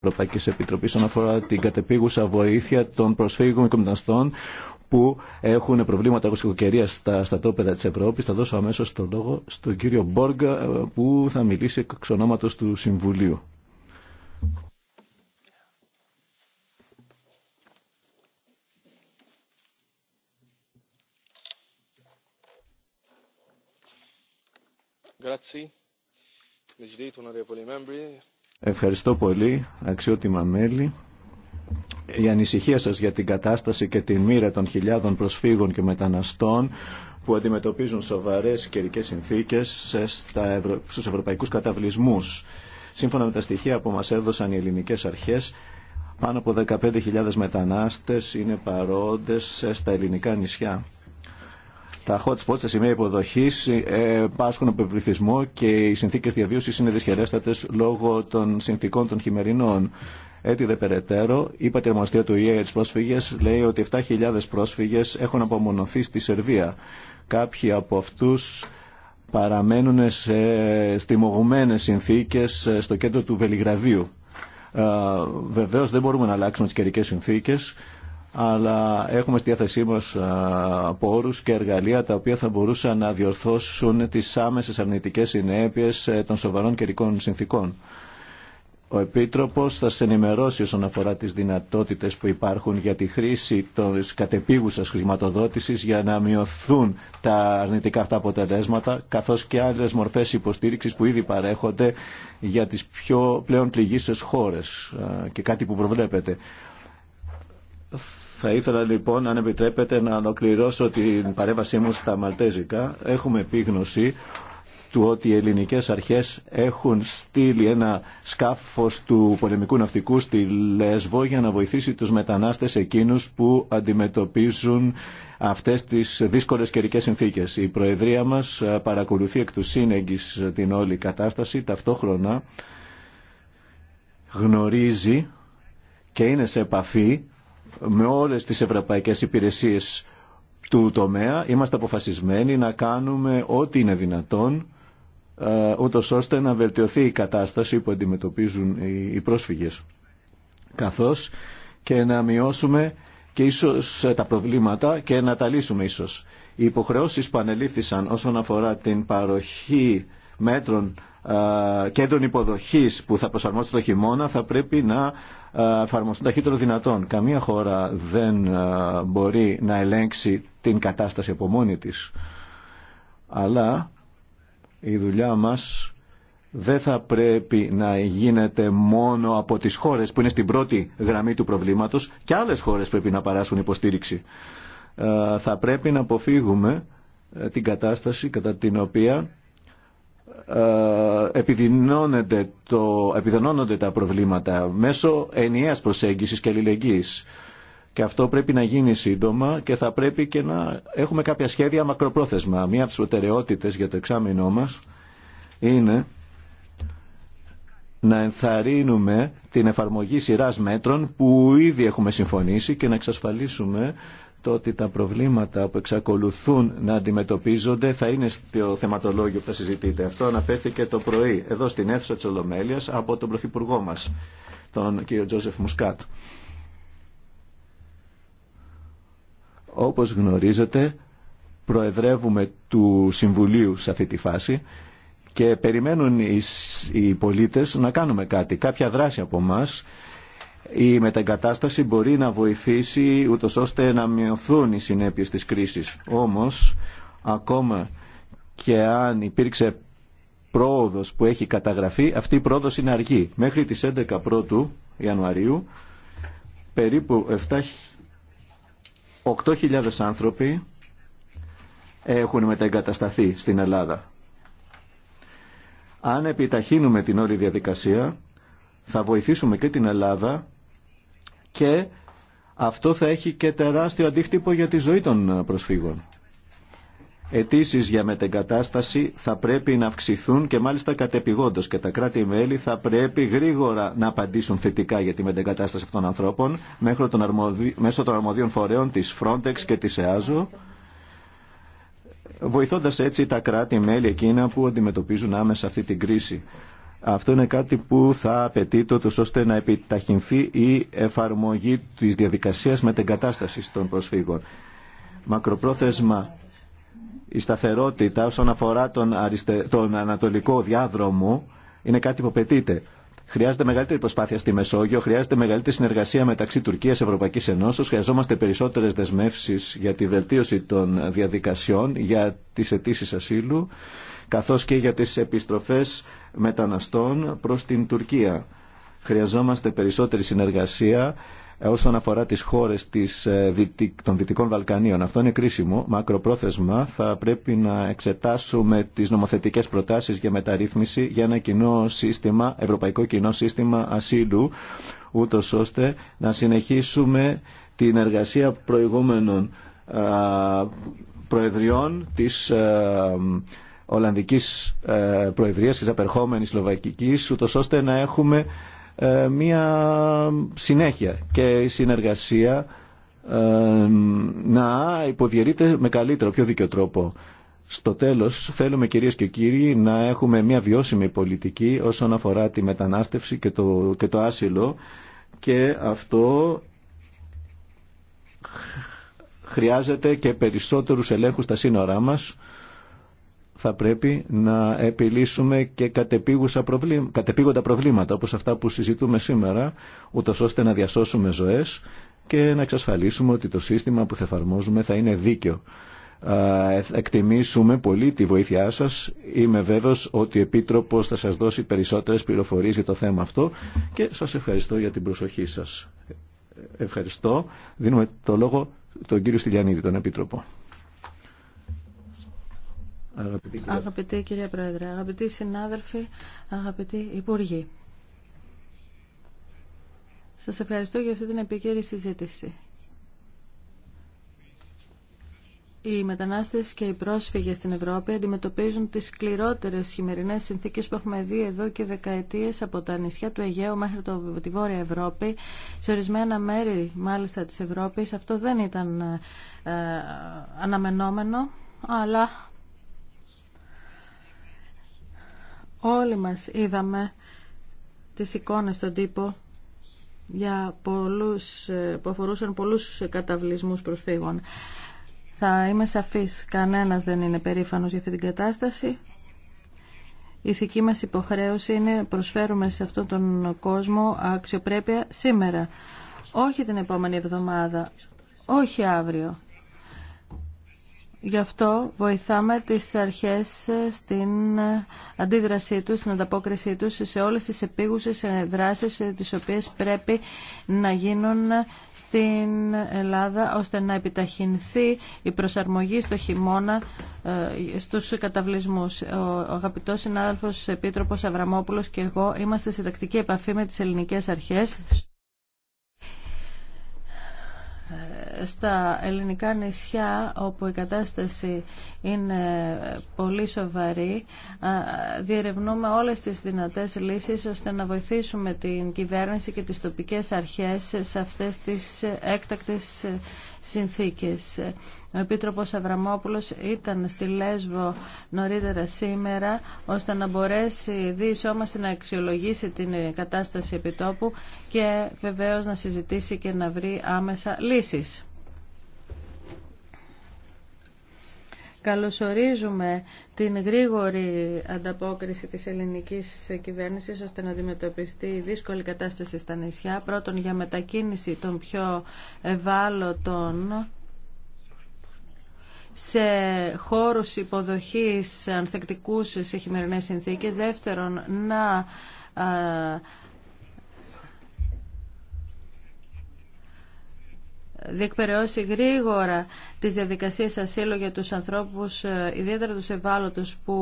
Ευρωπαϊκής Επιτροπής όσον αφορά την κατεπίγουσα βοήθεια των προσφύγων και μεταναστών που έχουν προβλήματα αγωσκοκαιρία στα, στα τόπεδα της Ευρώπης. Θα δώσω αμέσως το λόγο στον κύριο Μπόργκα ε, που θα μιλήσει εξ ονόματος του Συμβουλίου. Grazie. Onorevoli membri, Ευχαριστώ πολύ, αξιότιμα μέλη. Η ανησυχία σας για την κατάσταση και τη μοίρα των χιλιάδων προσφύγων και μεταναστών που αντιμετωπίζουν σοβαρές καιρικές συνθήκες στους ευρωπαϊκούς καταβλισμούς. Σύμφωνα με τα στοιχεία που μας έδωσαν οι ελληνικές αρχές, πάνω από 15.000 μετανάστες είναι παρόντες στα ελληνικά νησιά. Τα hot spots, τα σημεία υποδοχή, ε, πάσχουν από πληθυσμό και οι συνθήκε διαβίωση είναι δυσχερέστατε λόγω των συνθήκων των χειμερινών. Έτσι δε περαιτέρω, η πατερμοστία του ΙΕ για πρόσφυγε λέει ότι 7.000 πρόσφυγε έχουν απομονωθεί στη Σερβία. Κάποιοι από αυτού παραμένουν σε στιμωγμένε συνθήκε ε, στο κέντρο του Βελιγραδίου. Ε, Βεβαίω δεν μπορούμε να αλλάξουμε τι καιρικέ συνθήκε αλλά έχουμε στη διάθεσή μας πόρους και εργαλεία τα οποία θα μπορούσαν να διορθώσουν τις άμεσες αρνητικές συνέπειες ε, των σοβαρών καιρικών συνθήκων. Ο Επίτροπος θα σε ενημερώσει όσον αφορά τις δυνατότητες που υπάρχουν για τη χρήση της κατεπίγουσας χρηματοδότησης για να μειωθούν τα αρνητικά αυτά αποτελέσματα καθώς και άλλες μορφές υποστήριξης που ήδη παρέχονται για τις πιο πλέον πληγήσεις χώρες και κάτι που προβλέπεται. Θα ήθελα λοιπόν, αν επιτρέπετε, να ολοκληρώσω την παρέμβασή μου στα Μαλτέζικα. Έχουμε επίγνωση του ότι οι ελληνικές αρχές έχουν στείλει ένα σκάφος του πολεμικού ναυτικού στη Λέσβο για να βοηθήσει τους μετανάστες εκείνους που αντιμετωπίζουν αυτές τις δύσκολες καιρικές συνθήκες. Η Προεδρία μας παρακολουθεί εκ του σύνεγγης την όλη κατάσταση, ταυτόχρονα γνωρίζει και είναι σε επαφή με όλες τις ευρωπαϊκές υπηρεσίες του τομέα. Είμαστε αποφασισμένοι να κάνουμε ό,τι είναι δυνατόν ε, ούτω ώστε να βελτιωθεί η κατάσταση που αντιμετωπίζουν οι πρόσφυγες καθώς και να μειώσουμε και ίσως τα προβλήματα και να τα λύσουμε ίσως. Οι υποχρεώσεις που ανελήφθησαν όσον αφορά την παροχή μέτρων ε, κέντρων υποδοχής που θα προσαρμόσουν το χειμώνα θα πρέπει να ε, εφαρμοστούν ταχύτερο δυνατόν. Καμία χώρα δεν ε, μπορεί να ελέγξει την κατάσταση από μόνη της. Αλλά η δουλειά μας δεν θα πρέπει να γίνεται μόνο από τις χώρες που είναι στην πρώτη γραμμή του προβλήματος και άλλες χώρες πρέπει να παράσουν υποστήριξη. Ε, θα πρέπει να αποφύγουμε την κατάσταση κατά την οποία ε, επιδεινώνονται, το, τα προβλήματα μέσω ενιαίας προσέγγισης και αλληλεγγύης. Και αυτό πρέπει να γίνει σύντομα και θα πρέπει και να έχουμε κάποια σχέδια μακροπρόθεσμα. Μία από τις προτεραιότητες για το εξάμεινό μας είναι να ενθαρρύνουμε την εφαρμογή σειράς μέτρων που ήδη έχουμε συμφωνήσει και να εξασφαλίσουμε το ότι τα προβλήματα που εξακολουθούν να αντιμετωπίζονται θα είναι στο θεματολόγιο που θα συζητείτε. Αυτό αναφέρθηκε το πρωί εδώ στην αίθουσα της Ολομέλειας από τον Πρωθυπουργό μας, τον κύριο Τζόσεφ Μουσκάτ. Όπως γνωρίζετε, προεδρεύουμε του Συμβουλίου σε αυτή τη φάση και περιμένουν οι πολίτες να κάνουμε κάτι, κάποια δράση από μας η μεταγκατάσταση μπορεί να βοηθήσει ούτως ώστε να μειωθούν οι συνέπειες της κρίσης. Όμως, ακόμα και αν υπήρξε πρόοδος που έχει καταγραφεί, αυτή η πρόοδος είναι αργή. Μέχρι τις 11 πρώτου Ιανουαρίου, περίπου 8.000 άνθρωποι έχουν μεταγκατασταθεί στην Ελλάδα. Αν επιταχύνουμε την όλη διαδικασία, θα βοηθήσουμε και την Ελλάδα και αυτό θα έχει και τεράστιο αντίκτυπο για τη ζωή των προσφύγων. Αιτήσει για μετεγκατάσταση θα πρέπει να αυξηθούν και μάλιστα κατεπηγόντως και τα κράτη-μέλη θα πρέπει γρήγορα να απαντήσουν θετικά για τη μετεγκατάσταση αυτών των ανθρώπων μέχρι τον αρμοδι... μέσω των αρμοδίων φορέων της Frontex και της EASO, βοηθώντας έτσι τα κράτη-μέλη εκείνα που αντιμετωπίζουν άμεσα αυτή την κρίση. Αυτό είναι κάτι που θα απαιτεί τότε ώστε να επιταχυνθεί η εφαρμογή της διαδικασίας κατάσταση των προσφύγων. Μακροπρόθεσμα η σταθερότητα όσον αφορά τον, τον ανατολικό διάδρομο είναι κάτι που απαιτείται. Χρειάζεται μεγαλύτερη προσπάθεια στη Μεσόγειο, χρειάζεται μεγαλύτερη συνεργασία μεταξύ Τουρκία και Ευρωπαϊκή Ενώσεω, χρειαζόμαστε περισσότερε δεσμεύσει για τη βελτίωση των διαδικασιών, για τι αιτήσει ασύλου, καθώ και για τι επιστροφέ μεταναστών προς την Τουρκία. Χρειαζόμαστε περισσότερη συνεργασία ε, όσον αφορά τις χώρες της, ε, των Δυτικών Βαλκανίων. Αυτό είναι κρίσιμο. Μακροπρόθεσμα θα πρέπει να εξετάσουμε τις νομοθετικές προτάσεις για μεταρρύθμιση για ένα κοινό σύστημα, ευρωπαϊκό κοινό σύστημα ασύλου, ούτω ώστε να συνεχίσουμε την εργασία προηγούμενων προεδριών της ε, Ολλανδικής ε, Προεδρίας και της απερχόμενης Σλοβακικής, ούτως ώστε να έχουμε ε, μία συνέχεια και η συνεργασία ε, να υποδιαιρείται με καλύτερο, πιο δίκαιο τρόπο. Στο τέλος θέλουμε κυρίες και κύριοι να έχουμε μια βιώσιμη πολιτική όσον αφορά τη μετανάστευση και το, και το άσυλο και αυτό χρειάζεται και περισσότερους ελέγχους στα σύνορά μας θα πρέπει να επιλύσουμε και κατεπήγοντα προβλήματα όπως αυτά που συζητούμε σήμερα ούτως ώστε να διασώσουμε ζωές και να εξασφαλίσουμε ότι το σύστημα που θα εφαρμόζουμε θα είναι δίκαιο. Εκτιμήσουμε πολύ τη βοήθειά σας. Είμαι βέβαιος ότι ο Επίτροπος θα σας δώσει περισσότερες πληροφορίες για το θέμα αυτό και σας ευχαριστώ για την προσοχή σας. Ευχαριστώ. Δίνουμε το λόγο τον κύριο Στυλιανίδη, τον Επίτροπο. Αγαπητή κυρία... αγαπητή κυρία Πρόεδρε, αγαπητοί συνάδελφοι, αγαπητοί υπουργοί. Σας ευχαριστώ για αυτή την επίκαιρη συζήτηση. Οι μετανάστες και οι πρόσφυγες στην Ευρώπη αντιμετωπίζουν τις σκληρότερες χειμερινές συνθήκες που έχουμε δει εδώ και δεκαετίες από τα νησιά του Αιγαίου μέχρι το, τη Βόρεια Ευρώπη. Σε ορισμένα μέρη μάλιστα της Ευρώπης αυτό δεν ήταν ε, αναμενόμενο, αλλά Όλοι μας είδαμε τις εικόνες στον τύπο για πολλούς, που αφορούσαν πολλούς καταβλισμούς προσφύγων. Θα είμαι σαφής, κανένας δεν είναι περήφανος για αυτή την κατάσταση. Η ηθική μας υποχρέωση είναι προσφέρουμε σε αυτόν τον κόσμο αξιοπρέπεια σήμερα. Όχι την επόμενη εβδομάδα, όχι αύριο. Γι' αυτό βοηθάμε τις αρχές ε, στην ε, αντίδρασή τους, στην ανταπόκρισή τους σε όλες τις επίγουσες ε, δράσεις τις οποίες πρέπει να γίνουν στην Ελλάδα ώστε να επιταχυνθεί η προσαρμογή στο χειμώνα στους καταβλισμούς. Ο αγαπητός συνάδελφος Επίτροπος Αβραμόπουλος και εγώ είμαστε σε τακτική επαφή με τις ελληνικές αρχές στα ελληνικά νησιά όπου η κατάσταση είναι πολύ σοβαρή διερευνούμε όλες τις δυνατές λύσεις ώστε να βοηθήσουμε την κυβέρνηση και τις τοπικές αρχές σε αυτές τις έκτακτες συνθήκες. Ο Επίτροπος Αβραμόπουλος ήταν στη Λέσβο νωρίτερα σήμερα ώστε να μπορέσει διεισόμαστε να αξιολογήσει την κατάσταση επιτόπου και βεβαίως να συζητήσει και να βρει άμεσα λύσεις. Καλωσορίζουμε την γρήγορη ανταπόκριση της ελληνικής κυβέρνησης ώστε να αντιμετωπιστεί η δύσκολη κατάσταση στα νησιά. Πρώτον, για μετακίνηση των πιο ευάλωτων σε χώρους υποδοχής ανθεκτικούς σε χειμερινές συνθήκες. Δεύτερον, να διεκπαιρεώσει γρήγορα τις διαδικασίες ασύλου για τους ανθρώπους, ε, ιδιαίτερα τους ευάλωτους που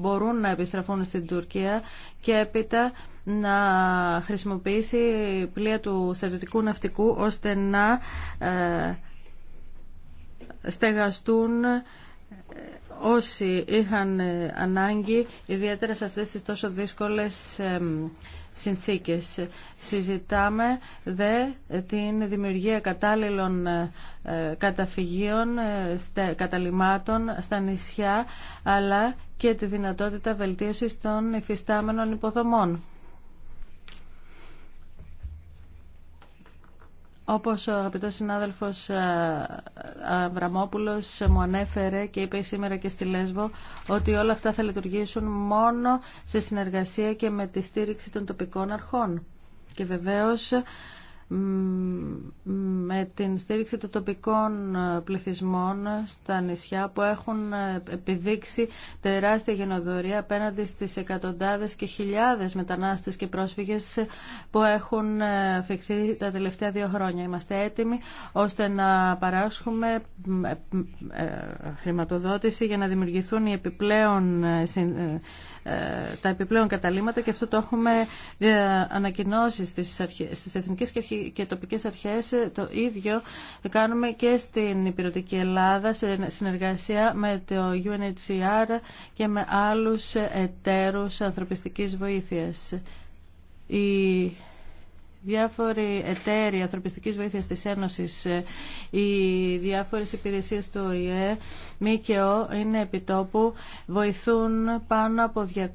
μπορούν να επιστραφούν στην Τουρκία και έπειτα να χρησιμοποιήσει πλοία του στρατιωτικού ναυτικού ώστε να ε, στεγαστούν ε, όσοι είχαν ε, ανάγκη, ιδιαίτερα σε αυτές τις τόσο δύσκολες συνθήκες. Συζητάμε δε την δημιουργία κατάλληλων ε, καταφυγίων, ε, καταλημάτων στα νησιά, αλλά και τη δυνατότητα βελτίωσης των υφιστάμενων υποδομών. Όπως ο αγαπητός συνάδελφος ε, Αβραμόπουλος ε, μου ανέφερε και είπε σήμερα και στη Λέσβο ότι όλα αυτά θα λειτουργήσουν μόνο σε συνεργασία και με τη στήριξη των τοπικών αρχών. Και βεβαίως με την στήριξη των τοπικών ε, πληθυσμών στα νησιά που έχουν ε, επιδείξει τεράστια γενοδορία απέναντι στις εκατοντάδες και χιλιάδες μετανάστες και πρόσφυγες που έχουν ε, φυγθεί τα τελευταία δύο χρόνια. Είμαστε έτοιμοι ώστε να παράσχουμε χρηματοδότηση για να δημιουργηθούν οι επιπλέον ε, τα επιπλέον καταλήματα και αυτό το έχουμε ε, ανακοινώσει στις, αρχές, στις εθνικές και τοπικές αρχές. Ε, το ίδιο κάνουμε και στην υπηρετική Ελλάδα σε συνεργασία με το UNHCR και με άλλους εταίρους ανθρωπιστικής βοήθειας. Η διάφοροι εταίροι ανθρωπιστική βοήθεια της Ένωσης, ε, οι διάφορες υπηρεσίες του ΟΗΕ, ΜΚΟ, είναι επιτόπου, βοηθούν πάνω από 200.000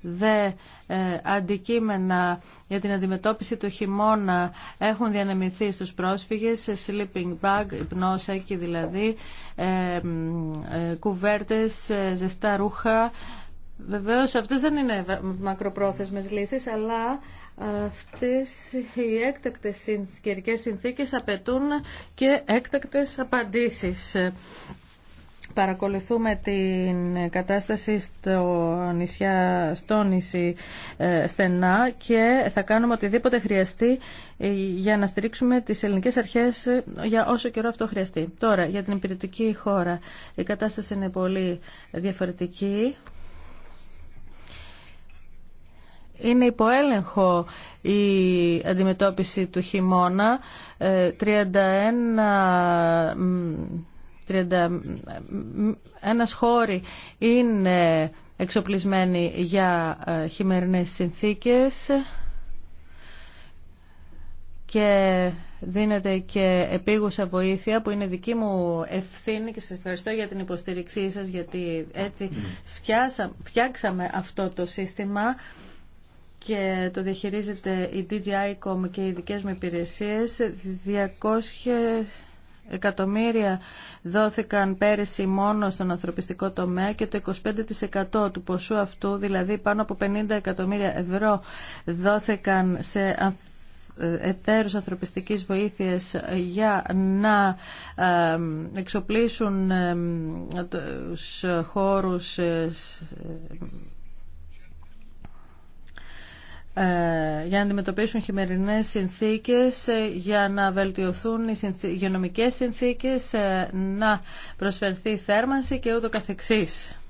δε ε, αντικείμενα για την αντιμετώπιση του χειμώνα έχουν διανεμηθεί στους πρόσφυγες sleeping bag, υπνόσακι δηλαδή, ε, κουβέρτες, ζεστά ρούχα, Βεβαίω, αυτέ δεν είναι μακροπρόθεσμες λύσεις, αλλά αυτές οι έκτακτες καιρικέ συνθήκες απαιτούν και έκτακτες απαντήσεις. Παρακολουθούμε την κατάσταση στο νησιά, στο νησί ε, στενά και θα κάνουμε οτιδήποτε χρειαστεί ε, για να στηρίξουμε τις ελληνικές αρχές ε, για όσο καιρό αυτό χρειαστεί. Τώρα, για την υπηρετική χώρα η κατάσταση είναι πολύ διαφορετική είναι υποέλεγχο η αντιμετώπιση του χειμώνα. 31 ε, 31 ένας χώροι είναι εξοπλισμένοι για ε, χειμερινές συνθήκες και δίνεται και επίγουσα βοήθεια που είναι δική μου ευθύνη και σας ευχαριστώ για την υποστήριξή σας γιατί έτσι φτιάξαμε αυτό το σύστημα και το διαχειρίζεται η DGI.com και οι δικές μου υπηρεσίες 200 εκατομμύρια δόθηκαν πέρυσι μόνο στον ανθρωπιστικό τομέα και το 25% του ποσού αυτού, δηλαδή πάνω από 50 εκατομμύρια ευρώ, δόθηκαν σε εταίρους ανθρωπιστικής βοήθειας για να εξοπλίσουν τους χώρους ε, ε, για να αντιμετωπίσουν χειμερινές συνθήκες, ε, για να βελτιωθούν οι υγειονομικές συνθήκες, ε, να προσφερθεί θέρμανση και ούτω καθεξής.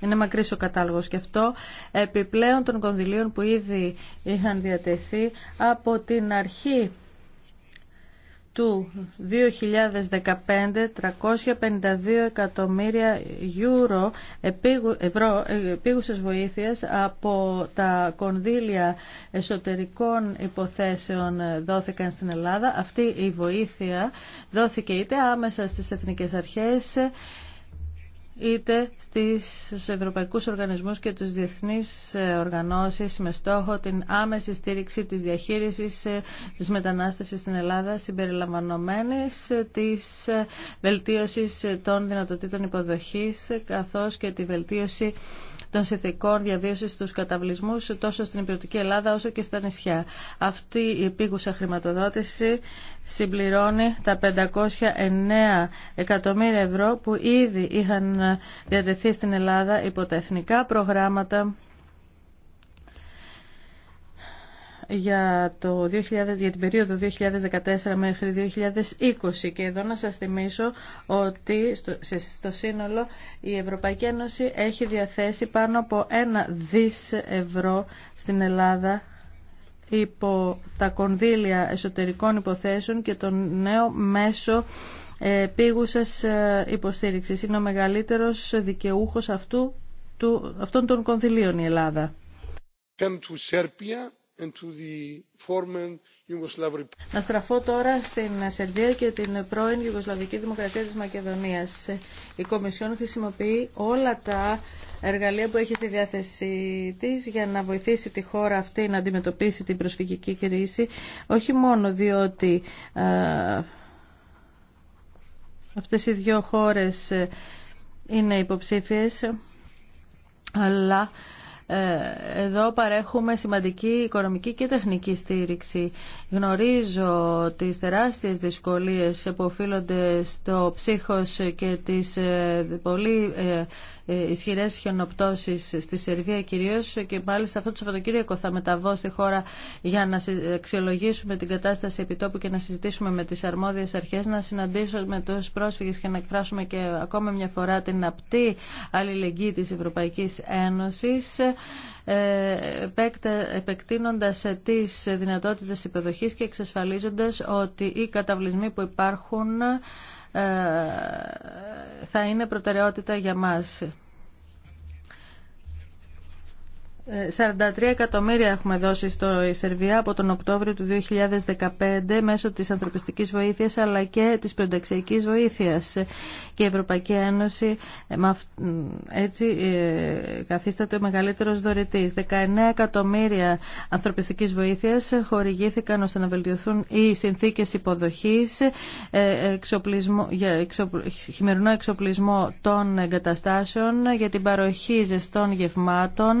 Είναι μακρύς ο κατάλογος και αυτό επιπλέον των κονδυλίων που ήδη είχαν διατεθεί από την αρχή του 2015 352 εκατομμύρια ευρώ ε, επίγουσες βοήθειας από τα κονδύλια εσωτερικών υποθέσεων δόθηκαν στην Ελλάδα. Αυτή η βοήθεια δόθηκε είτε άμεσα στις εθνικές αρχές είτε στις ευρωπαϊκούς οργανισμούς και τους διεθνείς ε, οργανώσεις με στόχο την άμεση στήριξη της διαχείρισης ε, της μετανάστευσης στην Ελλάδα συμπεριλαμβανομένης ε, της βελτίωσης των δυνατοτήτων υποδοχής καθώς και τη βελτίωση των συνθηκών διαβίωση στου καταβλισμού τόσο στην υπηρετική Ελλάδα όσο και στα νησιά. Αυτή η επίγουσα χρηματοδότηση συμπληρώνει τα 509 εκατομμύρια ευρώ που ήδη είχαν διατεθεί στην Ελλάδα υπό τα εθνικά προγράμματα για, το 2000, για την περίοδο 2014 μέχρι 2020 και εδώ να σας θυμίσω ότι στο, στο σύνολο η Ευρωπαϊκή Ένωση έχει διαθέσει πάνω από ένα δις ευρώ στην Ελλάδα υπό τα κονδύλια εσωτερικών υποθέσεων και το νέο μέσο ε, πήγουσας ε, υποστήριξης. Είναι ο μεγαλύτερος δικαιούχος αυτού, του, αυτών των κονδυλίων η Ελλάδα. Να στραφώ τώρα στην Σερβία και την πρώην Ιουγκοσλαβική Δημοκρατία της Μακεδονίας. Η Κομισιόν χρησιμοποιεί όλα τα εργαλεία που έχει στη διάθεσή της για να βοηθήσει τη χώρα αυτή να αντιμετωπίσει την προσφυγική κρίση, όχι μόνο διότι αυτές οι δύο χώρες είναι υποψήφιες, αλλά ε, εδώ παρέχουμε σημαντική οικονομική και τεχνική στήριξη. Γνωρίζω τις τεράστιες δυσκολίες που οφείλονται στο ψύχος και τις ε, πολύ ε, ισχυρέ χιονοπτώσει στη Σερβία κυρίως και μάλιστα αυτό το Σαββατοκύριακο θα μεταβώ στη χώρα για να αξιολογήσουμε την κατάσταση επιτόπου και να συζητήσουμε με τις αρμόδιες αρχές, να συναντήσουμε τους πρόσφυγες και να εκφράσουμε και ακόμα μια φορά την απτή αλληλεγγύη της Ευρωπαϊκής Ένωσης ε, επεκτείνοντα τι δυνατότητε υποδοχή και εξασφαλίζοντα ότι οι καταβλισμοί που υπάρχουν ε, θα είναι προτεραιότητα για μας. Ε, 43 εκατομμύρια έχουμε δώσει στο Σερβία από τον Οκτώβριο του 2015 μέσω της ανθρωπιστικής βοήθειας αλλά και της πενταξιακής βοήθειας και η Ευρωπαϊκή Ένωση ε, έτσι ε, καθίσταται ο μεγαλύτερος δωρητής. 19 εκατομμύρια ανθρωπιστικής βοήθειας χορηγήθηκαν ώστε να βελτιωθούν οι συνθήκες υποδοχής για χειμερινό εξοπλισμό των εγκαταστάσεων για την παροχή ζεστών γευμάτων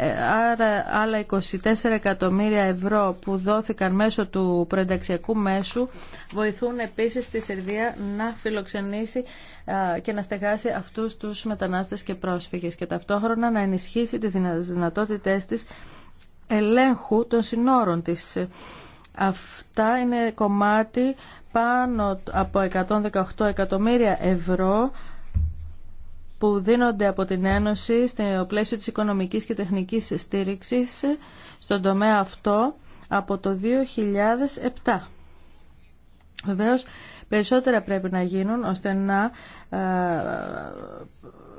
ε, άρα άλλα 24 εκατομμύρια ευρώ που δόθηκαν μέσω του προενταξιακού μέσου βοηθούν επίσης τη Σερβία να φιλοξενήσει και να στεγάσει αυτούς τους μετανάστες και πρόσφυγες και ταυτόχρονα να ενισχύσει τις δυνατότητές της ελέγχου των συνόρων της. Αυτά είναι κομμάτι πάνω από 118 εκατομμύρια ευρώ που δίνονται από την Ένωση στο πλαίσιο της οικονομικής και τεχνικής στήριξης στον τομέα αυτό από το 2007. Βεβαίως, περισσότερα πρέπει να γίνουν ώστε να ε,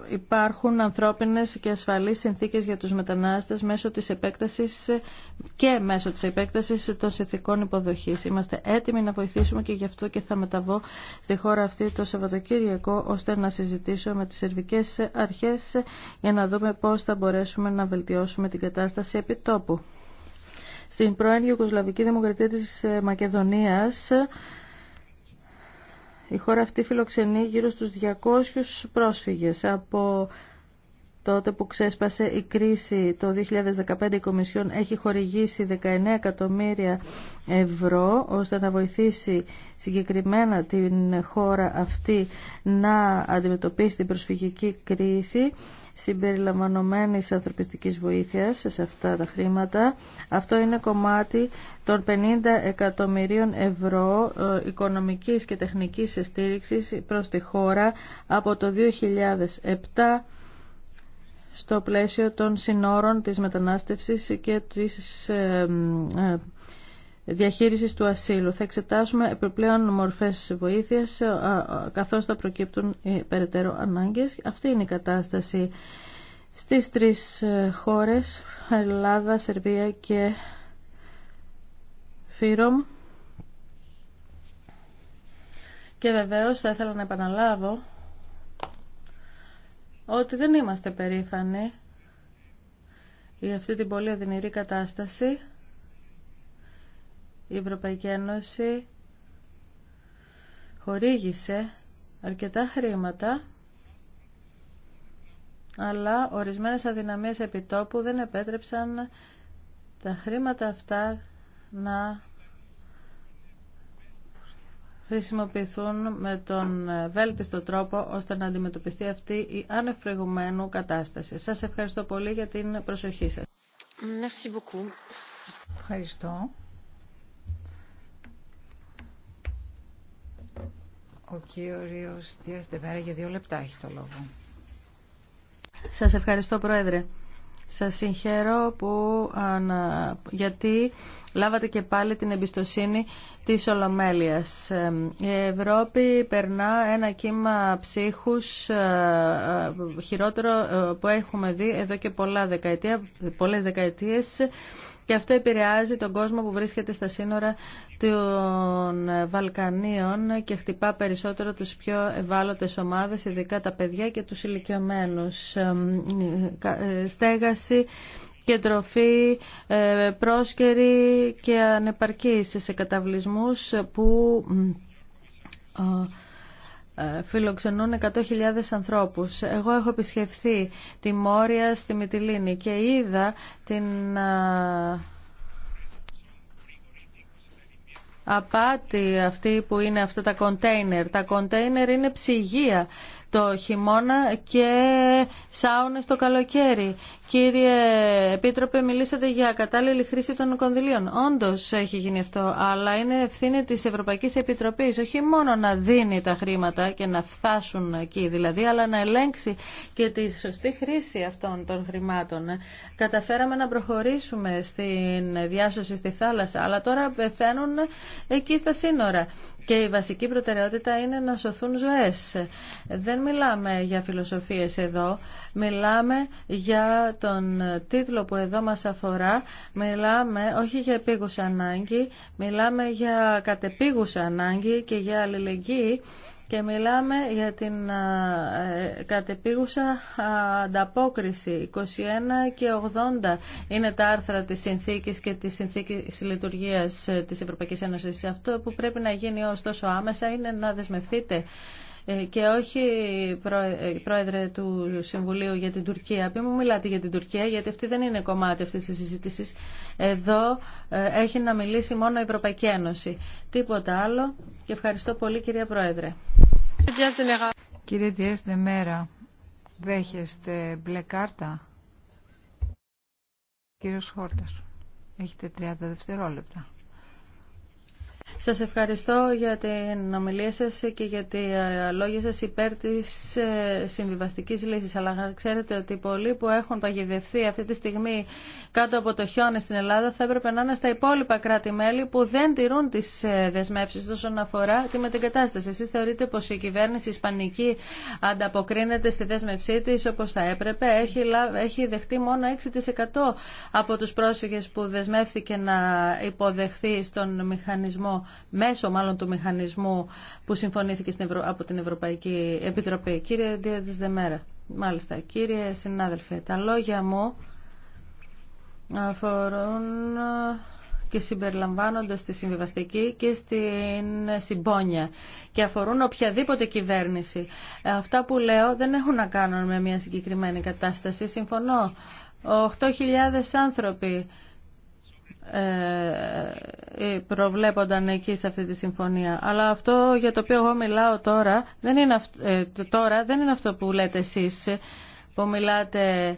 υπάρχουν ανθρώπινες και ασφαλείς συνθήκες για τους μετανάστες μέσω της επέκτασης και μέσω της επέκτασης των συνθήκων υποδοχής. Είμαστε έτοιμοι να βοηθήσουμε και γι' αυτό και θα μεταβώ στη χώρα αυτή το Σαββατοκύριακο ώστε να συζητήσω με τις σερβικές αρχές για να δούμε πώς θα μπορέσουμε να βελτιώσουμε την κατάσταση επιτόπου. Στην πρώην Ιουγκοσλαβική Δημοκρατία της Μακεδονίας η χώρα αυτή φιλοξενεί γύρω στους 200 πρόσφυγες από τότε που ξέσπασε η κρίση το 2015 η Κομισιόν έχει χορηγήσει 19 εκατομμύρια ευρώ ώστε να βοηθήσει συγκεκριμένα την χώρα αυτή να αντιμετωπίσει την προσφυγική κρίση συμπεριλαμβανομένης ανθρωπιστικής βοήθειας σε αυτά τα χρήματα. Αυτό είναι κομμάτι των 50 εκατομμυρίων ευρώ ε, οικονομικής και τεχνικής στήριξης προς τη χώρα από το 2007 στο πλαίσιο των συνόρων της μετανάστευσης και της ε, ε, διαχείριση του ασύλου. Θα εξετάσουμε επιπλέον μορφές βοήθειας ε, καθώς θα προκύπτουν περαιτέρω ανάγκες. Αυτή είναι η κατάσταση στις τρεις ε, χώρες, Ελλάδα, Σερβία και Φύρομ. Και βεβαίως θα ήθελα να επαναλάβω ότι δεν είμαστε περήφανοι για αυτή την πολύ αδυνηρή κατάσταση η Ευρωπαϊκή Ένωση χορήγησε αρκετά χρήματα αλλά ορισμένες αδυναμίες επιτόπου δεν επέτρεψαν τα χρήματα αυτά να χρησιμοποιηθούν με τον βέλτιστο τρόπο ώστε να αντιμετωπιστεί αυτή η άνευ κατάσταση. Σας ευχαριστώ πολύ για την προσοχή σας. Ο κύριος Δίας για δύο λεπτά έχει το λόγο. Σας ευχαριστώ Πρόεδρε. Σας συγχαίρω που, γιατί λάβατε και πάλι την εμπιστοσύνη της Ολομέλειας. Η Ευρώπη περνά ένα κύμα ψύχους ε, ε, χειρότερο ε, που έχουμε δει εδώ και πολλά δεκαετία, πολλές δεκαετίες και αυτό επηρεάζει τον κόσμο που βρίσκεται στα σύνορα των Βαλκανίων και χτυπά περισσότερο τους πιο ευάλωτες ομάδες, ειδικά τα παιδιά και τους ηλικιωμένους. Ε, στέγαση και τροφή ε, πρόσκαιρη και ανεπαρκή σε καταβλισμούς που ε, φιλοξενούν 100.000 ανθρώπους. Εγώ έχω επισκεφθεί τη Μόρια στη Μυτιλίνη και είδα την ε, απάτη αυτή που είναι αυτά τα κοντέινερ. Τα κοντέινερ είναι ψυγεία το χειμώνα και σάουνες το καλοκαίρι. Κύριε Επίτροπε, μιλήσατε για κατάλληλη χρήση των κονδυλίων. Όντω έχει γίνει αυτό, αλλά είναι ευθύνη τη Ευρωπαϊκή Επιτροπή όχι μόνο να δίνει τα χρήματα και να φτάσουν εκεί δηλαδή, αλλά να ελέγξει και τη σωστή χρήση αυτών των χρημάτων. Καταφέραμε να προχωρήσουμε στην διάσωση στη θάλασσα, αλλά τώρα πεθαίνουν εκεί στα σύνορα και η βασική προτεραιότητα είναι να σωθούν ζωές. Δεν μιλάμε για φιλοσοφίες εδώ, μιλάμε για τον τίτλο που εδώ μας αφορά, μιλάμε όχι για επίγουσα ανάγκη, μιλάμε για κατεπίγουσα ανάγκη και για αλληλεγγύη και μιλάμε για την ε, ε, κατεπίγουσα ανταπόκριση 21 και 80 είναι τα άρθρα της συνθήκης και της συνθήκης λειτουργίας ε, της Ευρωπαϊκής Ένωσης. Αυτό που πρέπει να γίνει ωστόσο άμεσα είναι να δεσμευτείτε ε, και όχι ε, πρόεδρε του Συμβουλίου για την Τουρκία. Πει μου μιλάτε για την Τουρκία, γιατί αυτή δεν είναι κομμάτι αυτής της συζήτησης. Εδώ ε, έχει να μιλήσει μόνο η Ευρωπαϊκή Ένωση. Τίποτα άλλο. Και ευχαριστώ πολύ κυρία Πρόεδρε. Κύριε Διές Μέρα, δέχεστε μπλε κάρτα. Κύριος Χόρτας, έχετε 30 δευτερόλεπτα. Σας ευχαριστώ για την ομιλία σας και για τη λόγια σας υπέρ της ε, συμβιβαστικής λύσης. Αλλά ξέρετε ότι πολλοί που έχουν παγιδευτεί αυτή τη στιγμή κάτω από το χιόνι στην Ελλάδα θα έπρεπε να είναι στα υπόλοιπα κράτη-μέλη που δεν τηρούν τις ε, δεσμεύσεις όσον αφορά τη μετεγκατάσταση. Εσείς θεωρείτε πως η κυβέρνηση ισπανική ανταποκρίνεται στη δέσμευσή της όπως θα έπρεπε. Έχει, έχει δεχτεί μόνο 6% από τους πρόσφυγες που δεσμεύθηκε να υποδεχθεί στον μηχανισμό μέσω μάλλον του μηχανισμού που συμφωνήθηκε στην από την Ευρωπαϊκή Επιτροπή. Κύριε Δίαδης Δεμέρα, μάλιστα, κύριε συνάδελφε, τα λόγια μου αφορούν ε, και συμπεριλαμβάνονται στη συμβιβαστική και στην συμπόνια και αφορούν οποιαδήποτε κυβέρνηση. Αυτά που λέω δεν έχουν να κάνουν με μια συγκεκριμένη κατάσταση. Συμφωνώ. 8.000 άνθρωποι ε, ε, προβλέπονταν εκεί σε αυτή τη συμφωνία. Αλλά αυτό για το οποίο εγώ μιλάω τώρα δεν είναι, αυτό, ε, τώρα, δεν είναι αυτό που λέτε εσείς που μιλάτε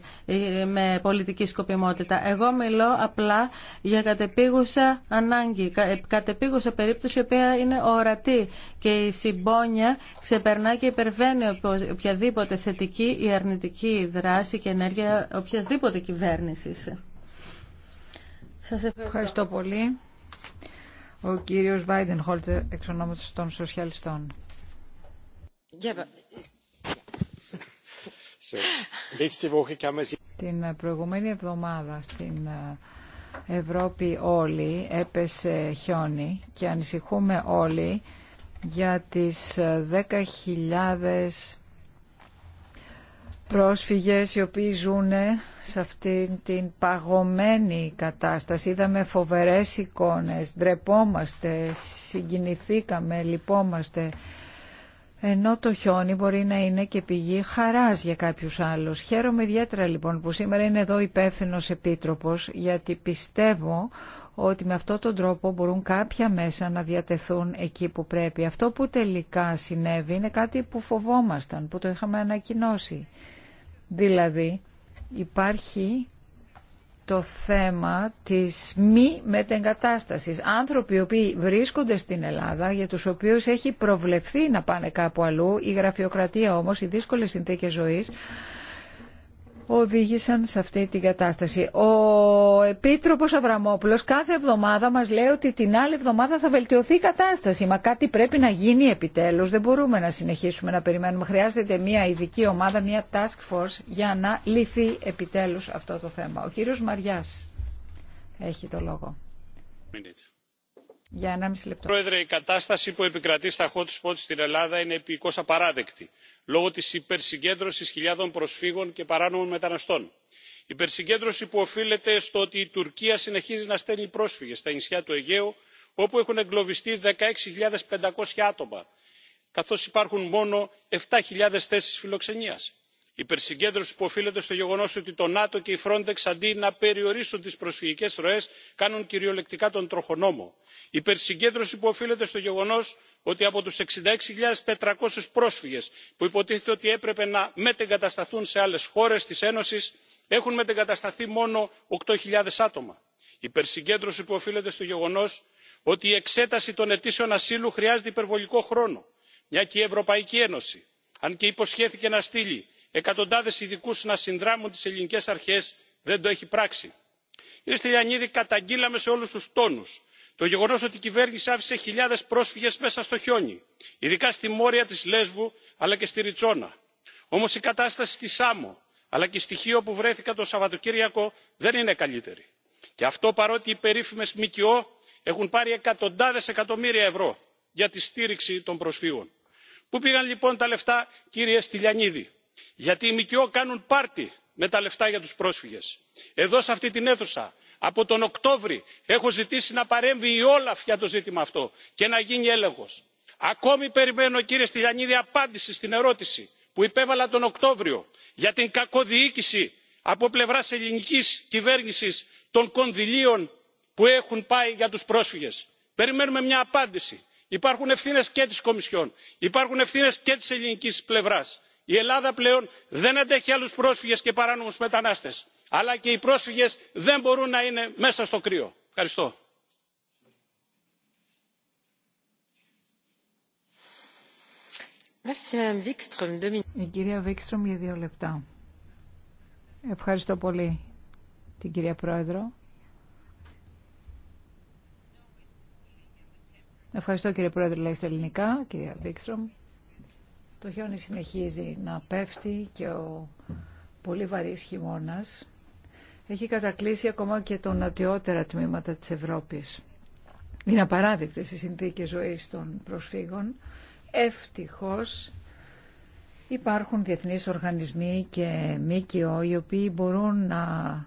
με πολιτική σκοπιμότητα. Εγώ μιλώ απλά για κατεπίγουσα ανάγκη, κατεπίγουσα περίπτωση η οποία είναι ορατή και η συμπόνια ξεπερνά και υπερβαίνει οποιαδήποτε θετική ή αρνητική δράση και ενέργεια οποιασδήποτε κυβέρνησης. Σας ευχαριστώ, πολύ. Ο κύριος Βάιντεν Χόλτσε, εξ ονόματος των Σοσιαλιστών. Την προηγούμενη εβδομάδα στην ε, Ευρώπη όλοι έπεσε χιόνι και ανησυχούμε όλοι για τις 10.000 ε, πρόσφυγες οι οποίοι ζουν σε αυτή την παγωμένη κατάσταση. Είδαμε φοβερές εικόνες, ντρεπόμαστε, συγκινηθήκαμε, λυπόμαστε. Ενώ το χιόνι μπορεί να είναι και πηγή χαράς για κάποιους άλλους. Χαίρομαι ιδιαίτερα λοιπόν που σήμερα είναι εδώ υπεύθυνο επίτροπος γιατί πιστεύω ότι με αυτόν τον τρόπο μπορούν κάποια μέσα να διατεθούν εκεί που πρέπει. Αυτό που τελικά συνέβη είναι κάτι που φοβόμασταν, που το είχαμε ανακοινώσει. Δηλαδή υπάρχει το θέμα της μη μετεγκατάστασης. Άνθρωποι οι οποίοι βρίσκονται στην Ελλάδα, για τους οποίους έχει προβλεφθεί να πάνε κάπου αλλού, η γραφειοκρατία όμως, οι δύσκολες συνθήκες ζωής, οδήγησαν σε αυτή την κατάσταση. Ο Επίτροπος Αβραμόπουλος κάθε εβδομάδα μας λέει ότι την άλλη εβδομάδα θα βελτιωθεί η κατάσταση. Μα κάτι πρέπει να γίνει επιτέλους. Δεν μπορούμε να συνεχίσουμε να περιμένουμε. Χρειάζεται μια ειδική ομάδα, μια task force για να λυθεί επιτέλους αυτό το θέμα. Ο κύριος Μαριάς έχει το λόγο. Για 1,5 λεπτό. Πρόεδρε, η κατάσταση που επικρατεί στα hot spots στην Ελλάδα είναι επικώς απαράδεκτη λόγω της υπερσυγκέντρωσης χιλιάδων προσφύγων και παράνομων μεταναστών. υπερσυγκέντρωση που οφείλεται στο ότι η τουρκία συνεχίζει να στέλνει πρόσφυγες στα νησιά του αιγαίου όπου έχουν εγκλωβιστεί 16.500 άτομα καθώς υπάρχουν μόνο 7.000 θέσεις φιλοξενίας. υπερσυγκέντρωση που οφείλεται στο γεγονός ότι το νάτο και η frontex αντί να περιορίσουν τις προσφυγικές ροές κάνουν κυριολεκτικά τον τροχονόμο. υπερσυγκέντρωση που οφείλεται στο γεγονός ότι από τους 66.400 πρόσφυγες που υποτίθεται ότι έπρεπε να μετεγκατασταθούν σε άλλες χώρες της Ένωσης έχουν μετεγκατασταθεί μόνο 8.000 άτομα. Υπερσυγκέντρωση που οφείλεται στο γεγονός ότι η εξέταση των αιτήσεων ασύλου χρειάζεται υπερβολικό χρόνο, μια και η Ευρωπαϊκή Ένωση, αν και υποσχέθηκε να στείλει εκατοντάδες ειδικού να συνδράμουν τις ελληνικές αρχές, δεν το έχει πράξει. Κύριε Στυλιανίδη, καταγγείλαμε σε όλους τους τόνους το γεγονό ότι η κυβέρνηση άφησε χιλιάδε πρόσφυγε μέσα στο χιόνι ειδικά στη μόρια τη λέσβου αλλά και στη ριτσόνα. όμω η κατάσταση στη σάμο αλλά και στη χίο όπου βρέθηκα το σαββατοκύριακο δεν είναι καλύτερη. και αυτό παρότι οι περίφημε μκο έχουν πάρει εκατοντάδε εκατομμύρια ευρώ για τη στήριξη των προσφύγων. πού πήγαν λοιπόν τα λεφτά κύριε στυλιανίδη; γιατί οι μκο κάνουν πάρτι με τα λεφτά για τους πρόσφυγες. εδώ σε αυτή την αίθουσα από τον οκτώβρη έχω ζητήσει να παρέμβει η όλαφ για το ζήτημα αυτό και να γίνει έλεγχος. ακόμη περιμένω κύριε Στυλιανίδη απάντηση στην ερώτηση που υπέβαλα τον οκτώβριο για την κακοδιοίκηση από πλευράς ελληνικής κυβέρνησης των κονδυλίων που έχουν πάει για τους πρόσφυγες. περιμένουμε μια απάντηση. υπάρχουν ευθύνες και της κομισιόν υπάρχουν ευθύνες και της ελληνικής πλευράς η ελλάδα πλέον δεν αντέχει άλλους πρόσφυγες και παράνομους μετανάστες αλλά και οι πρόσφυγες δεν μπορούν να είναι μέσα στο κρύο. ευχαριστώ. κυρία Βίξτρομ για δύο λεπτά. Ευχαριστώ πολύ την κυρία Πρόεδρο. Ευχαριστώ κύριε Πρόεδρε, λέει στα ελληνικά, κυρία Βίξτρομ. Το χιόνι συνεχίζει να πέφτει και ο πολύ βαρύς χειμώνας έχει κατακλείσει ακόμα και τον νοτιότερα τμήματα της Ευρώπης. Είναι απαράδεκτες οι συνθήκες ζωής των προσφύγων. Ευτυχώς υπάρχουν διεθνείς οργανισμοί και ΜΚΟ οι οποίοι μπορούν να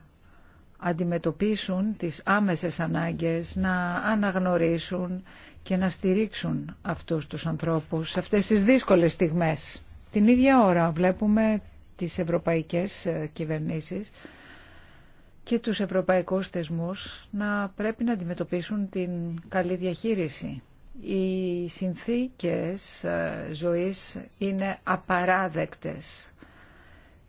αντιμετωπίσουν τις άμεσες ανάγκες, να αναγνωρίσουν και να στηρίξουν αυτούς τους ανθρώπους σε αυτές τις δύσκολες στιγμές. Την ίδια ώρα βλέπουμε τις ευρωπαϊκές ε, κυβερνήσεις και τους ευρωπαϊκούς θεσμούς να πρέπει να αντιμετωπίσουν την καλή διαχείριση. Οι συνθήκες ε, ζωής είναι απαράδεκτες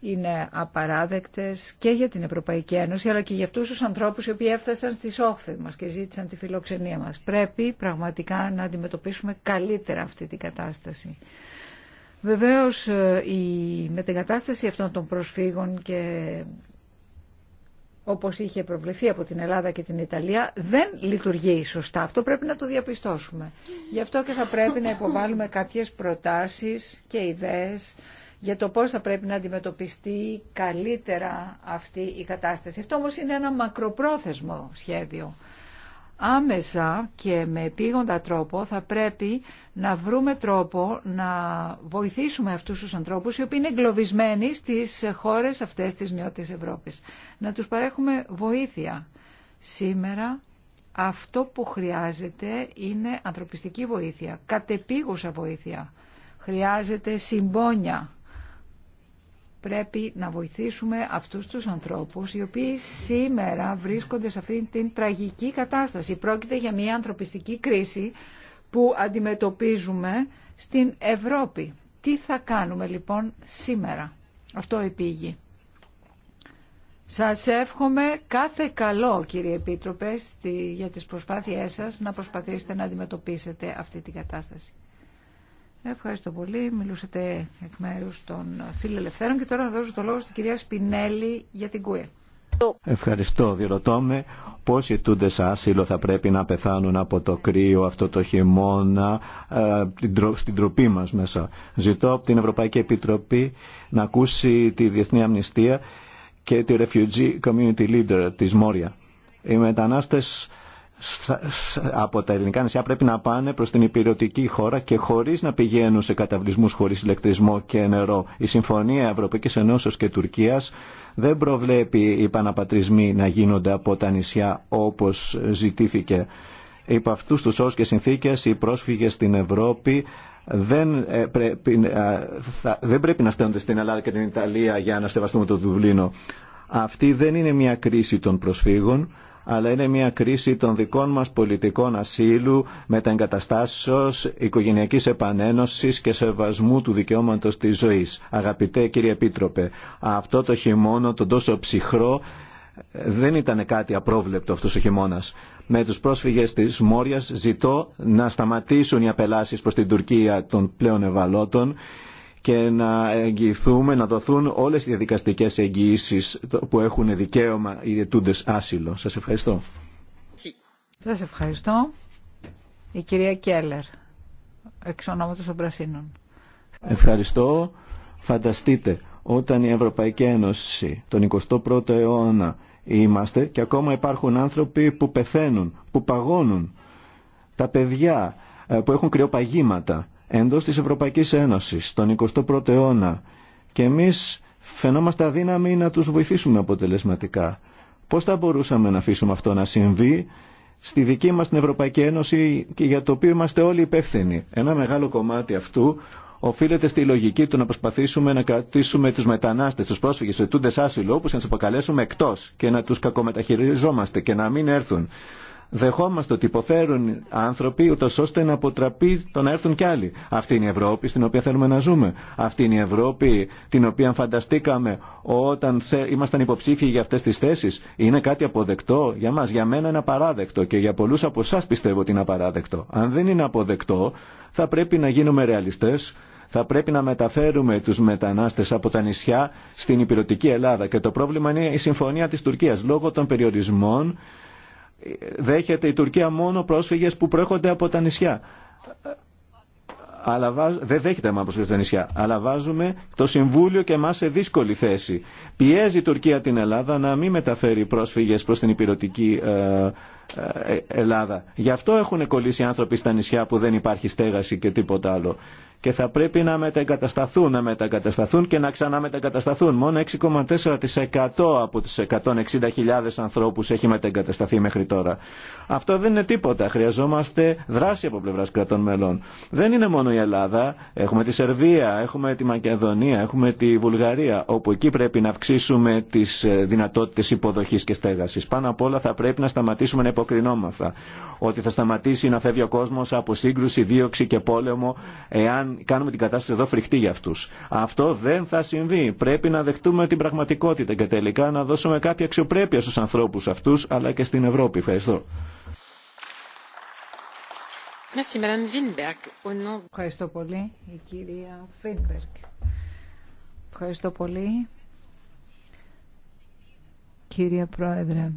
είναι απαράδεκτες και για την Ευρωπαϊκή Ένωση αλλά και για αυτούς τους ανθρώπους οι οποίοι έφτασαν στις όχθες μας και ζήτησαν τη φιλοξενία μας. Πρέπει πραγματικά να αντιμετωπίσουμε καλύτερα αυτή την κατάσταση. Βεβαίως ε, η μετεγκατάσταση αυτών των προσφύγων και όπως είχε προβλεφθεί από την Ελλάδα και την Ιταλία, δεν λειτουργεί σωστά. Αυτό πρέπει να το διαπιστώσουμε. Γι' αυτό και θα πρέπει να υποβάλουμε κάποιες προτάσεις και ιδέες για το πώς θα πρέπει να αντιμετωπιστεί καλύτερα αυτή η κατάσταση. Αυτό όμως είναι ένα μακροπρόθεσμο σχέδιο. Άμεσα και με επίγοντα τρόπο θα πρέπει να βρούμε τρόπο να βοηθήσουμε αυτούς τους ανθρώπους οι οποίοι είναι εγκλωβισμένοι στις χώρες αυτές της νιώτης Ευρώπης. Να τους παρέχουμε βοήθεια. Σήμερα αυτό που χρειάζεται είναι ανθρωπιστική βοήθεια, κατεπίγουσα βοήθεια. Χρειάζεται συμπόνια, πρέπει να βοηθήσουμε αυτούς τους ανθρώπους οι οποίοι σήμερα βρίσκονται σε αυτήν την τραγική κατάσταση. Πρόκειται για μια ανθρωπιστική κρίση που αντιμετωπίζουμε στην Ευρώπη. Τι θα κάνουμε λοιπόν σήμερα. Αυτό επίγει. Σας εύχομαι κάθε καλό κύριε Επίτροπε για τις προσπάθειές σας να προσπαθήσετε να αντιμετωπίσετε αυτή την κατάσταση. Ευχαριστώ πολύ. Μιλούσατε εκ μέρου των φιλελευθέρων και τώρα θα δώσω το λόγο στην κυρία Σπινέλη για την ΚΟΕ. Ευχαριστώ. Διερωτώ με πόσοι τούντες άσυλο θα πρέπει να πεθάνουν από το κρύο αυτό το χειμώνα ε, στην τροπή μας μέσα. Ζητώ από την Ευρωπαϊκή Επιτροπή να ακούσει τη Διεθνή Αμνηστία και τη Refugee Community Leader της Μόρια. Οι μετανάστες από τα ελληνικά νησιά πρέπει να πάνε προς την υπηρετική χώρα και χωρίς να πηγαίνουν σε καταβλισμούς χωρίς ηλεκτρισμό και νερό. Η Συμφωνία Ευρωπαϊκής Ενώσεως και Τουρκίας δεν προβλέπει οι παναπατρισμοί να γίνονται από τα νησιά όπως ζητήθηκε. Υπό αυτούς τους όρους και συνθήκες οι πρόσφυγες στην Ευρώπη δεν ε, πρέπει, ε, δεν πρέπει να στέλνονται στην Ελλάδα και την Ιταλία για να στεβαστούμε το Δουβλίνο. Αυτή δεν είναι μια κρίση των προσφύγων αλλά είναι μια κρίση των δικών μας πολιτικών ασύλου, μεταγκαταστάσεως, οικογενειακής επανένωσης και σεβασμού του δικαιώματος της ζωής. Αγαπητέ κύριε Επίτροπε, αυτό το χειμώνο, τον τόσο ψυχρό, δεν ήταν κάτι απρόβλεπτο αυτός ο χειμώνας. Με τους πρόσφυγες της Μόριας ζητώ να σταματήσουν οι απελάσεις προς την Τουρκία των πλέον ευαλώτων και να εγγυηθούμε, να δοθούν όλες οι διαδικαστικές εγγυήσεις που έχουν δικαίωμα οι διετούντες άσυλο. Σας ευχαριστώ. Σας ευχαριστώ. Η κυρία Κέλλερ, εξ ονόματος των Πρασίνων. Ευχαριστώ. Φανταστείτε, όταν η Ευρωπαϊκή Ένωση τον 21ο αιώνα είμαστε και ακόμα υπάρχουν άνθρωποι που πεθαίνουν, που παγώνουν, τα παιδιά ε, που έχουν κρυοπαγήματα, εντός της Ευρωπαϊκής Ένωσης, τον 21ο αιώνα και εμείς φαινόμαστε αδύναμοι να τους βοηθήσουμε αποτελεσματικά. Πώς θα μπορούσαμε να αφήσουμε αυτό να συμβεί στη δική μας την Ευρωπαϊκή Ένωση και για το οποίο είμαστε όλοι υπεύθυνοι. Ένα μεγάλο κομμάτι αυτού οφείλεται στη λογική του να προσπαθήσουμε να κρατήσουμε τους μετανάστες, τους πρόσφυγες, σε ετούντες άσυλο, όπως να τους αποκαλέσουμε εκτός και να τους κακομεταχειριζόμαστε και να μην έρθουν δεχόμαστε ότι υποφέρουν άνθρωποι ούτω ώστε να αποτραπεί το να έρθουν κι άλλοι. Αυτή είναι η Ευρώπη στην οποία θέλουμε να ζούμε. Αυτή είναι η Ευρώπη την οποία φανταστήκαμε όταν ήμασταν υποψήφιοι για αυτέ τι θέσει. Είναι κάτι αποδεκτό για μα, Για μένα είναι απαράδεκτο και για πολλού από εσά πιστεύω ότι είναι απαράδεκτο. Αν δεν είναι αποδεκτό θα πρέπει να γίνουμε ρεαλιστέ, θα πρέπει να μεταφέρουμε τους μετανάστες από τα νησιά στην υπηρετική Ελλάδα. Και το πρόβλημα είναι η συμφωνία της Τουρκία λόγω των περιορισμών δέχεται η Τουρκία μόνο πρόσφυγες που προέρχονται από τα νησιά. Αλλά δεν δέχεται πρόσφυγε από τα νησιά. Αλλά βάζουμε το Συμβούλιο και εμά σε δύσκολη θέση. Πιέζει η Τουρκία την Ελλάδα να μην μεταφέρει πρόσφυγες προ την υπηρετική ε, ε, Ελλάδα. Γι' αυτό έχουν κολλήσει οι άνθρωποι στα νησιά που δεν υπάρχει στέγαση και τίποτα άλλο. Και θα πρέπει να μεταγκατασταθούν, να μεταγκατασταθούν και να ξαναμεταγκατασταθούν. Μόνο 6,4% από τους 160.000 ανθρώπους έχει μεταγκατασταθεί μέχρι τώρα. Αυτό δεν είναι τίποτα. Χρειαζόμαστε δράση από πλευράς κρατών μελών. Δεν είναι μόνο η Ελλάδα. Έχουμε τη Σερβία, έχουμε τη Μακεδονία, έχουμε τη Βουλγαρία, όπου εκεί πρέπει να αυξήσουμε τις ε, δυνατότητες υποδοχής και στέγασης. Πάνω απ' όλα θα πρέπει να σταματήσουμε να Υπόκρινόμαθα ότι θα σταματήσει να φεύγει ο κόσμο από σύγκρουση, δίωξη και πόλεμο, εάν κάνουμε την κατάσταση εδώ φρικτή για αυτού. Αυτό δεν θα συμβεί. Πρέπει να δεχτούμε την πραγματικότητα και τελικά να δώσουμε κάποια αξιοπρέπεια στου ανθρώπου αυτού, αλλά και στην Ευρώπη. Ευχαριστώ. Ευχαριστώ πολύ, η κυρία Ευχαριστώ πολύ, κύριε Πρόεδρε.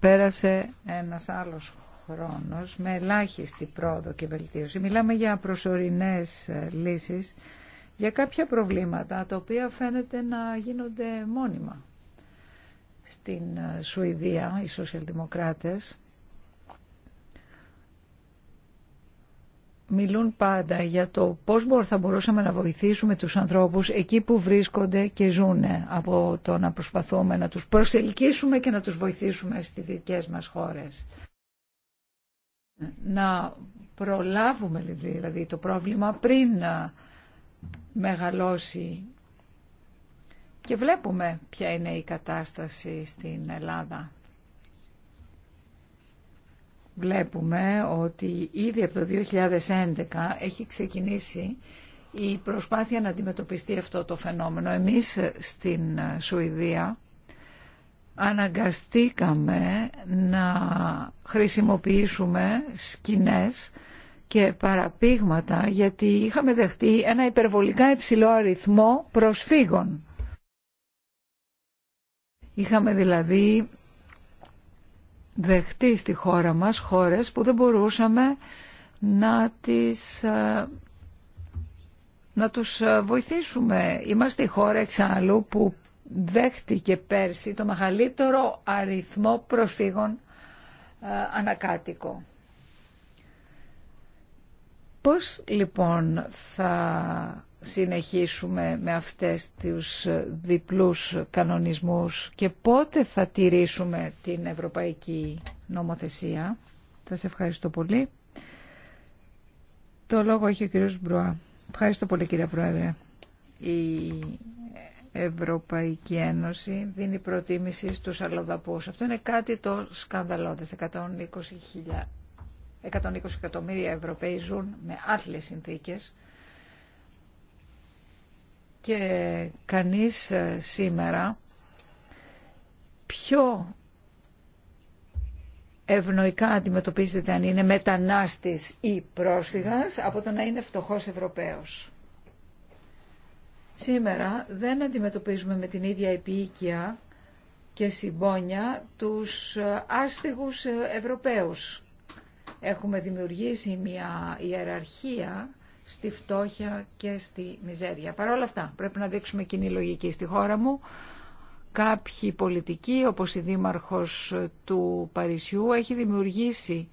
Πέρασε ένας άλλος χρόνος με ελάχιστη πρόοδο και βελτίωση. Μιλάμε για προσωρινές ε, λύσεις για κάποια προβλήματα τα οποία φαίνεται να γίνονται μόνιμα. Στην ε, Σουηδία οι σοσιαλδημοκράτες μιλούν πάντα για το πώς θα μπορούσαμε να βοηθήσουμε τους ανθρώπους εκεί που βρίσκονται και ζούνε από το να προσπαθούμε να τους προσελκύσουμε και να τους βοηθήσουμε στις δικές μας χώρες. Να προλάβουμε δηλαδή το πρόβλημα πριν να μεγαλώσει και βλέπουμε ποια είναι η κατάσταση στην Ελλάδα βλέπουμε ότι ήδη από το 2011 έχει ξεκινήσει η προσπάθεια να αντιμετωπιστεί αυτό το φαινόμενο. Εμείς στην Σουηδία αναγκαστήκαμε να χρησιμοποιήσουμε σκηνές και παραπήγματα γιατί είχαμε δεχτεί ένα υπερβολικά υψηλό αριθμό προσφύγων. Είχαμε δηλαδή δεχτεί στη χώρα μας χώρες που δεν μπορούσαμε να, τις, ε, να τους ε, βοηθήσουμε. Είμαστε η χώρα εξάλλου που δέχτηκε πέρσι το μεγαλύτερο αριθμό προσφύγων ε, ανακάτοικο. Πώς λοιπόν θα συνεχίσουμε με αυτές τους διπλούς κανονισμούς και πότε θα τηρήσουμε την ευρωπαϊκή νομοθεσία. Θα σε ευχαριστώ πολύ. Το λόγο έχει ο κύριος Μπρουά. Ευχαριστώ πολύ κύριε Πρόεδρε. Η Ευρωπαϊκή Ένωση δίνει προτίμηση στους αλλοδαπούς. Αυτό είναι κάτι το σκανδαλώδες. 120, 120 εκατομμύρια Ευρωπαίοι ζουν με άθλιες συνθήκες και κανείς ε, σήμερα πιο ευνοϊκά αντιμετωπίζεται αν είναι μετανάστης ή πρόσφυγας από το να είναι φτωχός Ευρωπαίος. Σήμερα δεν αντιμετωπίζουμε με την ίδια επίοικια και συμπόνια τους ε, άστιγους ε, Ευρωπαίους. Έχουμε δημιουργήσει μια ιεραρχία στη φτώχεια και στη μιζέρια. Παρ' όλα αυτά πρέπει να δείξουμε κοινή λογική στη χώρα μου. Κάποιοι πολιτικοί, όπως η Δήμαρχος του Παρισιού, έχει δημιουργήσει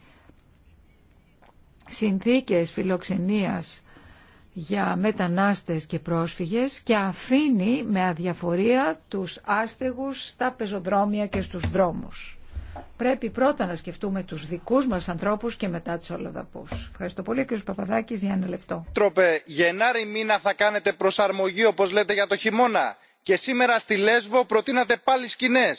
συνθήκες φιλοξενίας για μετανάστες και πρόσφυγες και αφήνει με αδιαφορία τους άστεγους στα πεζοδρόμια και στους δρόμους πρέπει πρώτα να σκεφτούμε τους δικούς μας ανθρώπους και μετά τους αλλοδαπούς. Ευχαριστώ πολύ κύριος Παπαδάκης για ένα λεπτό. Τρόπε, Γενάρη μήνα θα κάνετε προσαρμογή όπως λέτε για το χειμώνα και σήμερα στη Λέσβο προτείνατε πάλι σκηνέ.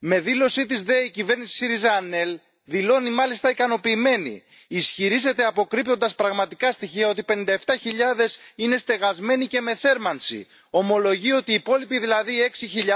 Με δήλωσή της ΔΕΗ η κυβέρνηση ΣΥΡΙΖΑ ΑΝΕΛ δηλώνει μάλιστα ικανοποιημένη. Ισχυρίζεται αποκρύπτοντας πραγματικά στοιχεία ότι 57.000 είναι στεγασμένοι και με θέρμανση. Ομολογεί ότι οι υπόλοιποι δηλαδή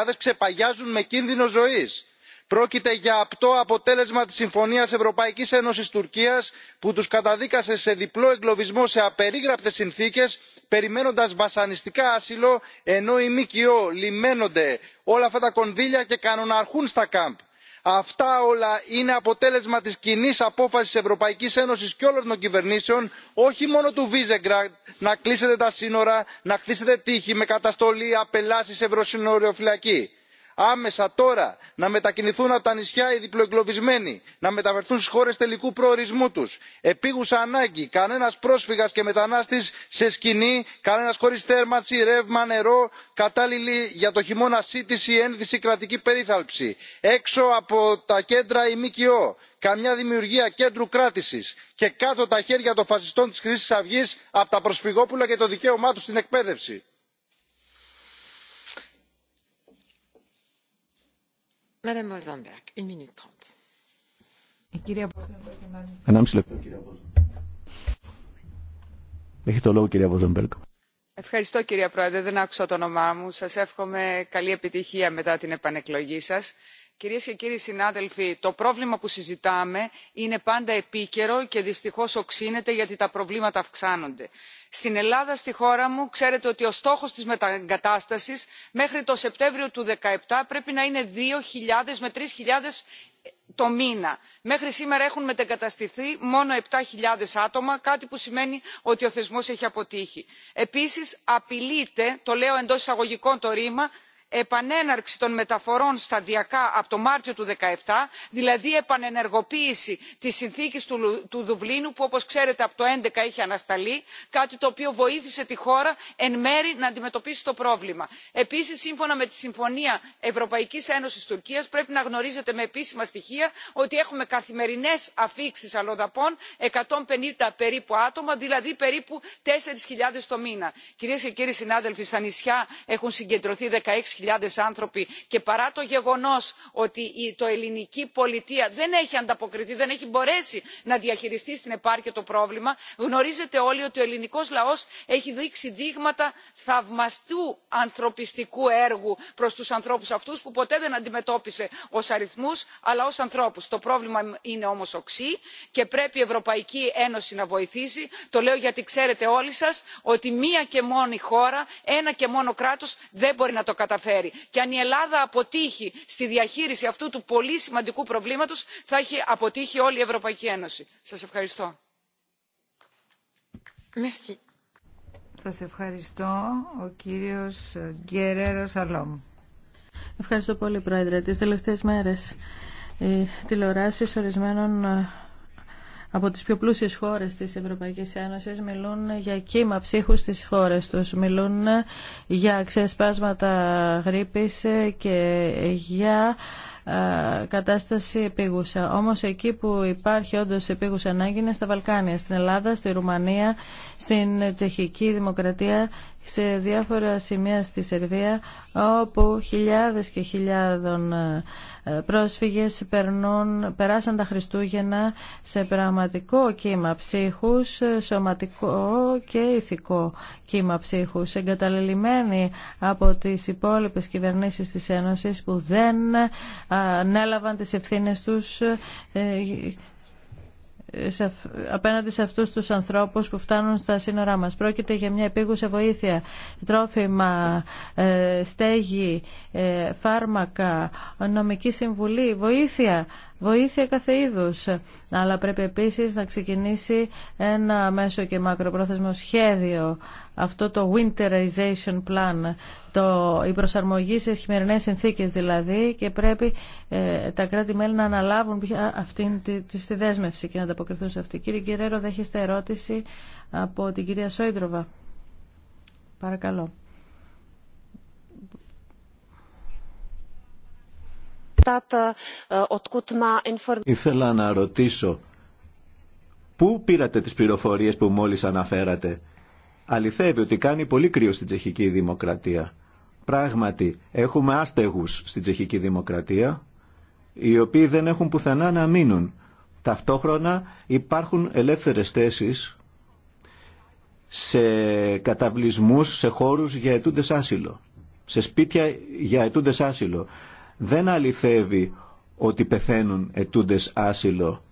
6.000 ξεπαγιάζουν με κίνδυνο ζωής πρόκειται για απτό αποτέλεσμα της συμφωνίας ευρωπαϊκής ένωσης τουρκίας που τους καταδίκασε σε διπλό εγκλωβισμό σε απερίγραπτες συνθήκες περιμένοντας βασανιστικά άσυλο ενώ οι μκο λιμένονται όλα αυτά τα κονδύλια και κανοναρχούν στα κάμπ. αυτά όλα είναι αποτέλεσμα της κοινής απόφασης ευρωπαϊκής ένωσης και όλων των κυβερνήσεων όχι μόνο του βίζεγκραντ να κλείσετε τα σύνορα να χτίσετε τείχη με καταστολή απελάσεις ευρωσυνοριοφυλακή άμεσα τώρα να μετακινηθούν από τα νησιά οι διπλοεγκλωβισμένοι να μεταφερθούν στις χώρες τελικού προορισμού τους. επίγουσα ανάγκη κανένας πρόσφυγας και μετανάστης σε σκηνή κανένας χωρίς θέρμανση ρεύμα νερό κατάλληλη για το χειμώνα σύτηση ένδυση κρατική περίθαλψη έξω από τα κέντρα η καμιά δημιουργία κέντρου κράτησης και κάτω τα χέρια των φασιστών της χρυσής αυγής από τα προσφυγόπουλα και το δικαίωμά του στην εκπαίδευση. Ευχαριστώ κυρία Πρόεδρε, δεν άκουσα το όνομά μου. Σας εύχομαι καλή επιτυχία μετά την επανεκλογή σας κυρίες και κύριοι συνάδελφοι το πρόβλημα που συζητάμε είναι πάντα επίκαιρο και δυστυχώς οξύνεται γιατί τα προβλήματα αυξάνονται. στην ελλάδα στη χώρα μου ξέρετε ότι ο στόχος της μετεγκατάστασης μέχρι το σεπτέμβριο του δύο πρέπει να είναι δύο με τρεις χιλιάδες το μήνα. μέχρι σήμερα έχουν μετεγκαταστηθεί μόνο επτά χιλιάδες άτομα κάτι που σημαίνει ότι ο θεσμός έχει αποτύχει. επίσης απειλείται το λέω εντός εισαγωγικών το ρήμα επανέναρξη των μεταφορών σταδιακά από το μάρτιο του 2017 δηλαδή επανενεργοποίηση της συνθήκης του, δουβλίνου που όπως ξέρετε από το 2011 είχε ανασταλεί κάτι το οποίο βοήθησε τη χώρα εν μέρη να αντιμετωπίσει το πρόβλημα. επίσης σύμφωνα με τη συμφωνία ευρωπαϊκής ένωσης τουρκίας πρέπει να γνωρίζετε με επίσημα στοιχεία ότι έχουμε καθημερινές αφήξεις αλλοδαπών 150 περίπου άτομα δηλαδή περίπου 4.000 το μήνα. κυρίες και κύριοι συνάδελφοι στα νησιά έχουν συγκεντρωθεί δεκαέξι άνθρωποι και παρά το γεγονός ότι το ελληνική πολιτεία δεν έχει ανταποκριθεί δεν έχει μπορέσει να διαχειριστεί στην επάρκεια το πρόβλημα γνωρίζετε όλοι ότι ο ελληνικός λαός έχει δείξει δείγματα θαυμαστού ανθρωπιστικού έργου προς τους ανθρώπους αυτούς που ποτέ δεν αντιμετώπισε ως αριθμούς αλλά ως ανθρώπους. το πρόβλημα είναι όμως οξύ και πρέπει η ευρωπαϊκή ένωση να βοηθήσει το λέω γιατί ξέρετε όλοι σας ότι μία και μόνη χώρα ένα και μόνο κράτος δεν μπορεί να το καταφέρει καταφέρει και αν η ελλάδα αποτύχει στη διαχείριση αυτού του πολύ σημαντικού προβλήματος θα έχει αποτύχει όλη η ευρωπαϊκή ένωση. σας ευχαριστώ. Merci. Σας ευχαριστώ. Ο κύριος Γκερέρο Σαλόμ. Ευχαριστώ πολύ, Πρόεδρε. Τις τελευταίες μέρες οι τηλεοράσεις ορισμένων από τις πιο πλούσιες χώρες της Ευρωπαϊκής Ένωσης μιλούν για κύμα ψύχου στις χώρες τους. Μιλούν για ξεσπάσματα γρήπης και για ε, κατάσταση επίγουσα. Όμως εκεί που υπάρχει όντως επίγουσα ανάγκη είναι στα Βαλκάνια, στην Ελλάδα, στη Ρουμανία, στην Τσεχική Δημοκρατία, σε διάφορα σημεία στη Σερβία, όπου χιλιάδες και χιλιάδων ε, πρόσφυγες περνούν, περάσαν τα Χριστούγεννα σε πραγματικό κύμα ψύχους, ε, σωματικό και ηθικό κύμα ψύχους, εγκαταλελειμμένοι από τις υπόλοιπες κυβερνήσεις της Ένωσης που δεν ανέλαβαν τις ευθύνες τους ε, ε, απέναντι σε αυτούς τους ανθρώπους που φτάνουν στα σύνορά μας. Πρόκειται για μια επίγουσα βοήθεια, τρόφιμα, ε, στέγη, φάρμακα, νομική συμβουλή, βοήθεια βοήθεια κάθε είδου, Αλλά πρέπει επίση να ξεκινήσει ένα μέσο και μακροπρόθεσμο σχέδιο, αυτό το winterization plan, το, η προσαρμογή σε χειμερινές συνθήκε δηλαδή και πρέπει ε, τα κράτη-μέλη να αναλάβουν πια αυτήν τη, τη, τη, δέσμευση και να ανταποκριθούν σε αυτή. Κύριε Κυρέρο, δέχεστε ερώτηση από την κυρία Σόιντροβα. Παρακαλώ. Uh, Ήθελα να ρωτήσω, πού πήρατε τις πληροφορίες που μόλις αναφέρατε. Αληθεύει ότι κάνει πολύ κρύο στην τσεχική δημοκρατία. Πράγματι, έχουμε άστεγους στην τσεχική δημοκρατία, οι οποίοι δεν έχουν πουθενά να μείνουν. Ταυτόχρονα υπάρχουν ελεύθερες θέσεις σε καταβλισμούς, σε χώρους για ετούντες άσυλο, σε σπίτια για ετούντες άσυλο δεν αληθεύει ότι πεθαίνουν ετούντες άσυλο.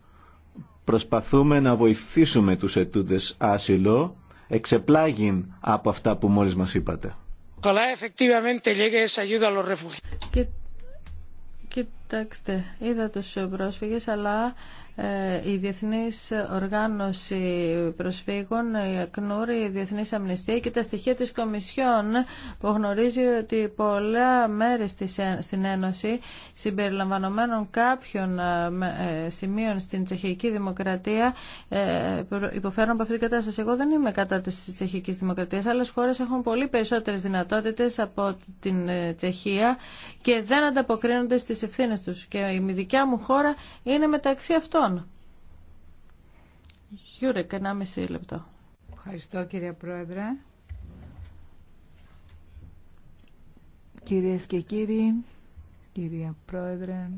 Προσπαθούμε να βοηθήσουμε τους ετούντες άσυλο εξεπλάγην από αυτά που μόλις μας είπατε. Κοιτάξτε, είδα τους πρόσφυγες, αλλά ε, η Διεθνής Οργάνωση Προσφύγων, η ΑΚΝΟΥΡ, η Διεθνής Αμνηστία και τα στοιχεία της Κομισιόν που γνωρίζει ότι πολλά μέρη στην Ένωση συμπεριλαμβανομένων κάποιων ε, ε, σημείων στην Τσεχική Δημοκρατία υποφέρουν από αυτήν την κατάσταση. Εγώ δεν είμαι κατά της Τσεχικής Δημοκρατίας. Άλλες χώρες έχουν πολύ περισσότερες δυνατότητες από την Τσεχία και δεν ανταποκρίνονται στις ευθύνες τους. Και η δικιά μου χώρα είναι μεταξύ αυτών. Γιούρε, λοιπόν, Γιούρεκ, 1,5 λεπτό. Ευχαριστώ κύριε Πρόεδρε. Κυρίες και κύριοι, κυρία Πρόεδρε,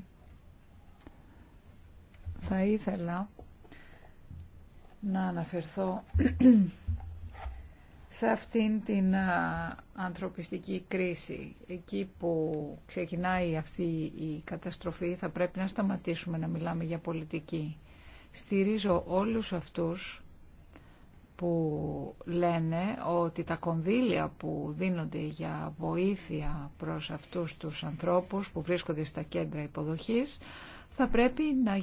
θα ήθελα να αναφερθώ σε αυτήν την ανθρωπιστική κρίση. Εκεί που ξεκινάει αυτή η καταστροφή θα πρέπει να σταματήσουμε να μιλάμε για πολιτική. Στηρίζω όλους αυτούς που λένε ότι τα κονδύλια που δίνονται για βοήθεια προς αυτούς τους ανθρώπους που βρίσκονται στα κέντρα υποδοχής θα πρέπει να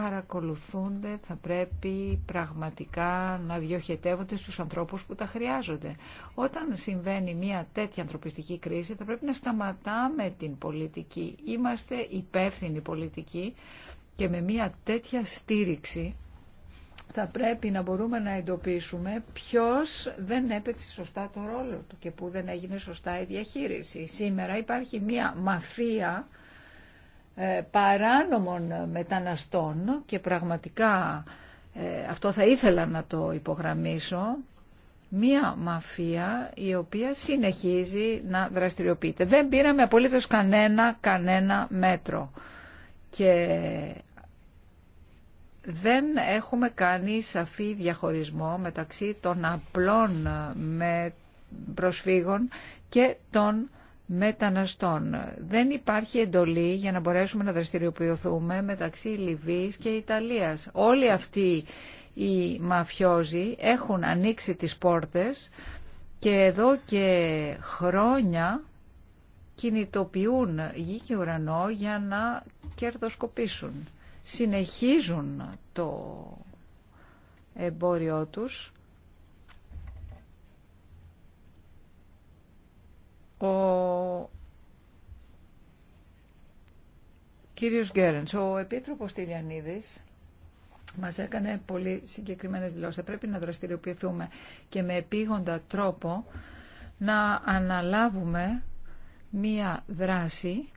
παρακολουθούνται, θα πρέπει πραγματικά να διοχετεύονται στους ανθρώπους που τα χρειάζονται. Όταν συμβαίνει μια τέτοια ανθρωπιστική κρίση θα πρέπει να σταματάμε την πολιτική. Είμαστε υπεύθυνοι πολιτικοί και με μια τέτοια στήριξη θα πρέπει να μπορούμε να εντοπίσουμε ποιος δεν έπαιξε σωστά το ρόλο του και που δεν έγινε σωστά η διαχείριση. Σήμερα υπάρχει μια μαφία ε, παράνομων ε, μεταναστών και πραγματικά ε, αυτό θα ήθελα να το υπογραμμίσω μία μαφία η οποία συνεχίζει να δραστηριοποιείται. Δεν πήραμε απολύτως κανένα, κανένα μέτρο και δεν έχουμε κάνει σαφή διαχωρισμό μεταξύ των απλών με προσφύγων και των μεταναστών. Δεν υπάρχει εντολή για να μπορέσουμε να δραστηριοποιηθούμε μεταξύ Λιβύης και Ιταλίας. Όλοι αυτοί οι μαφιόζοι έχουν ανοίξει τις πόρτες και εδώ και χρόνια κινητοποιούν γη και ουρανό για να κερδοσκοπήσουν. Συνεχίζουν το εμπόριό τους Ο κύριος Γκέρενς, ο Επίτροπος Τηλιανίδης, μας έκανε πολύ συγκεκριμένες δηλώσεις. Πρέπει να δραστηριοποιηθούμε και με επίγοντα τρόπο να αναλάβουμε μία δράση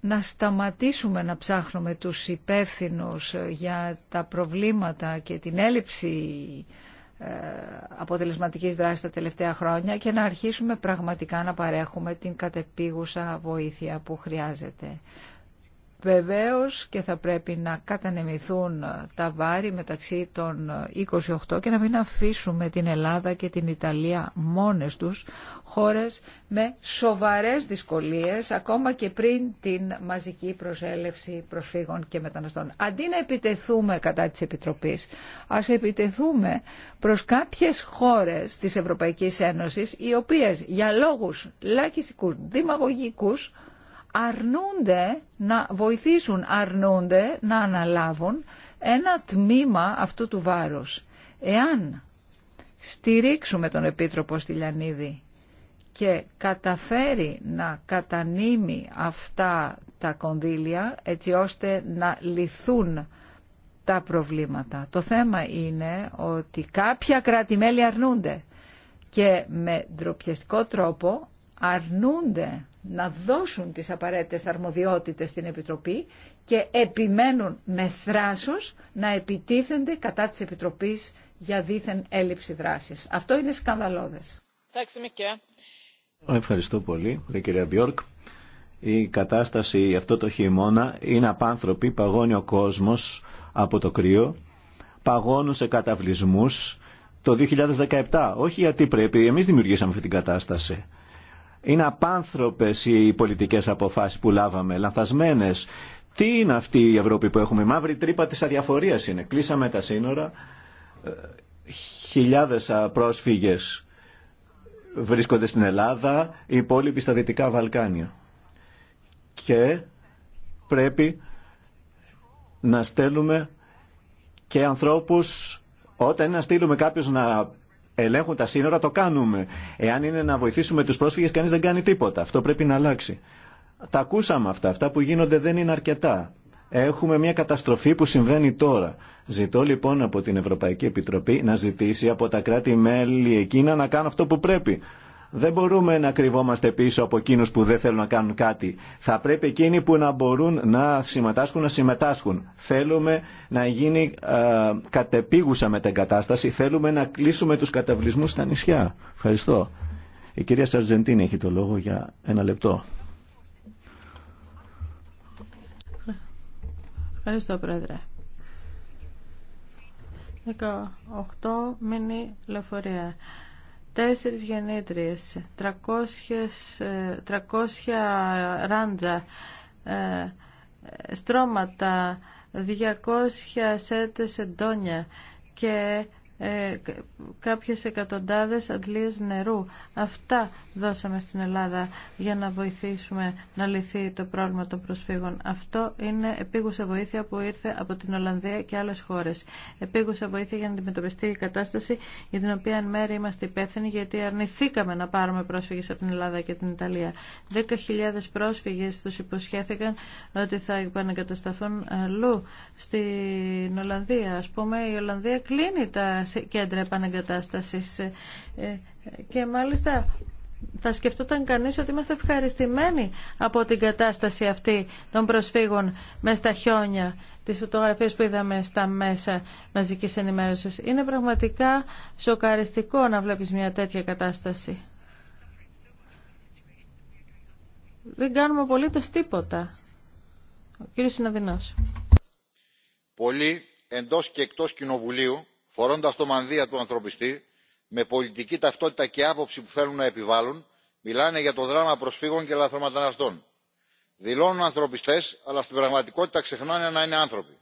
να σταματήσουμε να ψάχνουμε τους υπεύθυνους για τα προβλήματα και την έλλειψη ε, αποτελεσματικής δράσης τα τελευταία χρόνια και να αρχίσουμε πραγματικά να παρέχουμε την κατεπίγουσα βοήθεια που χρειάζεται. Βεβαίως και θα πρέπει να κατανεμηθούν τα βάρη μεταξύ των 28 και να μην αφήσουμε την Ελλάδα και την Ιταλία μόνες τους, χώρες με σοβαρές δυσκολίες, ακόμα και πριν την μαζική προσέλευση προσφύγων και μεταναστών. Αντί να επιτεθούμε κατά της Επιτροπής, ας επιτεθούμε προς κάποιες χώρες της Ευρωπαϊκής Ένωσης, οι οποίες για λόγους λακιστικούς, δημαγωγικούς, αρνούνται να βοηθήσουν, αρνούνται να αναλάβουν ένα τμήμα αυτού του βάρους. Εάν στηρίξουμε τον Επίτροπο Στυλιανίδη και καταφέρει να κατανείμει αυτά τα κονδύλια έτσι ώστε να λυθούν τα προβλήματα. Το θέμα είναι ότι κάποια κράτη-μέλη αρνούνται και με ντροπιαστικό τρόπο αρνούνται να δώσουν τις απαραίτητες αρμοδιότητες στην Επιτροπή και επιμένουν με θράσος να επιτίθενται κατά της Επιτροπής για δίθεν έλλειψη δράσης. Αυτό είναι σκανδαλώδες. Ευχαριστώ πολύ, κυρία Μπιόρκ. Η κατάσταση αυτό το χειμώνα είναι απάνθρωπη, παγώνει ο κόσμος από το κρύο, παγώνουν σε καταβλισμούς το 2017. Όχι γιατί πρέπει, εμείς δημιουργήσαμε αυτή την κατάσταση. Είναι απάνθρωπες οι πολιτικές αποφάσεις που λάβαμε, λανθασμένες. Τι είναι αυτή η Ευρώπη που έχουμε, η μαύρη τρύπα της αδιαφορίας είναι. Κλείσαμε τα σύνορα, ε, χιλιάδες πρόσφυγες βρίσκονται στην Ελλάδα, οι υπόλοιποι στα Δυτικά Βαλκάνια. Και πρέπει να στέλνουμε και ανθρώπους, όταν να στείλουμε κάποιους να ελέγχουν τα σύνορα, το κάνουμε. Εάν είναι να βοηθήσουμε του πρόσφυγε, κανεί δεν κάνει τίποτα. Αυτό πρέπει να αλλάξει. Τα ακούσαμε αυτά. Αυτά που γίνονται δεν είναι αρκετά. Έχουμε μια καταστροφή που συμβαίνει τώρα. Ζητώ λοιπόν από την Ευρωπαϊκή Επιτροπή να ζητήσει από τα κράτη-μέλη εκείνα να κάνουν αυτό που πρέπει. Δεν μπορούμε να κρυβόμαστε πίσω από εκείνους που δεν θέλουν να κάνουν κάτι. Θα πρέπει εκείνοι που να μπορούν να συμμετάσχουν να συμμετάσχουν. Θέλουμε να γίνει ε, κατεπίγουσα κατάσταση. Θέλουμε να κλείσουμε τους καταβλισμούς στα νησιά. Ευχαριστώ. Η κυρία Σαρζεντίνη έχει το λόγο για ένα λεπτό. Ευχαριστώ, Πρόεδρε. 18 μήνυ λεωφορεία τέσσερις γεννήτριες, 300, 300 ε, ράντζα, ε, στρώματα, 200 σέτες εντόνια και ε, κάποιες εκατοντάδες αντλίες νερού. Αυτά δώσαμε στην Ελλάδα για να βοηθήσουμε να λυθεί το πρόβλημα των προσφύγων. Αυτό είναι επίγουσα βοήθεια που ήρθε από την Ολλανδία και άλλες χώρες. Επίγουσα βοήθεια για να αντιμετωπιστεί η κατάσταση για την οποία εν μέρει είμαστε υπεύθυνοι γιατί αρνηθήκαμε να πάρουμε πρόσφυγες από την Ελλάδα και την Ιταλία. 10.000 πρόσφυγες τους υποσχέθηκαν ότι θα επανακατασταθούν αλλού στην Ολλανδία. Ας πούμε η Ολλανδία κλείνει τα κέντρα επαναγκατάστασης. Ε, ε, και μάλιστα θα σκεφτόταν κανείς ότι είμαστε ευχαριστημένοι από την κατάσταση αυτή των προσφύγων με στα χιόνια, τις φωτογραφίες που είδαμε στα μέσα μαζικής ενημέρωσης. Είναι πραγματικά σοκαριστικό να βλέπεις μια τέτοια κατάσταση. Δεν κάνουμε απολύτω τίποτα. Ο κύριος Συναδεινός. Πολλοί εντός και εκτός κοινοβουλίου φορώντας το μανδύα του ανθρωπιστή με πολιτική ταυτότητα και άποψη που θέλουν να επιβάλλουν μιλάνε για το δράμα προσφύγων και λαθρομεταναστών. δηλώνουν ανθρωπιστέ, αλλά στην πραγματικότητα ξεχνάνε να είναι άνθρωποι.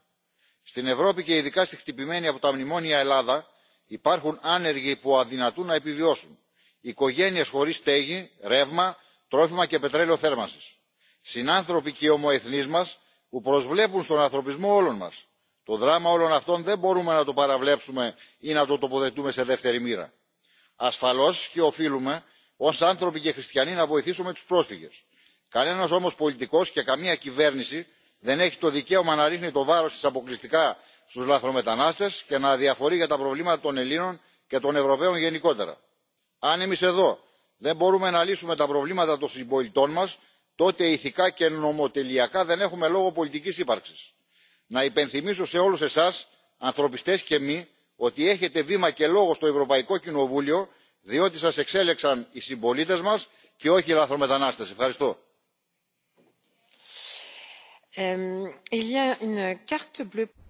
στην ευρώπη και ειδικά στη χτυπημένη από τα μνημόνια ελλάδα υπάρχουν άνεργοι που αδυνατούν να επιβιώσουν οικογένειε χωρί στέγη ρεύμα τρόφιμα και πετρέλαιο θέρμανσης. συνάνθρωποι και ομοεθνεί μα που προσβλέπουν στον ανθρωπισμό όλων μα το δράμα όλων αυτών δεν μπορούμε να το παραβλέψουμε ή να το τοποθετούμε σε δεύτερη μοίρα. Ασφαλώ και οφείλουμε ω άνθρωποι και χριστιανοί να βοηθήσουμε του πρόσφυγε. Κανένα όμω πολιτικό και καμία κυβέρνηση δεν έχει το δικαίωμα να ρίχνει το βάρο τη αποκλειστικά στου λαθρομετανάστε και να αδιαφορεί για τα προβλήματα των ελλήνων και των ευρωπαίων γενικότερα. αν εμεί εδώ δεν μπορούμε να λύσουμε τα προβλήματα των συμπολιτών μα, τότε ηθικά και νομοτελειακά δεν έχουμε λόγο πολιτική ύπαρξη να υπενθυμίσω σε όλους εσάς ανθρωπιστές και μη ότι έχετε βήμα και λόγο στο ευρωπαϊκό κοινοβούλιο διότι σας εξέλεξαν οι συμπολίτες μας και όχι οι λαθρομετανάστες. ευχαριστώ.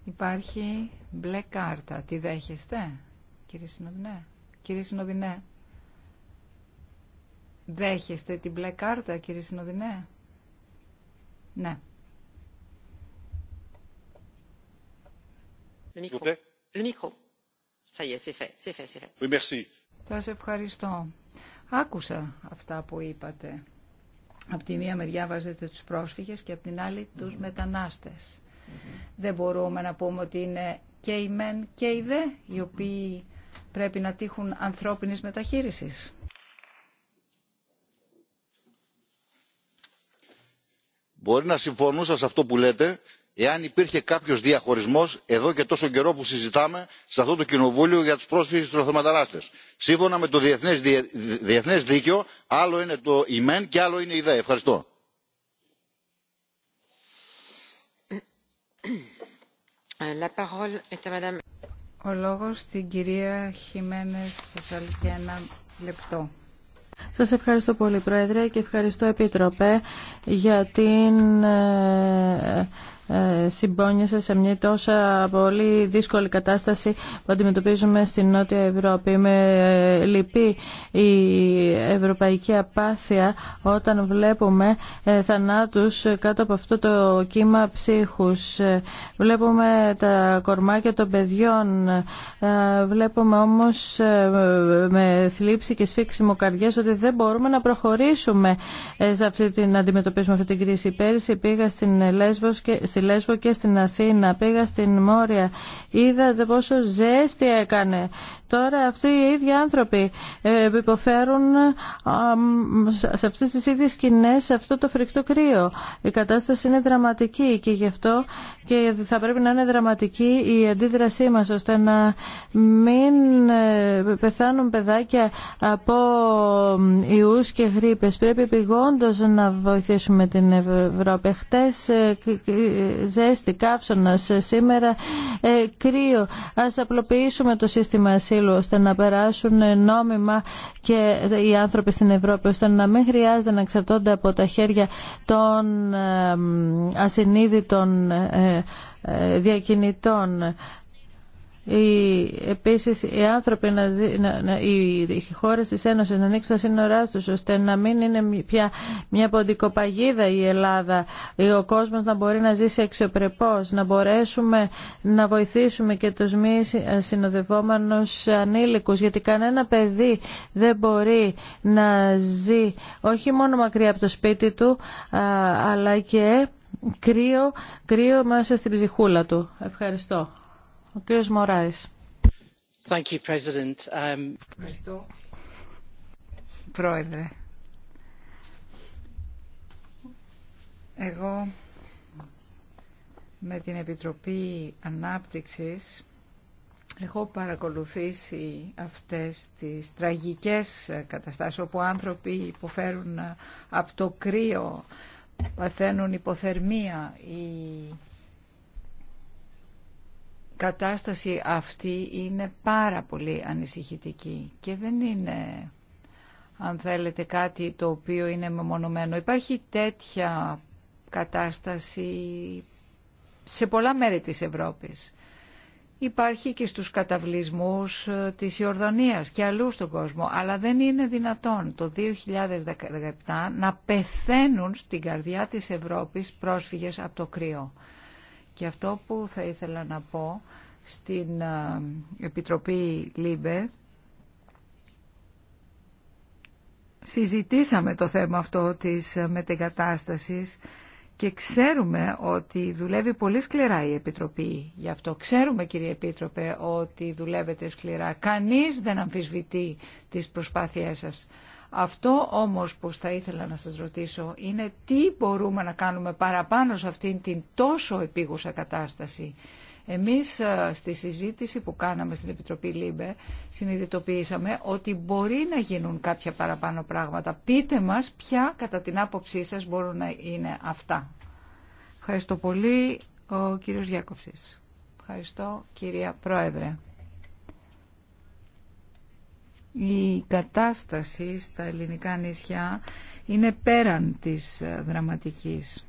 Υπάρχει μπλε κάρτα. Τη δέχεστε, κύριε Συνοδυνέ. Κύριε Συνοδυνέ, δέχεστε την μπλε κάρτα, κύριε Συνοδυνέ. Ναι. ευχαριστώ. Άκουσα αυτά που είπατε. Από τη μία μεριά βάζετε τους πρόσφυγες και από την άλλη τους μετανάστες. Δεν μπορούμε να πούμε ότι είναι και οι μεν και οι δε, οι οποίοι πρέπει να τύχουν ανθρώπινης μεταχείρισης. Μπορεί να συμφωνούσα σε αυτό που λέτε, εάν υπήρχε κάποιο διαχωρισμό εδώ και τόσο καιρό που συζητάμε σε αυτό το κοινοβούλιο για του πρόσφυγε και του λαθρομετανάστε. σύμφωνα με το διεθνέ δίκαιο άλλο είναι το ημέν και άλλο είναι η δε. ευχαριστώ. Ο λόγος στην κυρία Χιμένες για ένα λεπτό. Σας ευχαριστώ πολύ Πρόεδρε και ευχαριστώ Επίτροπε για την ε, ε, συμπόνιασε σε μια τόσα πολύ δύσκολη κατάσταση που αντιμετωπίζουμε στην Νότια Ευρώπη. Με λυπή η ευρωπαϊκή απάθεια όταν βλέπουμε ε, θανάτους κάτω από αυτό το κύμα ψύχους. Ε, βλέπουμε τα κορμάκια των παιδιών. Βλέπουμε όμως με θλίψη και σφίξιμο καρδιές ότι δεν μπορούμε να προχωρήσουμε σε αυτή την, να αντιμετωπίσουμε αυτή την κρίση. Πέρυσι πήγα στην Λέσβος και στη Λέσβο και στην Αθήνα. Πήγα στην Μόρια. Είδατε πόσο ζέστη έκανε τώρα αυτοί οι ίδιοι άνθρωποι ε, υποφέρουν σε αυτές τις ίδιες σκηνέ, σε αυτό το φρικτό κρύο. Η κατάσταση είναι δραματική και γι' αυτό και θα πρέπει να είναι δραματική η αντίδρασή μας ώστε να μην ε, πεθάνουν παιδάκια από ιούς και γρήπες. Πρέπει επιγόντως να βοηθήσουμε την Ευρώπη. Χτες ε, ζέστη, καύσωνας, σήμερα κρύο. Ας απλοποιήσουμε το σύστημα ασύλου ώστε να περάσουν νόμιμα και οι άνθρωποι στην Ευρώπη ώστε να μην χρειάζεται να εξαρτώνται από τα χέρια των ε, ασυνείδητων ε, ε, διακινητών οι, επίσης οι άνθρωποι, να, να, οι, οι χώρες της Ένωσης να ανοίξουν τα σύνορά τους ώστε να μην είναι πια μια ποντικοπαγίδα η Ελλάδα ο κόσμος να μπορεί να ζήσει αξιοπρεπώς να μπορέσουμε να βοηθήσουμε και τους μη ε, συνοδευόμενους ανήλικους γιατί κανένα παιδί δεν μπορεί να ζει όχι μόνο μακριά από το σπίτι του αλλά και κρύο, κρύο μέσα στην ψυχούλα του. Ευχαριστώ. Ο um, Πρόεδρε. Εγώ με την Επιτροπή Ανάπτυξης έχω παρακολουθήσει αυτές τις τραγικές καταστάσεις όπου άνθρωποι υποφέρουν από το κρύο, παθαίνουν υποθερμία, ή κατάσταση αυτή είναι πάρα πολύ ανησυχητική και δεν είναι, αν θέλετε, κάτι το οποίο είναι μεμονωμένο. Υπάρχει τέτοια κατάσταση σε πολλά μέρη της Ευρώπης. Υπάρχει και στους καταβλισμούς ε, της Ιορδανίας και αλλού στον κόσμο, αλλά δεν είναι δυνατόν το 2017 να πεθαίνουν στην καρδιά της Ευρώπης πρόσφυγες από το κρύο. Και αυτό που θα ήθελα να πω στην ε, Επιτροπή ΛΥΜΠΕ συζητήσαμε το θέμα αυτό της ε, μετεγκατάστασης και ξέρουμε ότι δουλεύει πολύ σκληρά η Επιτροπή. Γι' αυτό ξέρουμε κύριε Επίτροπε ότι δουλεύετε σκληρά. Κανείς δεν αμφισβητεί τις προσπάθειές σας. Αυτό όμως που θα ήθελα να σας ρωτήσω είναι τι μπορούμε να κάνουμε παραπάνω σε αυτήν την τόσο επίγουσα κατάσταση. Εμείς ε, στη συζήτηση που κάναμε στην Επιτροπή ΛΥΜΠΕ συνειδητοποιήσαμε ότι μπορεί να γίνουν κάποια παραπάνω πράγματα. Πείτε μας ποια κατά την άποψή σας μπορούν να είναι αυτά. Ευχαριστώ πολύ ο κύριος Γιάκοψης. Ευχαριστώ κυρία Πρόεδρε η κατάσταση στα ελληνικά νησιά είναι πέραν της ε, δραματικής.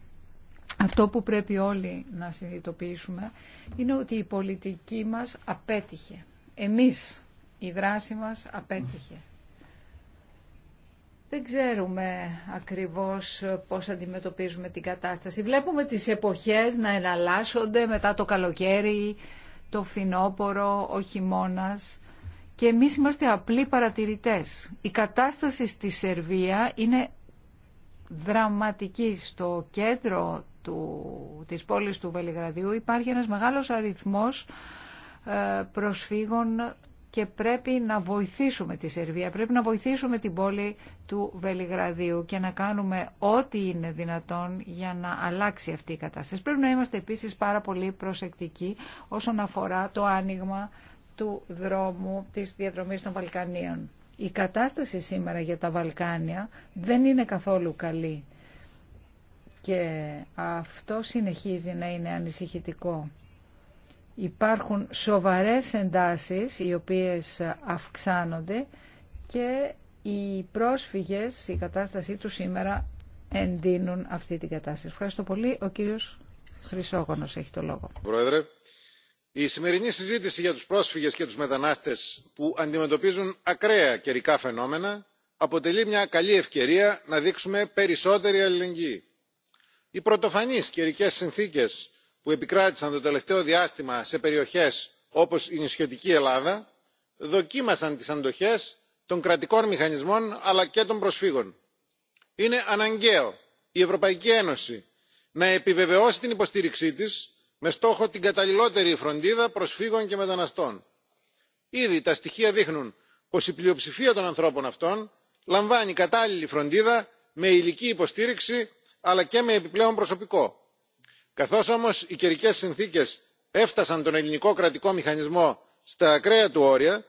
Αυτό που πρέπει όλοι να συνειδητοποιήσουμε είναι ότι η πολιτική μας απέτυχε. Εμείς, η δράση μας απέτυχε. Δεν ξέρουμε ακριβώς ε, πώς αντιμετωπίζουμε την κατάσταση. Βλέπουμε τις εποχές να εναλλάσσονται μετά το καλοκαίρι, το φθινόπωρο, ο χειμώνας και εμείς είμαστε απλοί παρατηρητές. Η κατάσταση στη Σερβία είναι δραματική. Στο κέντρο του, της πόλης του Βελιγραδιού υπάρχει ένας μεγάλος αριθμός ε, προσφύγων και πρέπει να βοηθήσουμε τη Σερβία, πρέπει να βοηθήσουμε την πόλη του Βελιγραδίου και να κάνουμε ό,τι είναι δυνατόν για να αλλάξει αυτή η κατάσταση. Πρέπει να είμαστε επίσης πάρα πολύ προσεκτικοί όσον αφορά το άνοιγμα του δρόμου της διαδρομής των Βαλκανίων. Η κατάσταση σήμερα για τα Βαλκάνια δεν είναι καθόλου καλή και αυτό συνεχίζει να είναι ανησυχητικό. Υπάρχουν σοβαρές εντάσεις οι οποίες αυξάνονται και οι πρόσφυγες, η κατάστασή τους σήμερα εντείνουν αυτή την κατάσταση. Ευχαριστώ πολύ. Ο κύριος Χρυσόγονος έχει το λόγο. Πρόεδρε, η σημερινή συζήτηση για τους πρόσφυγες και τους μετανάστες που αντιμετωπίζουν ακραία καιρικά φαινόμενα αποτελεί μια καλή ευκαιρία να δείξουμε περισσότερη αλληλεγγύη. οι πρωτοφανείς καιρικές συνθήκες που επικράτησαν το τελευταίο διάστημα σε περιοχές όπως η νησιωτική ελλάδα δοκίμασαν τις αντοχές των κρατικών μηχανισμών αλλά και των προσφύγων. είναι αναγκαίο η ευρωπαϊκή ένωση να επιβεβαιώσει την υποστήριξή της με στόχο την καταλληλότερη φροντίδα προσφύγων και μεταναστών. ήδη τα στοιχεία δείχνουν πω η πλειοψηφία των ανθρώπων αυτών λαμβάνει κατάλληλη φροντίδα με υλική υποστήριξη αλλά και με επιπλέον προσωπικό. Καθώ όμω οι καιρικέ συνθήκε έφτασαν τον ελληνικό κρατικό μηχανισμό στα ακραία του όρια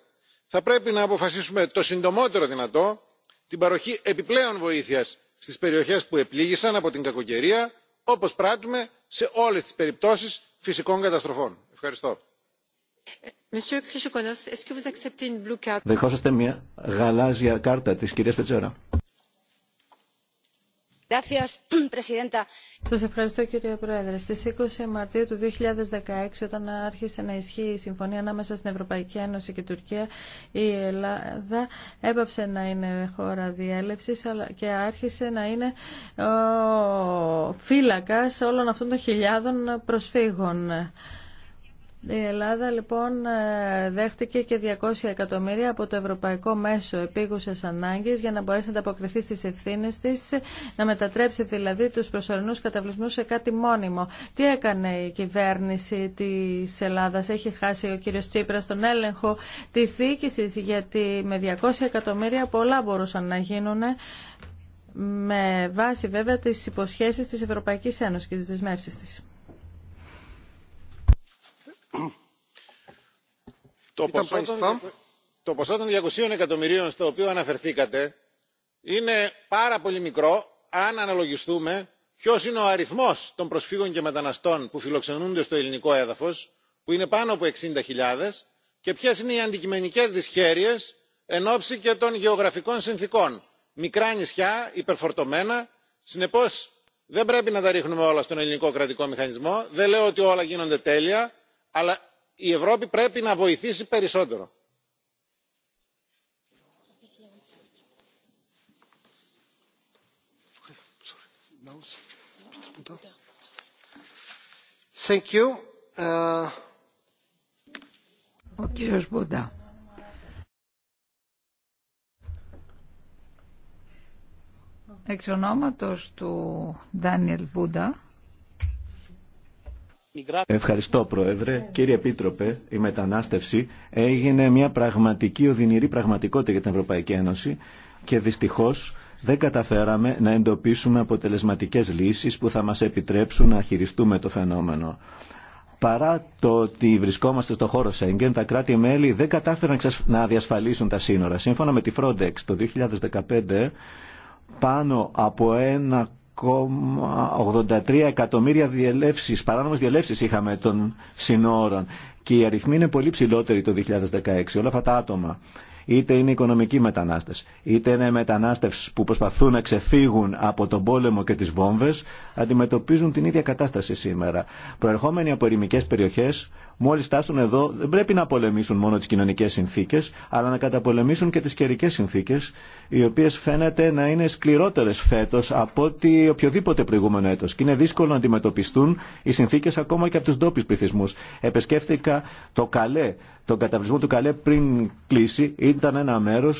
θα πρέπει να αποφασίσουμε το συντομότερο δυνατό την παροχή επιπλέον βοήθεια στι περιοχέ που επλήγησαν από την κακοκαιρία όπω πράττουμε σε όλες τις περιπτώσεις φυσικών καταστροφών. Ευχαριστώ. Σας ευχαριστώ κύριε Πρόεδρε. Στις 20 Μαρτίου του 2016 όταν άρχισε να ισχύει η συμφωνία ανάμεσα στην Ευρωπαϊκή Ένωση και Τουρκία η Ελλάδα έπαψε να είναι χώρα διέλευσης αλλά και άρχισε να είναι φύλακα φύλακας όλων αυτών των χιλιάδων προσφύγων. Η Ελλάδα λοιπόν ε, δέχτηκε και 200 εκατομμύρια από το Ευρωπαϊκό Μέσο Επίγουσες Ανάγκης για να μπορέσει να ανταποκριθεί στις ευθύνες της, να μετατρέψει δηλαδή τους προσωρινούς καταβλισμούς σε κάτι μόνιμο. Τι έκανε η κυβέρνηση της Ελλάδας, έχει χάσει ο κύριος Τσίπρας τον έλεγχο της διοίκησης γιατί με 200 εκατομμύρια πολλά μπορούσαν να γίνουν ε, με βάση βέβαια τις υποσχέσεις της Ευρωπαϊκής Ένωσης και τις δεσμεύσεις της το ποσό των 200 εκατομμυρίων στο οποίο αναφερθήκατε είναι πάρα πολύ μικρό αν αναλογιστούμε ποιο είναι ο αριθμός των προσφύγων και μεταναστών που φιλοξενούνται στο ελληνικό έδαφος που είναι πάνω από 60.000 και ποιε είναι οι αντικειμενικές δυσχέρειες εν ώψη και των γεωγραφικών συνθήκων. Μικρά νησιά, υπερφορτωμένα, Συνεπώ, δεν πρέπει να τα ρίχνουμε όλα στον ελληνικό κρατικό μηχανισμό. Δεν λέω ότι όλα γίνονται τέλεια αλλά η ευρώπη πρέπει να βοηθήσει περισσότερο. Thank you. Ο κύριος Μπούντα. Εξ ονόματος του Ντάνιελ Μπούντα Ευχαριστώ Πρόεδρε. Κύριε Επίτροπε, η μετανάστευση έγινε μια πραγματική οδυνηρή πραγματικότητα για την Ευρωπαϊκή Ένωση και δυστυχώς δεν καταφέραμε να εντοπίσουμε αποτελεσματικές λύσεις που θα μας επιτρέψουν να χειριστούμε το φαινόμενο. Παρά το ότι βρισκόμαστε στο χώρο Σέγγεν, τα κράτη-μέλη δεν κατάφεραν να διασφαλίσουν τα σύνορα. Σύμφωνα με τη Frontex, το 2015 πάνω από ένα 83 εκατομμύρια διελεύσεις, παράνομες διελεύσεις είχαμε των συνόρων και η αριθμή είναι πολύ ψηλότερη το 2016. Όλα αυτά τα άτομα είτε είναι οικονομικοί μετανάστες, είτε είναι μετανάστες που προσπαθούν να ξεφύγουν από τον πόλεμο και τις βόμβες, αντιμετωπίζουν την ίδια κατάσταση σήμερα. Προερχόμενοι από ερημικές περιοχές, Μόλι φτάσουν εδώ, δεν πρέπει να πολεμήσουν μόνο τι κοινωνικέ συνθήκε, αλλά να καταπολεμήσουν και τι καιρικέ συνθήκε, οι οποίε φαίνεται να είναι σκληρότερε φέτο από ότι οποιοδήποτε προηγούμενο έτο. Και είναι δύσκολο να αντιμετωπιστούν οι συνθήκε ακόμα και από του ντόπιου πληθυσμού. Επεσκέφθηκα το καλέ, τον καταβλισμό του καλέ πριν κλείσει. Ήταν ένα μέρο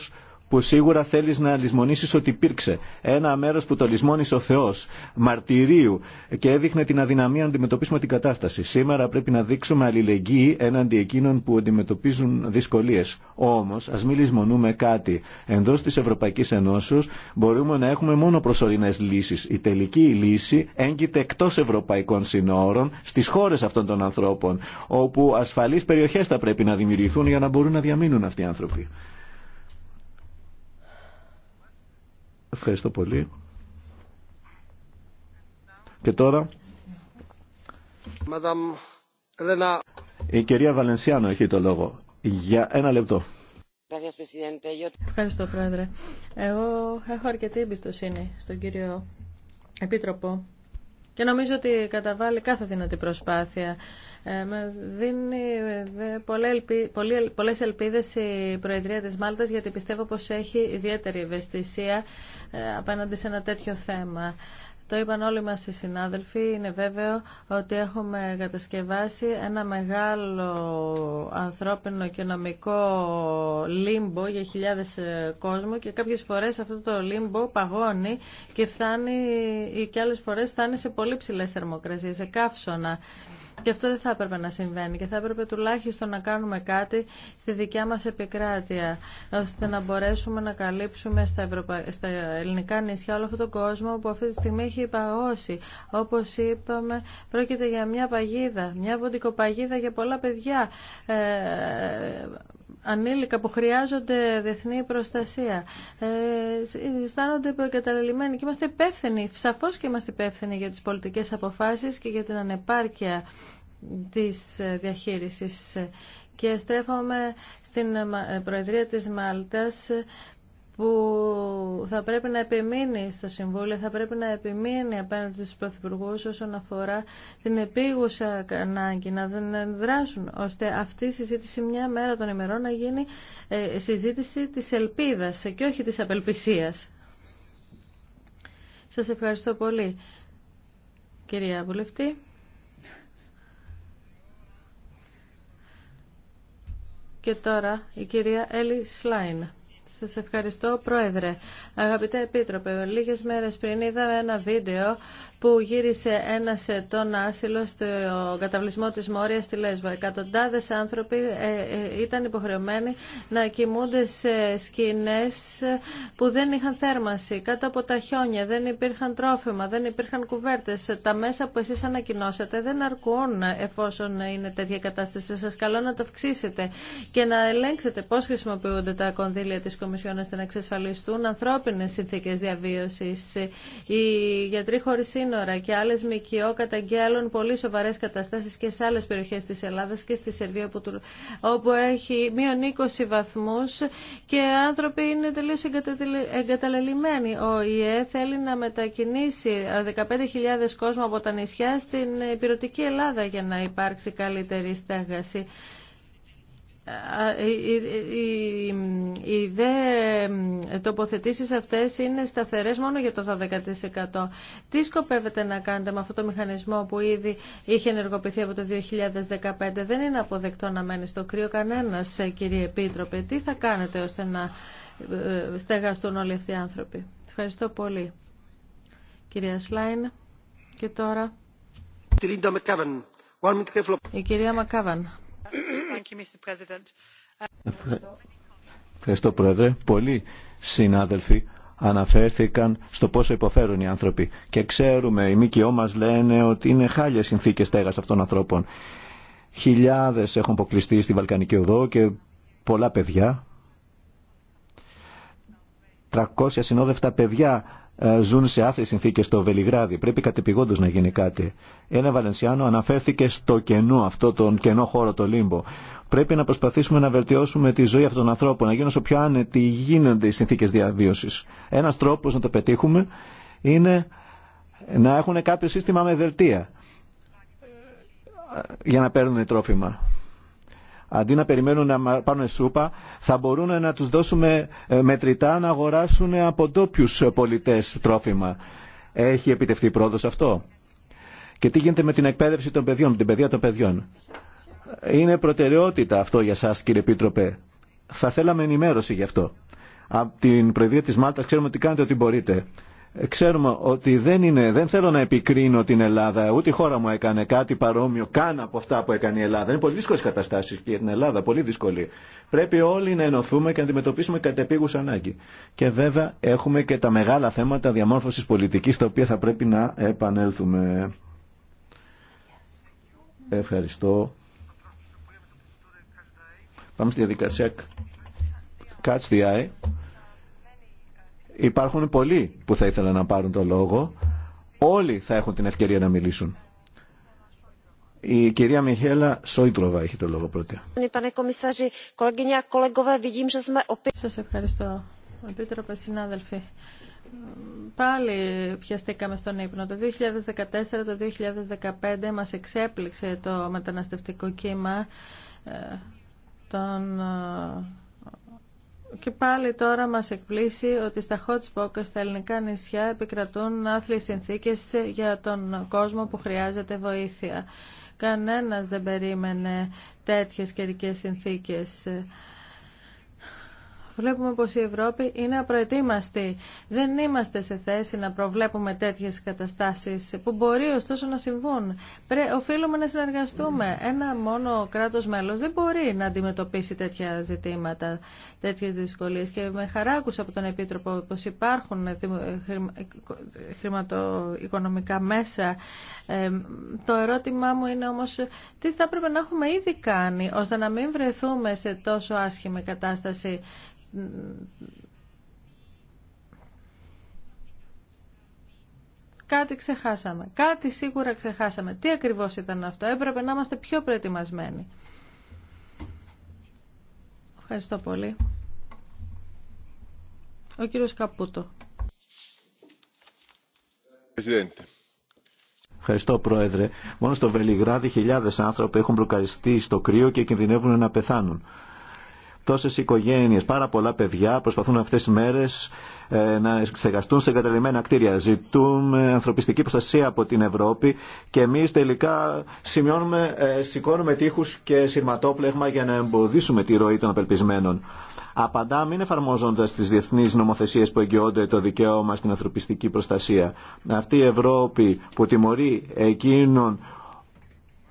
που σίγουρα θέλεις να λησμονήσεις ότι υπήρξε. Ένα μέρος που το λησμόνησε ο Θεός, μαρτυρίου και έδειχνε την αδυναμία να αντιμετωπίσουμε την κατάσταση. Σήμερα πρέπει να δείξουμε αλληλεγγύη έναντι εκείνων που αντιμετωπίζουν δυσκολίες. Όμως, ας μην λησμονούμε κάτι. Εντός της Ευρωπαϊκής Ενώσεως μπορούμε να έχουμε μόνο προσωρινές λύσεις. Η τελική λύση έγκυται εκτός ευρωπαϊκών συνόρων, στις χώρες αυτών των ανθρώπων, όπου ασφαλείς περιοχές θα πρέπει να δημιουργηθούν για να μπορούν να διαμείνουν αυτοί οι άνθρωποι. Ευχαριστώ πολύ. Και τώρα. Η κυρία Βαλενσιάνο έχει το λόγο. Για ένα λεπτό. Ευχαριστώ, Πρόεδρε. Εγώ έχω αρκετή εμπιστοσύνη στον κύριο Επίτροπο και νομίζω ότι καταβάλει κάθε δυνατή προσπάθεια ε, δίνει πολλές ελπίδες η Προεδρία της Μάλτας γιατί πιστεύω πως έχει ιδιαίτερη ευαισθησία ε, απέναντι σε ένα τέτοιο θέμα. Το είπαν όλοι μας οι συνάδελφοι, είναι βέβαιο ότι έχουμε κατασκευάσει ένα μεγάλο ανθρώπινο και νομικό λίμπο για χιλιάδες ε, κόσμου και κάποιες φορές αυτό το λίμπο παγώνει και φτάνει ή και άλλες φορές φτάνει σε πολύ ψηλές θερμοκρασίες, σε καύσωνα. Και αυτό δεν θα έπρεπε να συμβαίνει και θα έπρεπε τουλάχιστον να κάνουμε κάτι στη δικιά μας επικράτεια ώστε να μπορέσουμε να καλύψουμε στα, Ευρωπα... στα ελληνικά νησιά όλο αυτόν τον κόσμο που αυτή τη στιγμή έχει παγώσει. Όπως είπαμε πρόκειται για μια παγίδα, μια βοντικοπαγίδα για πολλά παιδιά. Ε, ανήλικα που χρειάζονται διεθνή προστασία. Ε, αισθάνονται προκαταλελειμμένοι και είμαστε υπεύθυνοι, σαφώ και είμαστε υπεύθυνοι για τι πολιτικέ αποφάσει και για την ανεπάρκεια της ε, διαχείρισης. Και στρέφομαι στην ε, ε, Προεδρία της Μάλτας που θα πρέπει να επιμείνει στο Συμβούλιο, θα πρέπει να επιμείνει απέναντι στους Πρωθυπουργούς όσον αφορά την επίγουσα ανάγκη να δράσουν, ώστε αυτή η συζήτηση μια μέρα των ημερών να γίνει συζήτηση της ελπίδας και όχι της απελπισίας. Σας ευχαριστώ πολύ, κυρία Βουλευτή. Και τώρα η κυρία Έλλη Σλάιν. Σας ευχαριστώ, Πρόεδρε. Αγαπητέ Επίτροπε, λίγες μέρες πριν είδαμε ένα βίντεο που γύρισε ένα τον άσυλο στο καταβλισμό τη Μόρια στη Λέσβο. Εκατοντάδε άνθρωποι ε, ε, ήταν υποχρεωμένοι να κοιμούνται σε σκηνέ που δεν είχαν θέρμανση, κάτω από τα χιόνια, δεν υπήρχαν τρόφιμα, δεν υπήρχαν κουβέρτε. Τα μέσα που εσεί ανακοινώσατε δεν αρκούν εφόσον είναι τέτοια κατάσταση. Σα καλώ να το αυξήσετε και να ελέγξετε πώ χρησιμοποιούνται τα κονδύλια τη Κομισιόν ώστε να εξασφαλιστούν ανθρώπινε συνθήκε διαβίωση, Οι γιατροί χωρί σύνορα και άλλες ΜΚΟ καταγγέλουν πολύ σοβαρές καταστάσεις και σε άλλες περιοχές της Ελλάδας και στη Σερβία όπου έχει μείον 20 βαθμούς και άνθρωποι είναι τελείως εγκαταλελειμμένοι. Ο ΙΕ θέλει να μετακινήσει 15.000 κόσμο από τα νησιά στην πυρωτική Ελλάδα για να υπάρξει καλύτερη στέγαση οι δε τοποθετήσεις αυτές είναι σταθερές μόνο για το 12%. Τι σκοπεύετε να κάνετε με αυτό το μηχανισμό που ήδη είχε ενεργοποιηθεί από το 2015. Δεν είναι αποδεκτό να μένει στο κρύο κανένας, κύριε Επίτροπε. Τι θα κάνετε ώστε να στεγαστούν όλοι αυτοί οι άνθρωποι. Ευχαριστώ πολύ. Κυρία Σλάιν και τώρα η κυρία Μακάβαν. Ευχαριστώ. Πρόεδρε. Πολλοί συνάδελφοι αναφέρθηκαν στο πόσο υποφέρουν οι άνθρωποι. Και ξέρουμε, οι ΜΚΟ μα λένε ότι είναι χάλια συνθήκες στέγας αυτών των ανθρώπων. Χιλιάδες έχουν αποκλειστεί στη Βαλκανική Οδό και πολλά παιδιά. 300 συνόδευτα παιδιά ε, ζουν σε άθε συνθήκες στο Βελιγράδι. Πρέπει κατεπηγόντως να γίνει κάτι. Ένα Βαλενσιάνο αναφέρθηκε στο κενό αυτό, τον κενό χώρο, το λίμπο. Πρέπει να προσπαθήσουμε να βελτιώσουμε τη ζωή αυτών των ανθρώπων, να γίνουν όσο πιο άνετοι γίνονται οι συνθήκες διαβίωσης. Ένας τρόπος να το πετύχουμε είναι να έχουν κάποιο σύστημα με δελτία ε, για να παίρνουν τρόφιμα αντί να περιμένουν να πάρουν σούπα, θα μπορούν να τους δώσουμε ε, μετρητά να αγοράσουν από ντόπιου ε, πολιτές τρόφιμα. Έχει επιτευχθεί πρόοδος αυτό. Και τι γίνεται με την εκπαίδευση των παιδιών, με την παιδεία των παιδιών. Είναι προτεραιότητα αυτό για σας κύριε Επίτροπε. Θα θέλαμε ενημέρωση γι' αυτό. Από την Προεδρία της Μάλτα ξέρουμε ότι κάνετε ό,τι μπορείτε. Ξέρουμε ότι δεν, είναι, δεν θέλω να επικρίνω την Ελλάδα, ούτε η χώρα μου έκανε κάτι παρόμοιο καν από αυτά που έκανε η Ελλάδα. Είναι πολύ δύσκολε καταστάσει και για την Ελλάδα, πολύ δύσκολη. Πρέπει όλοι να ενωθούμε και να αντιμετωπίσουμε κατεπίγους ανάγκη. Και βέβαια έχουμε και τα μεγάλα θέματα διαμόρφωση πολιτική, τα οποία θα πρέπει να επανέλθουμε. Ευχαριστώ. Πάμε στη διαδικασία Catch the Υπάρχουν πολλοί που θα ήθελαν να πάρουν το λόγο. Όλοι θα έχουν την ευκαιρία να μιλήσουν. Η κυρία Μιχέλα Σόιτροβα έχει το λόγο πρώτη. Σας ευχαριστώ, επίτροπε συνάδελφοι. Πάλι πιαστήκαμε στον ύπνο. Το 2014, το 2015 μας εξέπληξε το μεταναστευτικό κύμα ε, των ε, και πάλι τώρα μας εκπλήσει ότι στα hot spots στα ελληνικά νησιά επικρατούν άθλιες συνθήκες για τον κόσμο που χρειάζεται βοήθεια. Κανένας δεν περίμενε τέτοιες καιρικέ συνθήκες. Βλέπουμε πως η Ευρώπη είναι απροετοίμαστη. Δεν είμαστε σε θέση να προβλέπουμε τέτοιες καταστάσεις που μπορεί ωστόσο να συμβούν. Οφείλουμε να συνεργαστούμε. Ένα μόνο κράτος μέλος δεν μπορεί να αντιμετωπίσει τέτοια ζητήματα, τέτοιες δυσκολίες. Και με χαρά από τον Επίτροπο πως υπάρχουν χρηματοοικονομικά μέσα. Ε, το ερώτημά μου είναι όμως τι θα έπρεπε να έχουμε ήδη κάνει ώστε να μην βρεθούμε σε τόσο άσχημη κατάσταση κάτι ξεχάσαμε. Κάτι σίγουρα ξεχάσαμε. Τι ακριβώς ήταν αυτό. Έπρεπε να είμαστε πιο προετοιμασμένοι. Ευχαριστώ πολύ. Ο κύριος Καπούτο. Ευχαριστώ, Πρόεδρε. Μόνο στο Βελιγράδι χιλιάδες άνθρωποι έχουν μπλοκαριστεί στο κρύο και κινδυνεύουν να πεθάνουν. Τόσε οικογένειε, πάρα πολλά παιδιά προσπαθούν αυτέ τι μέρε ε, να εξεγαστούν σε εγκαταλειμμένα κτίρια. Ζητούμε ανθρωπιστική προστασία από την Ευρώπη και εμεί τελικά σημειώνουμε, ε, σηκώνουμε τείχου και σειρματόπλεγμα για να εμποδίσουμε τη ροή των απελπισμένων. Απαντά μην εφαρμόζοντα τι διεθνεί νομοθεσίε που εγγυώνται το δικαίωμα στην ανθρωπιστική προστασία. Αυτή η Ευρώπη που τιμωρεί εκείνον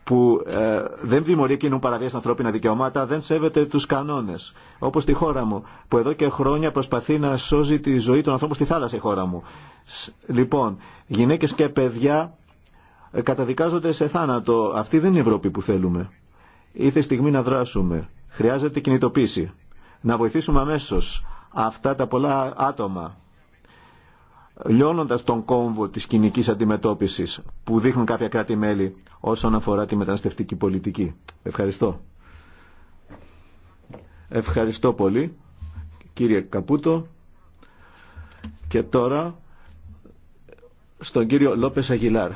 που ε, δεν δημιουργεί κοινού παραβίαση ανθρώπινα δικαιώματα, δεν σέβεται του κανόνε. Όπω στη χώρα μου, που εδώ και χρόνια προσπαθεί να σώζει τη ζωή των ανθρώπων στη θάλασσα η χώρα μου. Λοιπόν, γυναίκε και παιδιά ε, καταδικάζονται σε θάνατο. Αυτή δεν είναι η Ευρώπη που θέλουμε. Ήρθε η στιγμή να δράσουμε. Χρειάζεται κινητοποίηση. Να βοηθήσουμε αμέσω αυτά τα πολλά άτομα λιώνοντας τον κόμβο της κοινική αντιμετώπισης που δείχνουν κάποια κράτη-μέλη όσον αφορά τη μεταναστευτική πολιτική. Ευχαριστώ. Ευχαριστώ πολύ, κύριε Καπούτο. Και τώρα στον κύριο Λόπες Αγιλάρ.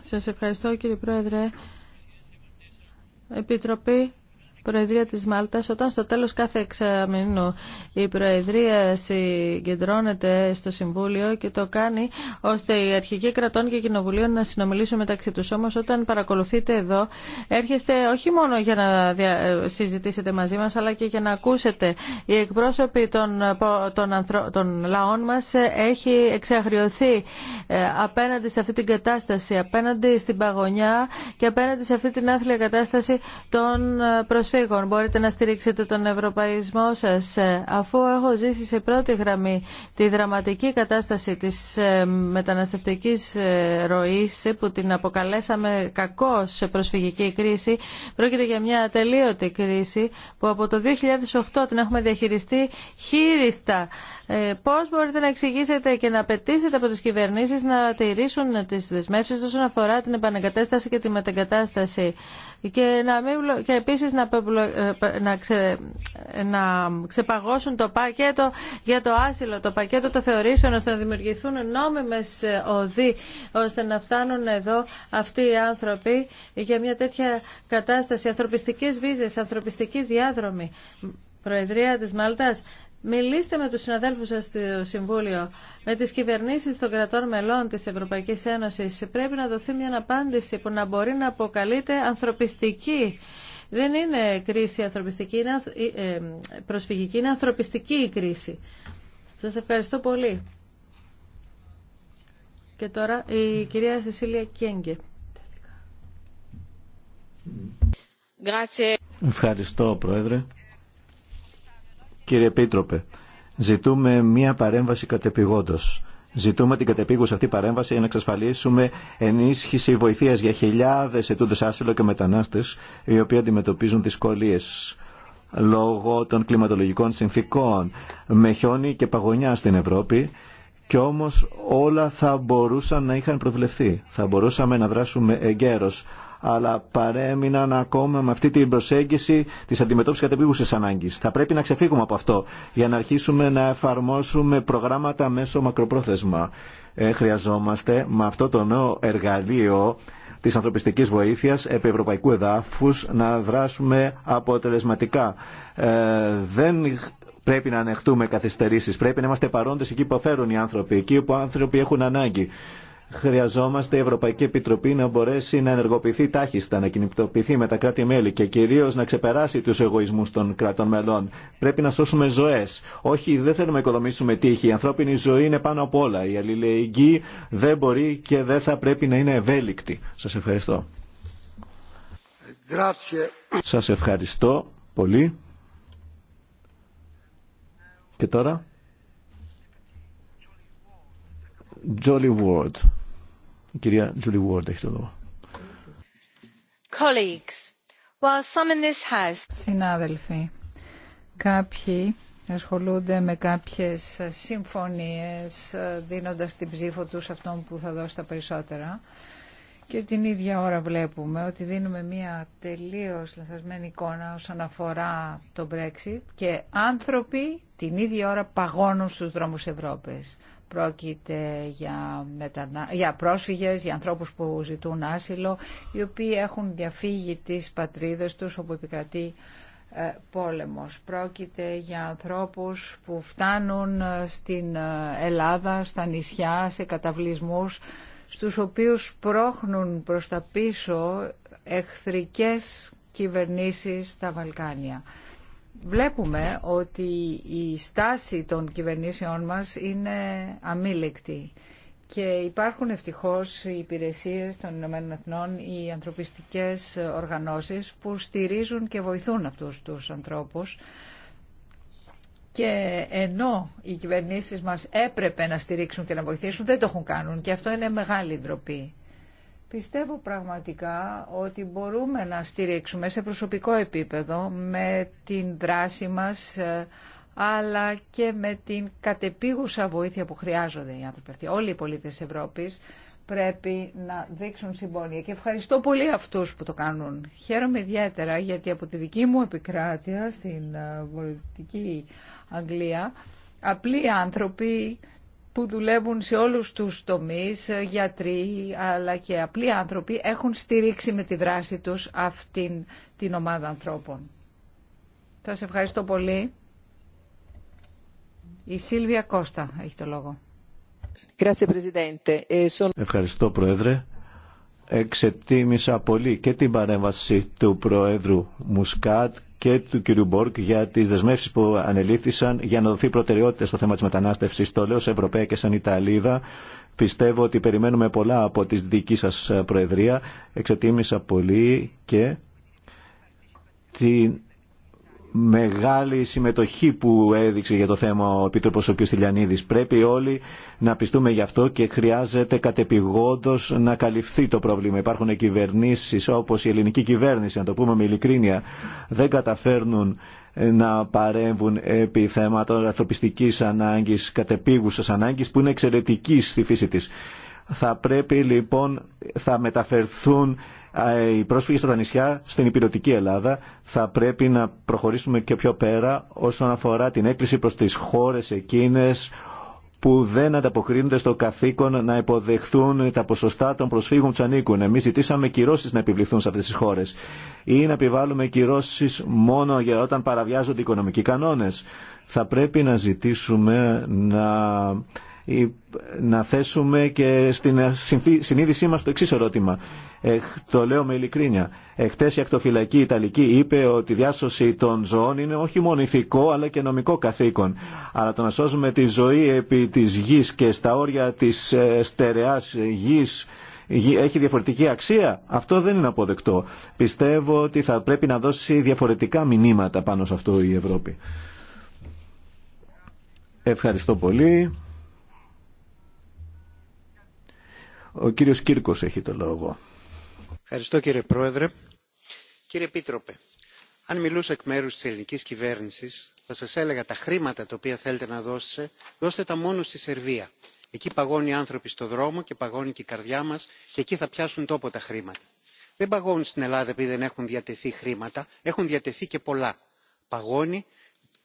Σας ευχαριστώ κύριε Πρόεδρε. Επιτροπή Προεδρία της Μάλτας, όταν στο τέλος κάθε εξαμήνου η Προεδρία συγκεντρώνεται στο Συμβούλιο και το κάνει ώστε οι αρχικοί κρατών και κοινοβουλίων να συνομιλήσουν μεταξύ τους. Όμως όταν παρακολουθείτε εδώ, έρχεστε όχι μόνο για να συζητήσετε μαζί μας, αλλά και για να ακούσετε. Οι εκπρόσωποι των, των, ανθρω... των λαών μας έχει εξαγριωθεί ε, απέναντι σε αυτή την κατάσταση, απέναντι στην παγωνιά και απέναντι σε αυτή την άθλια κατάσταση των ε, προσφύγων προσφύγων. Μπορείτε να στηρίξετε τον ευρωπαϊσμό σας ε, αφού έχω ζήσει σε πρώτη γραμμή τη δραματική κατάσταση της ε, μεταναστευτικής ε, ροής που την αποκαλέσαμε κακώς προσφυγική κρίση. Πρόκειται για μια ατελείωτη κρίση που από το 2008 την έχουμε διαχειριστεί χείριστα ε, Πώ μπορείτε να εξηγήσετε και να απαιτήσετε από τι κυβερνήσεις να τηρήσουν τις δεσμεύσει όσον αφορά την επανεγκατάσταση και τη μετεγκατάσταση και, να μην, και επίσης να, ε, να, ε, να ξεπαγώσουν το πακέτο για το άσυλο, το πακέτο το θεωρήσεων ώστε να δημιουργηθούν νόμιμες οδοί ώστε να φτάνουν εδώ αυτοί οι άνθρωποι για μια τέτοια κατάσταση ανθρωπιστικές βίζες, ανθρωπιστική διάδρομη. Προεδρία της Μάλτας, Μιλήστε με τους συναδέλφους σας στο Συμβούλιο, με τις κυβερνήσεις των κρατών μελών της Ευρωπαϊκής Ένωσης. Πρέπει να δοθεί μια απάντηση που να μπορεί να αποκαλείται ανθρωπιστική. Δεν είναι κρίση ανθρωπιστική, είναι ε, ε, προσφυγική, είναι ανθρωπιστική η κρίση. Σας ευχαριστώ πολύ. Και τώρα η κυρία Σεσίλια Κέγκε. Ευχαριστώ, Πρόεδρε. Κύριε Επίτροπε, ζητούμε μία παρέμβαση κατεπηγόντω. Ζητούμε την κατεπίγουσα αυτή παρέμβαση για να εξασφαλίσουμε ενίσχυση βοηθεία για χιλιάδε ετούντε άσυλο και μετανάστε, οι οποίοι αντιμετωπίζουν δυσκολίε λόγω των κλιματολογικών συνθήκων, με χιόνι και παγωνιά στην Ευρώπη. και όμως όλα θα μπορούσαν να είχαν προβλεφθεί. Θα μπορούσαμε να δράσουμε εγκαίρως αλλά παρέμειναν ακόμα με αυτή την προσέγγιση τη αντιμετώπιση κατεπίγουσα ανάγκη. Θα πρέπει να ξεφύγουμε από αυτό για να αρχίσουμε να εφαρμόσουμε προγράμματα μέσω μακροπρόθεσμα. Ε, χρειαζόμαστε με αυτό το νέο εργαλείο της ανθρωπιστικής βοήθειας επί ευρωπαϊκού εδάφους να δράσουμε αποτελεσματικά. Ε, δεν πρέπει να ανεχτούμε καθυστερήσεις, πρέπει να είμαστε παρόντες εκεί που αφέρουν οι άνθρωποι, εκεί που άνθρωποι έχουν ανάγκη χρειαζόμαστε η Ευρωπαϊκή Επιτροπή να μπορέσει να ενεργοποιηθεί τάχιστα, να κινητοποιηθεί με τα κράτη-μέλη και κυρίω να ξεπεράσει του εγωισμού των κρατών μελών. Πρέπει να σώσουμε ζωέ. Όχι, δεν θέλουμε να οικοδομήσουμε τύχη. Η ανθρώπινη ζωή είναι πάνω απ' όλα. Η αλληλεγγύη δεν μπορεί και δεν θα πρέπει να είναι ευέλικτη. Σα ευχαριστώ. Σας ευχαριστώ πολύ. Και τώρα, Jolly κυρία Τζούλι Ward έχει το λόγο. Συνάδελφοι, κάποιοι ασχολούνται με κάποιες συμφωνίες δίνοντας την ψήφο τους αυτόν που θα δώσει τα περισσότερα και την ίδια ώρα βλέπουμε ότι δίνουμε μια τελείως λαθασμένη εικόνα όσον αφορά το Brexit και άνθρωποι την ίδια ώρα παγώνουν στους δρόμους Ευρώπης. Πρόκειται για, μετανα... για πρόσφυγες, για ανθρώπους που ζητούν άσυλο, οι οποίοι έχουν διαφύγει τις πατρίδες τους όπου επικρατεί ε, πόλεμος. Πρόκειται για ανθρώπους που φτάνουν ε, στην ε, Ελλάδα, στα νησιά, σε καταβλισμούς, στους οποίους πρόχνουν προς τα πίσω εχθρικές κυβερνήσεις στα Βαλκάνια βλέπουμε ότι η στάση των κυβερνήσεών μας είναι αμήλικτη και υπάρχουν ευτυχώς οι υπηρεσίες των Ηνωμένων Εθνών, οι ανθρωπιστικές οργανώσεις που στηρίζουν και βοηθούν αυτούς τους ανθρώπους. Και ενώ οι κυβερνήσεις μας έπρεπε να στηρίξουν και να βοηθήσουν, δεν το έχουν κάνουν. Και αυτό είναι μεγάλη ντροπή. Πιστεύω πραγματικά ότι μπορούμε να στηρίξουμε σε προσωπικό επίπεδο με την δράση μας ε, αλλά και με την κατεπίγουσα βοήθεια που χρειάζονται οι άνθρωποι αυτοί. Όλοι οι πολίτες της Ευρώπης πρέπει να δείξουν συμπόνια. Και ευχαριστώ πολύ αυτούς που το κάνουν. Χαίρομαι ιδιαίτερα γιατί από τη δική μου επικράτεια στην ε, Βορειοδυτική Αγγλία απλοί άνθρωποι που δουλεύουν σε όλους τους τομείς, ε, γιατροί αλλά και απλοί άνθρωποι, έχουν στηρίξει με τη δράση τους αυτήν την ομάδα ανθρώπων. Θα σε ευχαριστώ πολύ. Η Σίλβια Κώστα έχει το λόγο. Ε, ευχαριστώ Πρόεδρε. Εξετίμησα πολύ και την παρέμβαση του Πρόεδρου Μουσκάτ και του κ. Μπόρκ για τι δεσμεύσει που ανελήφθησαν για να δοθεί προτεραιότητα στο θέμα τη μετανάστευση. Το λέω σε Ευρωπαία και σαν Ιταλίδα. Πιστεύω ότι περιμένουμε πολλά από τη δική σα Προεδρία. Εξετίμησα πολύ και την μεγάλη συμμετοχή που έδειξε για το θέμα ο Επίτροπος ο κ. Πρέπει όλοι να πιστούμε γι' αυτό και χρειάζεται κατεπηγόντως να καλυφθεί το πρόβλημα. Υπάρχουν κυβερνήσεις όπως η ελληνική κυβέρνηση, να το πούμε με ειλικρίνεια, δεν καταφέρνουν να παρέμβουν επί θέματων ανθρωπιστικής ανάγκης, κατεπίγουσας ανάγκης που είναι εξαιρετική στη φύση της. Θα πρέπει λοιπόν, θα μεταφερθούν οι πρόσφυγες στα νησιά στην υπηρετική Ελλάδα. Θα πρέπει να προχωρήσουμε και πιο πέρα όσον αφορά την έκκληση προς τις χώρες εκείνες που δεν ανταποκρίνονται στο καθήκον να υποδεχθούν τα ποσοστά των προσφύγων που του ανήκουν. Εμεί ζητήσαμε κυρώσει να επιβληθούν σε αυτέ τι χώρε ή να επιβάλλουμε κυρώσει μόνο για όταν παραβιάζονται οικονομικοί κανόνε. Θα πρέπει να ζητήσουμε να να θέσουμε και στην ε, συνείδησή μας το εξής ερώτημα. Ε, το λέω με ειλικρίνεια. Εχθέ η ακτοφυλακή Ιταλική είπε ότι η διάσωση των ζώων είναι όχι μόνο ηθικό αλλά και νομικό καθήκον. Αλλά το να σώζουμε τη ζωή επί της γης και στα όρια της ε, στερεάς γης έχει διαφορετική αξία. Αυτό δεν είναι αποδεκτό. Πιστεύω ότι θα πρέπει να δώσει διαφορετικά μηνύματα πάνω σε αυτό η Ευρώπη. Ευχαριστώ πολύ. Ο κύριος Κύρκος έχει το λόγο. Ευχαριστώ κύριε Πρόεδρε. Κύριε Επίτροπε, αν μιλούσα εκ μέρους της ελληνικής κυβέρνησης, θα σας έλεγα τα χρήματα τα οποία θέλετε να δώσετε, δώστε τα μόνο στη Σερβία. Εκεί παγώνει οι άνθρωποι στο δρόμο και παγώνει και η καρδιά μας και εκεί θα πιάσουν τόπο τα χρήματα. Δεν παγώνουν στην Ελλάδα επειδή δεν έχουν διατεθεί χρήματα, έχουν διατεθεί και πολλά. Παγώνει,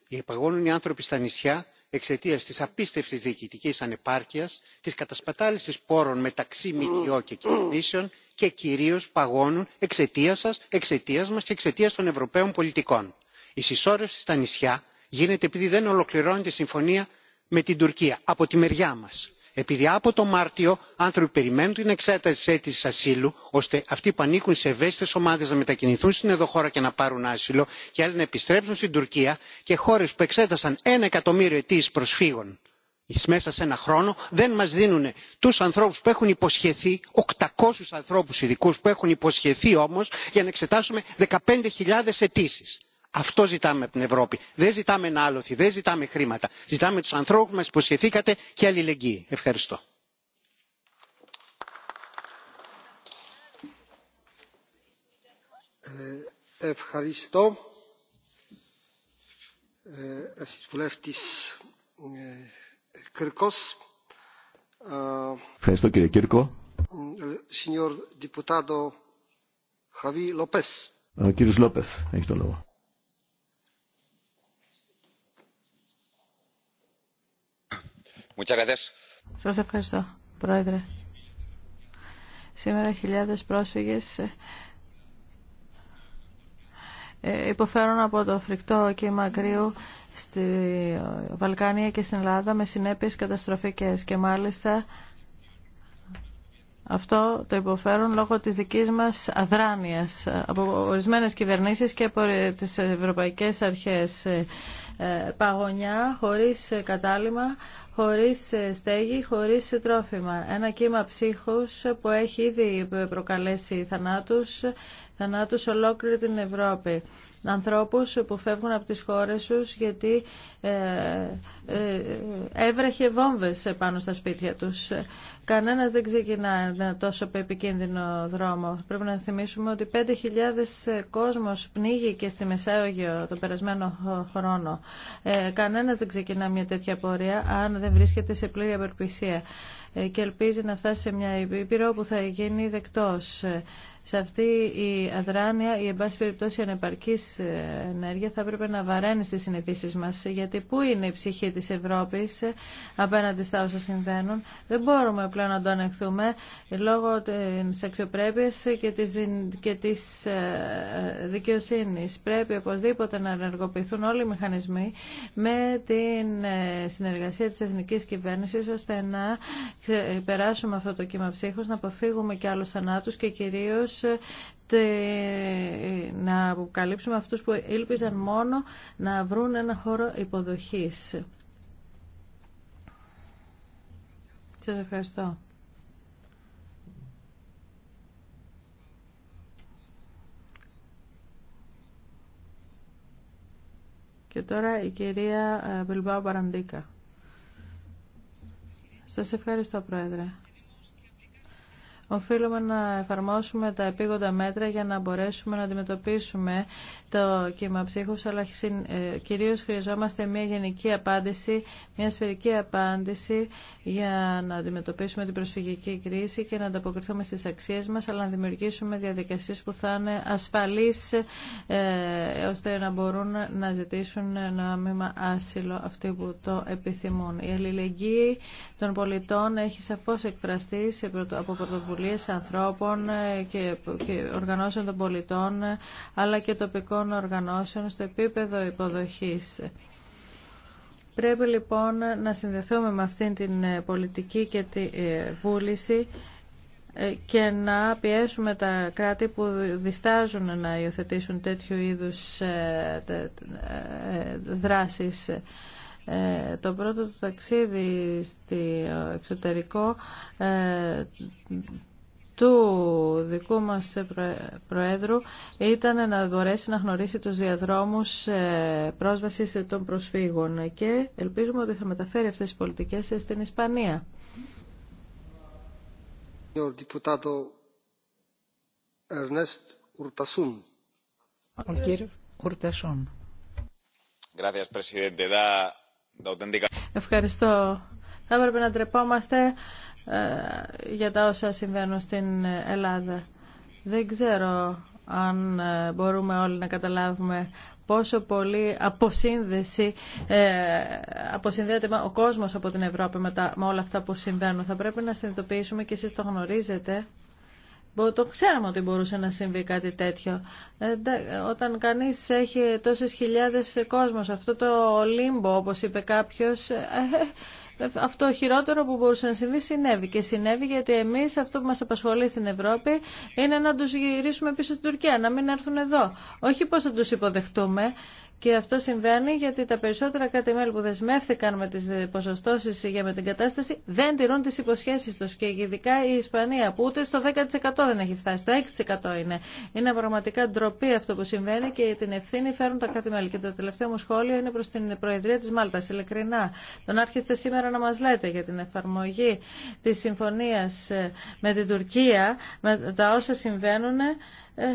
ε, παγώνουν οι άνθρωποι στα νησιά εξαιτία τη απίστευτη διοικητική ανεπάρκεια, τη κατασπατάληση πόρων μεταξύ ΜΚΟ και κυβερνήσεων και κυρίω παγώνουν εξαιτία σα, εξαιτία μα και εξαιτία των Ευρωπαίων πολιτικών. Η συσσόρευση στα νησιά γίνεται επειδή δεν ολοκληρώνεται η συμφωνία με την Τουρκία από τη μεριά μας επειδή από το μάρτιο άνθρωποι περιμένουν την εξέταση της αίτησης ασύλου ώστε αυτοί που ανήκουν σε ευαίσθητες ομάδες να μετακινηθούν στην εδωχώρα και να πάρουν άσυλο και άλλοι να επιστρέψουν στην τουρκία και χώρες που εξέτασαν ένα εκατομμύριο αιτήσει προσφύγων μέσα σε ένα χρόνο δεν μας δίνουν τους ανθρώπους που έχουν υποσχεθεί 800 ανθρώπους ειδικούς που έχουν υποσχεθεί όμως για να εξετάσουμε 15.000 αιτήσει. Αυτό ζητάμε από την Ευρώπη. Δεν ζητάμε ένα άλοθη, δεν ζητάμε χρήματα. Ζητάμε τους ανθρώπους μας που σχεθήκατε και αλληλεγγύη. Ευχαριστώ. Ε, ευχαριστώ. Ε, ε, ευχαριστώ κύριε Κύρκο. Ο κύριος Λόπεθ έχει το λόγο. Σας ευχαριστώ, Πρόεδρε. Σήμερα χιλιάδες πρόσφυγες ε, ε, υποφέρουν από το φρικτό κύμα κρύου στη Βαλκάνια και στην Ελλάδα με συνέπειες καταστροφικές και μάλιστα αυτό το υποφέρουν λόγω της δικής μας αδράνειας από ορισμένες κυβερνήσεις και από τις ευρωπαϊκές αρχές. Ε, παγωνιά χωρίς κατάλημα χωρίς ε, στέγη, χωρίς τρόφιμα. Ένα κύμα ψύχους που έχει ήδη προκαλέσει θανάτους, θανάτους ολόκληρη την Ευρώπη. Ανθρώπους που φεύγουν από τις χώρες τους γιατί ε, ε, ε έβρεχε βόμβες πάνω στα σπίτια τους. Κανένας δεν ξεκινά ένα τόσο επικίνδυνο δρόμο. Πρέπει να θυμίσουμε ότι 5.000 κόσμος πνίγηκε στη Μεσαίωγειο τον περασμένο χρόνο. Ε, κανένας δεν ξεκινά μια τέτοια πορεία αν δεν βρίσκεται σε πλήρη απελπισία. Ε, και ελπίζει να φτάσει σε μια ήπειρο που θα γίνει δεκτός. Σε αυτή η αδράνεια, η εν πάση περιπτώσει ανεπαρκή ε, ενέργεια θα έπρεπε να βαραίνει στι συνηθίσει μα. Γιατί πού είναι η ψυχή τη Ευρώπη ε, απέναντι στα όσα συμβαίνουν. Δεν μπορούμε πλέον να το ανεχθούμε λόγω τη αξιοπρέπεια και τη της δικαιοσύνη. Πρέπει οπωσδήποτε να ενεργοποιηθούν όλοι οι μηχανισμοί με την συνεργασία τη εθνική κυβέρνηση ώστε να περάσουμε αυτό το κύμα ψύχους, να αποφύγουμε και άλλους θανάτους και κυρίως ε, να αποκαλύψουμε αυτούς που ήλπιζαν μόνο να βρουν ένα χώρο υποδοχής. Σας ευχαριστώ. Και τώρα η κυρία ε, Μπιλμπάου Παραντίκα. Σας ευχαριστώ, Πρόεδρε οφείλουμε να εφαρμόσουμε τα επίγοντα μέτρα για να μπορέσουμε να αντιμετωπίσουμε το κύμα ψύχους, αλλά ε, κυρίως χρειαζόμαστε μια γενική απάντηση, μια σφαιρική απάντηση για να αντιμετωπίσουμε την προσφυγική κρίση και να ανταποκριθούμε στις αξίες μας, αλλά να δημιουργήσουμε διαδικασίες που θα είναι ασφαλείς ε, ώστε να μπορούν να ζητήσουν ένα μήμα άσυλο αυτοί που το επιθυμούν. Η αλληλεγγύη των πολιτών έχει σαφώς εκφραστεί από πρωτοβουλία πρωτοβουλίε ανθρώπων ε, και οργανώσεων των πολιτών ε, αλλά και τοπικών οργανώσεων στο επίπεδο υποδοχής. Πρέπει λοιπόν να συνδεθούμε με αυτήν την ε, πολιτική και τη βούληση και να πιέσουμε τα κράτη που διστάζουν να υιοθετήσουν τέτοιου είδους δράσεις. Ε, το πρώτο του ταξίδι στο ε, εξωτερικό ε, του δικού μας Προέδρου ήταν να μπορέσει να γνωρίσει τους διαδρόμους πρόσβασης των προσφύγων και ελπίζουμε ότι θα μεταφέρει αυτές τις πολιτικές στην Ισπανία. Ο κύριος Ευχαριστώ. Θα έπρεπε να τρεπόμαστε ε, για τα όσα συμβαίνουν στην Ελλάδα. Δεν ξέρω αν ε, μπορούμε όλοι να καταλάβουμε πόσο πολύ αποσύνδεση ε, αποσυνδέεται ο κόσμος από την Ευρώπη με, τα, με όλα αυτά που συμβαίνουν. Θα πρέπει να συνειδητοποιήσουμε και εσείς το γνωρίζετε το ξέραμε ότι μπορούσε να συμβεί κάτι τέτοιο. Ε, όταν κανείς έχει τόσες χιλιάδες κόσμος, αυτό το λίμπο όπως είπε κάποιος, ε, ε, αυτό χειρότερο που μπορούσε να συμβεί συνέβη. Και συνέβη γιατί εμείς αυτό που μας απασχολεί στην Ευρώπη είναι να τους γυρίσουμε πίσω στην Τουρκία, να μην έρθουν εδώ. Όχι πώς θα του υποδεχτούμε, και αυτό συμβαίνει γιατί τα περισσότερα κράτη-μέλη που δεσμεύθηκαν με τι ποσοστώσεις για με την κατάσταση δεν τηρούν τι υποσχέσει του. και ειδικά η Ισπανία που ούτε στο 10% δεν έχει φτάσει, το 6% είναι. Είναι πραγματικά ντροπή αυτό που συμβαίνει και την ευθύνη φέρουν τα κράτη-μέλη. Και το τελευταίο μου σχόλιο είναι προ την Προεδρία τη Μάλτα, ειλικρινά. Τον άρχιστε σήμερα να μα λέτε για την εφαρμογή τη συμφωνία ε, με την Τουρκία, με τα όσα συμβαίνουν, ε, ε,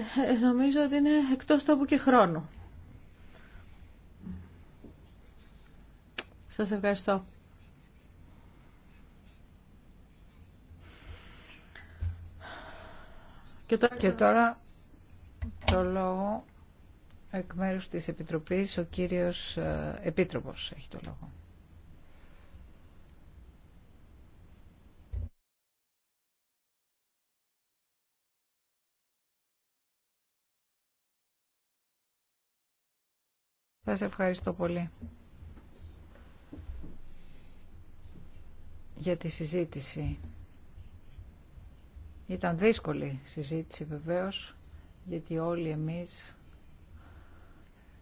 νομίζω ότι είναι εκτό τόπου και χρόνου. Σας ευχαριστώ. Και τώρα, και τώρα το λόγο εκ μέρους της Επιτροπής ο κύριος ε, Επίτροπος έχει το λόγο. Σας ευχαριστώ πολύ. για τη συζήτηση. Ήταν δύσκολη συζήτηση βεβαίως, γιατί όλοι εμείς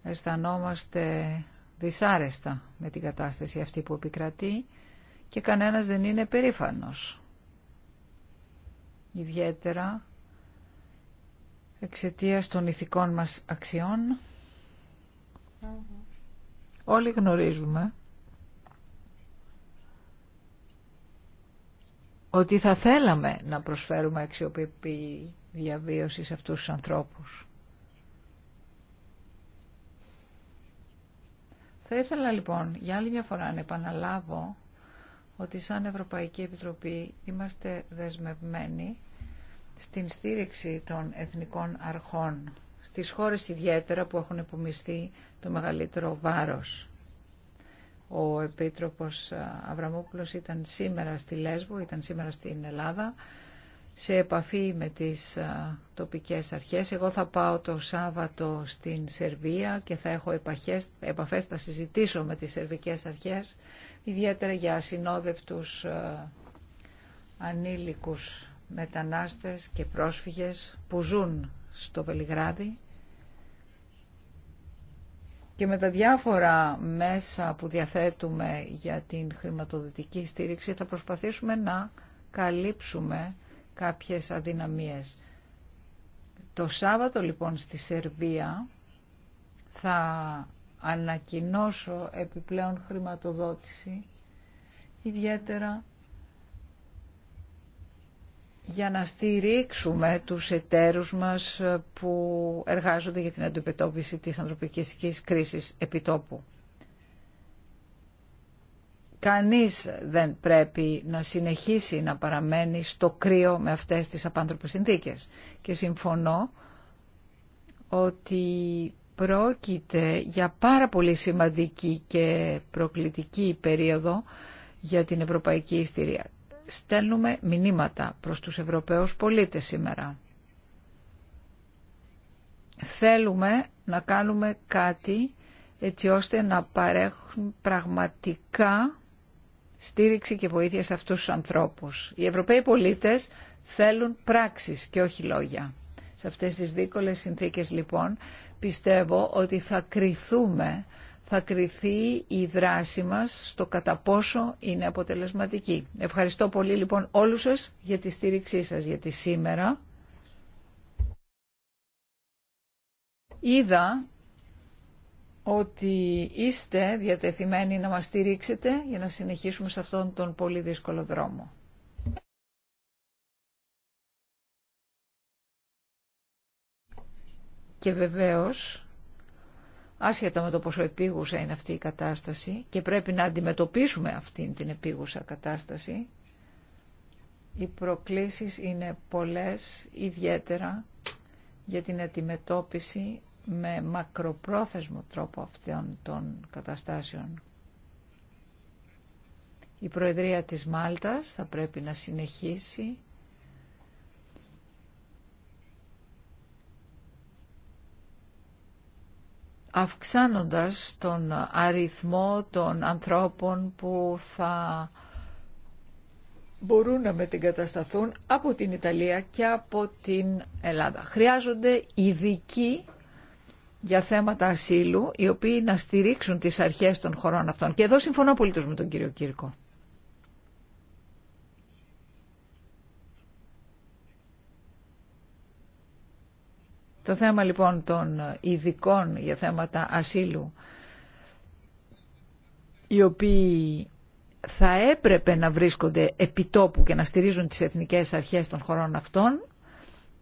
αισθανόμαστε δυσάρεστα με την κατάσταση αυτή που επικρατεί και κανένας δεν είναι περήφανος. Ιδιαίτερα εξαιτία των ηθικών μας αξιών. Όλοι γνωρίζουμε ότι θα θέλαμε να προσφέρουμε αξιοπρεπή διαβίωση σε αυτούς τους ανθρώπους. Θα ήθελα λοιπόν για άλλη μια φορά να επαναλάβω ότι σαν Ευρωπαϊκή Επιτροπή είμαστε δεσμευμένοι στην στήριξη των εθνικών αρχών στις χώρες ιδιαίτερα που έχουν υπομειστεί το μεγαλύτερο βάρος. Ο Επίτροπος Αβραμόπουλος ήταν σήμερα στη Λέσβο, ήταν σήμερα στην Ελλάδα, σε επαφή με τις τοπικές αρχές. Εγώ θα πάω το Σάββατο στην Σερβία και θα έχω επαχές, επαφές, θα συζητήσω με τις σερβικές αρχές, ιδιαίτερα για συνόδευτους ανήλικους μετανάστες και πρόσφυγες που ζουν στο Βελιγράδι και με τα διάφορα μέσα που διαθέτουμε για την χρηματοδοτική στήριξη θα προσπαθήσουμε να καλύψουμε κάποιες αδυναμίες. Το Σάββατο λοιπόν στη Σερβία θα ανακοινώσω επιπλέον χρηματοδότηση ιδιαίτερα για να στηρίξουμε τους εταίρους μας που εργάζονται για την αντιμετώπιση της ανθρωπικής κρίσης επιτόπου. Κανείς δεν πρέπει να συνεχίσει να παραμένει στο κρύο με αυτές τις απάνθρωπες συνθήκες. Και συμφωνώ ότι πρόκειται για πάρα πολύ σημαντική και προκλητική περίοδο για την ευρωπαϊκή ιστηρία στέλνουμε μηνύματα προς τους Ευρωπαίους πολίτες σήμερα. Θέλουμε να κάνουμε κάτι έτσι ώστε να παρέχουν πραγματικά στήριξη και βοήθεια σε αυτούς τους ανθρώπους. Οι Ευρωπαίοι πολίτες θέλουν πράξεις και όχι λόγια. Σε αυτές τις δύσκολες συνθήκες λοιπόν πιστεύω ότι θα κριθούμε θα κριθεί η δράση μας στο κατά πόσο είναι αποτελεσματική. Ευχαριστώ πολύ λοιπόν όλους σας για τη στήριξή σας, γιατί σήμερα είδα ότι είστε διατεθειμένοι να μας στηρίξετε για να συνεχίσουμε σε αυτόν τον πολύ δύσκολο δρόμο. Και βεβαίως άσχετα με το πόσο επίγουσα είναι αυτή η κατάσταση και πρέπει να αντιμετωπίσουμε αυτήν την επίγουσα κατάσταση, οι προκλήσεις είναι πολλές, ιδιαίτερα για την αντιμετώπιση με μακροπρόθεσμο τρόπο αυτών των καταστάσεων. Η Προεδρία της Μάλτας θα πρέπει να συνεχίσει αυξάνοντας τον αριθμό των ανθρώπων που θα μπορούν να μετεγκατασταθούν από την Ιταλία και από την Ελλάδα. Χρειάζονται ειδικοί για θέματα ασύλου, οι οποίοι να στηρίξουν τις αρχές των χωρών αυτών. Και εδώ συμφωνώ πολύ με τον κύριο Κύρκο. Το θέμα λοιπόν των ειδικών για θέματα ασύλου, οι οποίοι θα έπρεπε να βρίσκονται επιτόπου και να στηρίζουν τις εθνικές αρχές των χωρών αυτών,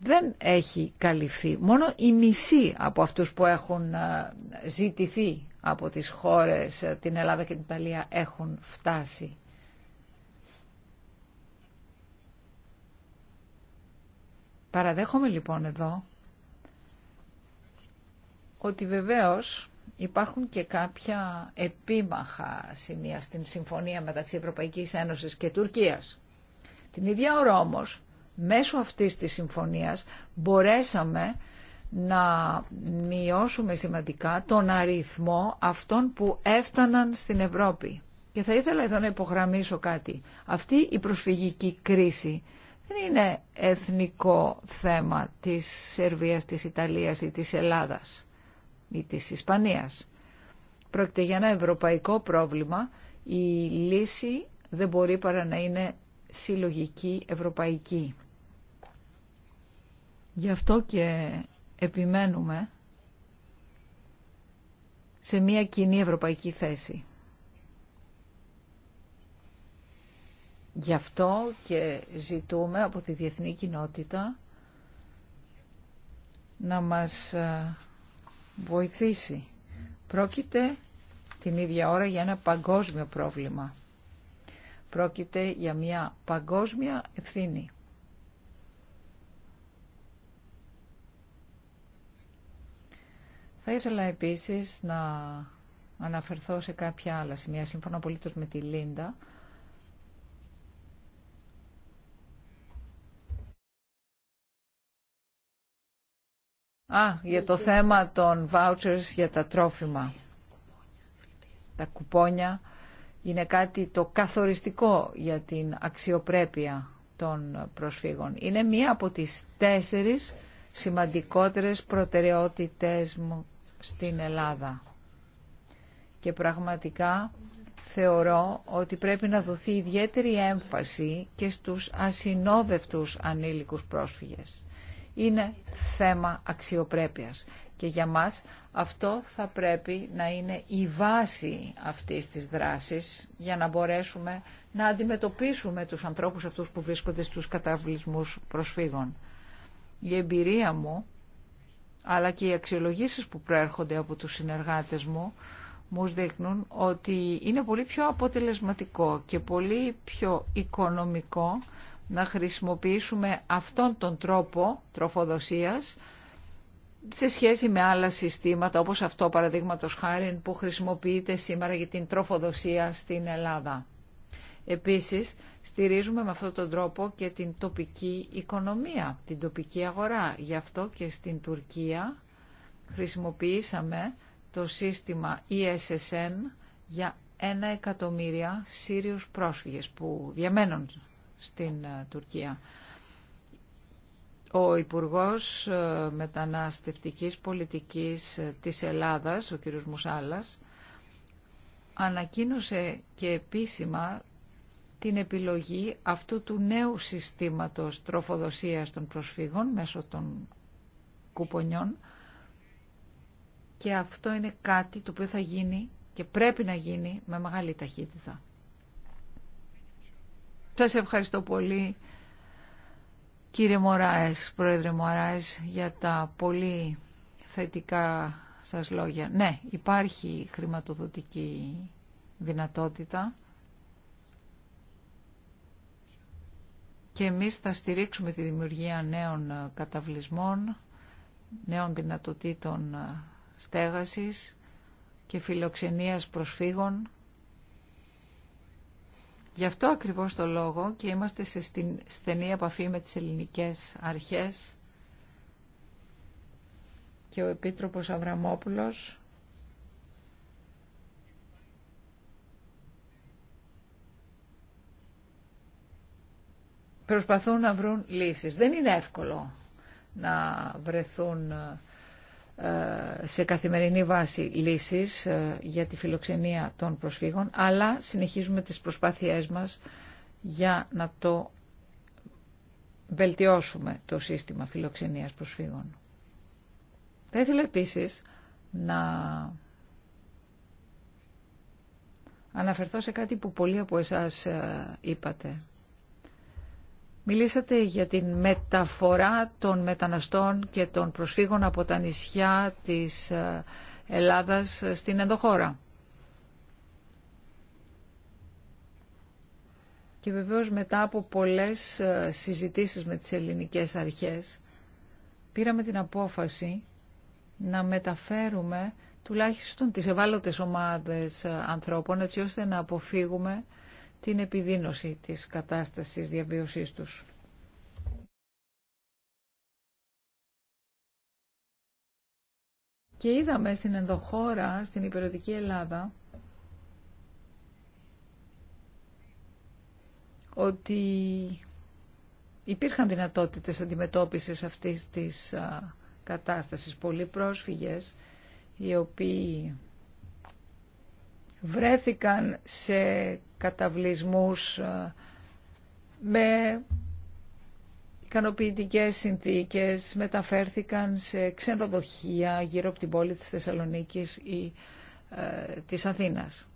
δεν έχει καλυφθεί. Μόνο η μισή από αυτούς που έχουν ε, ζητηθεί από τις χώρες, ε, την Ελλάδα και την Ιταλία, έχουν φτάσει. Παραδέχομαι λοιπόν εδώ ότι βεβαίως υπάρχουν και κάποια επίμαχα σημεία στην συμφωνία μεταξύ Ευρωπαϊκής Ένωσης και Τουρκίας. Την ίδια ώρα όμως, μέσω αυτής της συμφωνίας μπορέσαμε να μειώσουμε σημαντικά τον αριθμό αυτών που έφταναν στην Ευρώπη. Και θα ήθελα εδώ να υπογραμμίσω κάτι. Αυτή η προσφυγική κρίση δεν είναι εθνικό θέμα της Σερβίας, της Ιταλίας ή της Ελλάδας ή της Ισπανίας. Πρόκειται για ένα ευρωπαϊκό πρόβλημα. Η λύση δεν μπορεί παρά να είναι συλλογική ευρωπαϊκή. Γι' αυτό και επιμένουμε σε μια κοινή ευρωπαϊκή θέση. Γι' αυτό και ζητούμε από τη διεθνή κοινότητα να μας ε, βοηθήσει. Πρόκειται την ίδια ώρα για ένα παγκόσμιο πρόβλημα. Πρόκειται για μια παγκόσμια ευθύνη. Θα ήθελα επίσης να αναφερθώ σε κάποια άλλα σημεία, σύμφωνα απολύτως με τη Λίντα, Α, για το θέμα των vouchers για τα τρόφιμα. Τα κουπόνια είναι κάτι το καθοριστικό για την αξιοπρέπεια των προσφύγων. Είναι μία από τις τέσσερις σημαντικότερες προτεραιότητες μου στην Ελλάδα. Και πραγματικά θεωρώ ότι πρέπει να δοθεί ιδιαίτερη έμφαση και στους ασυνόδευτους ανήλικους πρόσφυγες. Είναι θέμα αξιοπρέπειας. Και για μας αυτό θα πρέπει να είναι η βάση αυτής της δράσης για να μπορέσουμε να αντιμετωπίσουμε τους ανθρώπους αυτούς που βρίσκονται στους καταβλισμούς προσφύγων. Η εμπειρία μου, αλλά και οι αξιολογήσεις που προέρχονται από τους συνεργάτες μου, μου δείχνουν ότι είναι πολύ πιο αποτελεσματικό και πολύ πιο οικονομικό να χρησιμοποιήσουμε αυτόν τον τρόπο τροφοδοσίας σε σχέση με άλλα συστήματα όπως αυτό παραδείγματο χάρη που χρησιμοποιείται σήμερα για την τροφοδοσία στην Ελλάδα. Επίσης, στηρίζουμε με αυτόν τον τρόπο και την τοπική οικονομία, την τοπική αγορά. Γι' αυτό και στην Τουρκία χρησιμοποιήσαμε το σύστημα ESSN για ένα εκατομμύρια Σύριους πρόσφυγες που διαμένουν στην ε, Τουρκία. Ο Υπουργός ε, Μεταναστευτικής Πολιτικής ε, της Ελλάδας, ο κ. Μουσάλας, ανακοίνωσε και επίσημα την επιλογή αυτού του νέου συστήματος τροφοδοσίας των προσφύγων μέσω των κουπονιών και αυτό είναι κάτι το οποίο θα γίνει και πρέπει να γίνει με μεγάλη ταχύτητα. Σας ευχαριστώ πολύ κύριε Μωράες, πρόεδρε Μωράες, για τα πολύ θετικά σας λόγια. Ναι, υπάρχει χρηματοδοτική δυνατότητα και εμείς θα στηρίξουμε τη δημιουργία νέων καταβλισμών, νέων δυνατοτήτων στέγασης και φιλοξενίας προσφύγων Γι' αυτό ακριβώς το λόγο και είμαστε σε στενή επαφή με τις ελληνικές αρχές και ο Επίτροπος Αβραμόπουλος προσπαθούν να βρουν λύσεις. Δεν είναι εύκολο να βρεθούν ε, σε καθημερινή βάση λύσεις ε, για τη φιλοξενία των προσφύγων, αλλά συνεχίζουμε τις προσπάθειές μας για να το βελτιώσουμε το σύστημα φιλοξενίας προσφύγων. Θα ήθελα επίσης να αναφερθώ σε κάτι που πολλοί από εσάς ε, είπατε. Μιλήσατε για την μεταφορά των μεταναστών και των προσφύγων από τα νησιά της ε, Ελλάδας στην ενδοχώρα. Και βεβαίως μετά από πολλές ε, συζητήσεις με τις ελληνικές αρχές πήραμε την απόφαση να μεταφέρουμε τουλάχιστον τις ευάλωτες ομάδες ε, ανθρώπων έτσι ώστε να αποφύγουμε την επιδείνωση της κατάστασης διαβίωσής τους. Και είδαμε στην ενδοχώρα, στην υπηρετική Ελλάδα, ότι υπήρχαν δυνατότητες αντιμετώπισης αυτής της κατάστασης. Πολλοί πρόσφυγες, οι οποίοι βρέθηκαν σε καταβλισμούς ε, με ικανοποιητικές συνθήκες, μεταφέρθηκαν σε ξενοδοχεία γύρω από την πόλη της Θεσσαλονίκης ή ε, της Αθήνας.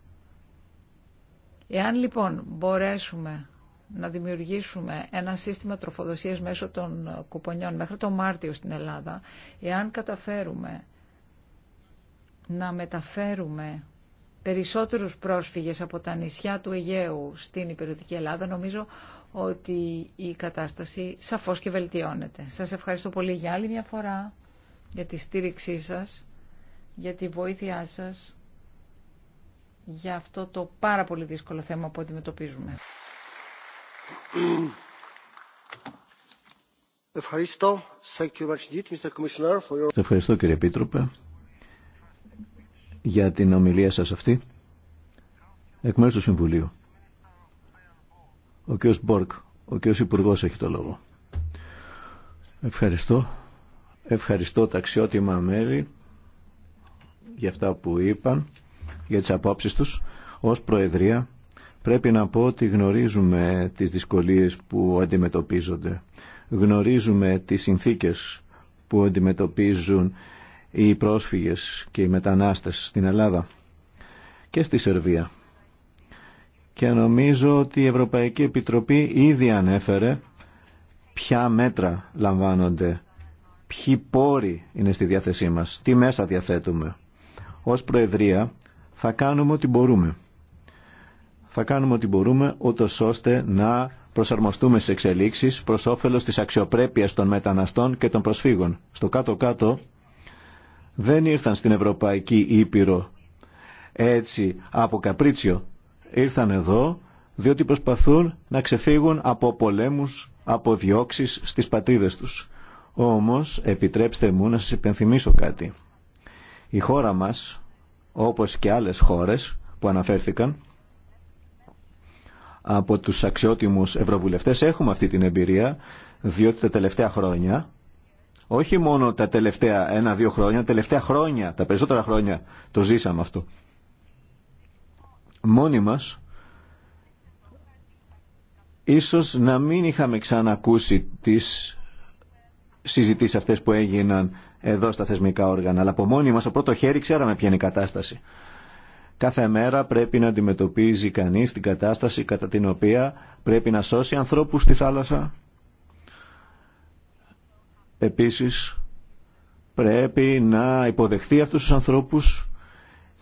Εάν λοιπόν μπορέσουμε να δημιουργήσουμε ένα σύστημα τροφοδοσίας μέσω των ε, κουπονιών μέχρι τον Μάρτιο στην Ελλάδα, εάν καταφέρουμε να μεταφέρουμε περισσότερους πρόσφυγες από τα νησιά του Αιγαίου στην υπηρετική Ελλάδα, νομίζω ότι η κατάσταση σαφώς και βελτιώνεται. Σας ευχαριστώ πολύ για άλλη μια φορά για τη στήριξή σας, για τη βοήθειά σας, για αυτό το πάρα πολύ δύσκολο θέμα που αντιμετωπίζουμε. Ευχαριστώ. Ευχαριστώ κύριε Επίτροπε για την ομιλία σας αυτή εκ μέρους του Συμβουλίου. Ο κ. Μπόρκ, ο κ. υπουργό έχει το λόγο. Ευχαριστώ. Ευχαριστώ τα αξιότιμα μέλη για αυτά που είπαν, για τις απόψεις τους. Ως Προεδρία πρέπει να πω ότι γνωρίζουμε τις δυσκολίες που αντιμετωπίζονται. Γνωρίζουμε τις συνθήκες που αντιμετωπίζουν οι πρόσφυγες και οι μετανάστες στην Ελλάδα και στη Σερβία. Και νομίζω ότι η Ευρωπαϊκή Επιτροπή ήδη ανέφερε ποια μέτρα λαμβάνονται, ποιοι πόροι είναι στη διάθεσή μας, τι μέσα διαθέτουμε. Ως Προεδρία θα κάνουμε ό,τι μπορούμε. Θα κάνουμε ό,τι μπορούμε, ώστε να προσαρμοστούμε στις εξελίξεις προς όφελος της αξιοπρέπειας των μεταναστών και των προσφύγων. Στο κάτω-κάτω δεν ήρθαν στην Ευρωπαϊκή Ήπειρο έτσι από καπρίτσιο. Ήρθαν εδώ διότι προσπαθούν να ξεφύγουν από πολέμους, από διώξεις στις πατρίδες τους. Όμως, επιτρέψτε μου να σας υπενθυμίσω κάτι. Η χώρα μας, όπως και άλλες χώρες που αναφέρθηκαν, από τους αξιότιμους ευρωβουλευτές έχουμε αυτή την εμπειρία, διότι τα τελευταία χρόνια όχι μόνο τα τελευταία ένα-δύο χρόνια, τα τελευταία χρόνια, τα περισσότερα χρόνια το ζήσαμε αυτό. Μόνοι μας, ίσως να μην είχαμε ξανακούσει τις συζητήσεις αυτές που έγιναν εδώ στα θεσμικά όργανα, αλλά από μόνοι μας, από πρώτο χέρι, ξέραμε ποια είναι η κατάσταση. Κάθε μέρα πρέπει να αντιμετωπίζει κανείς την κατάσταση κατά την οποία πρέπει να σώσει ανθρώπους στη θάλασσα, Επίσης, πρέπει να υποδεχθεί αυτούς τους ανθρώπους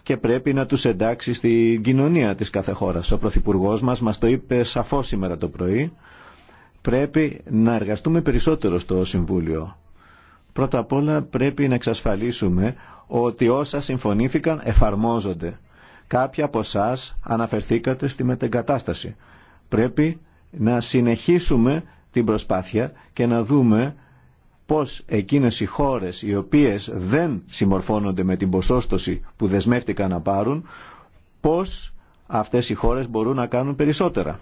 και πρέπει να τους εντάξει στην κοινωνία της κάθε χώρας. Ο Πρωθυπουργό μας μας το είπε σαφώς σήμερα το πρωί. Πρέπει να εργαστούμε περισσότερο στο Συμβούλιο. Πρώτα απ' όλα πρέπει να εξασφαλίσουμε ότι όσα συμφωνήθηκαν εφαρμόζονται. Κάποιοι από εσά αναφερθήκατε στη μετεγκατάσταση. Πρέπει να συνεχίσουμε την προσπάθεια και να δούμε πώς εκείνες οι χώρες οι οποίες δεν συμμορφώνονται με την ποσόστοση που δεσμεύτηκαν να πάρουν, πώς αυτές οι χώρες μπορούν να κάνουν περισσότερα.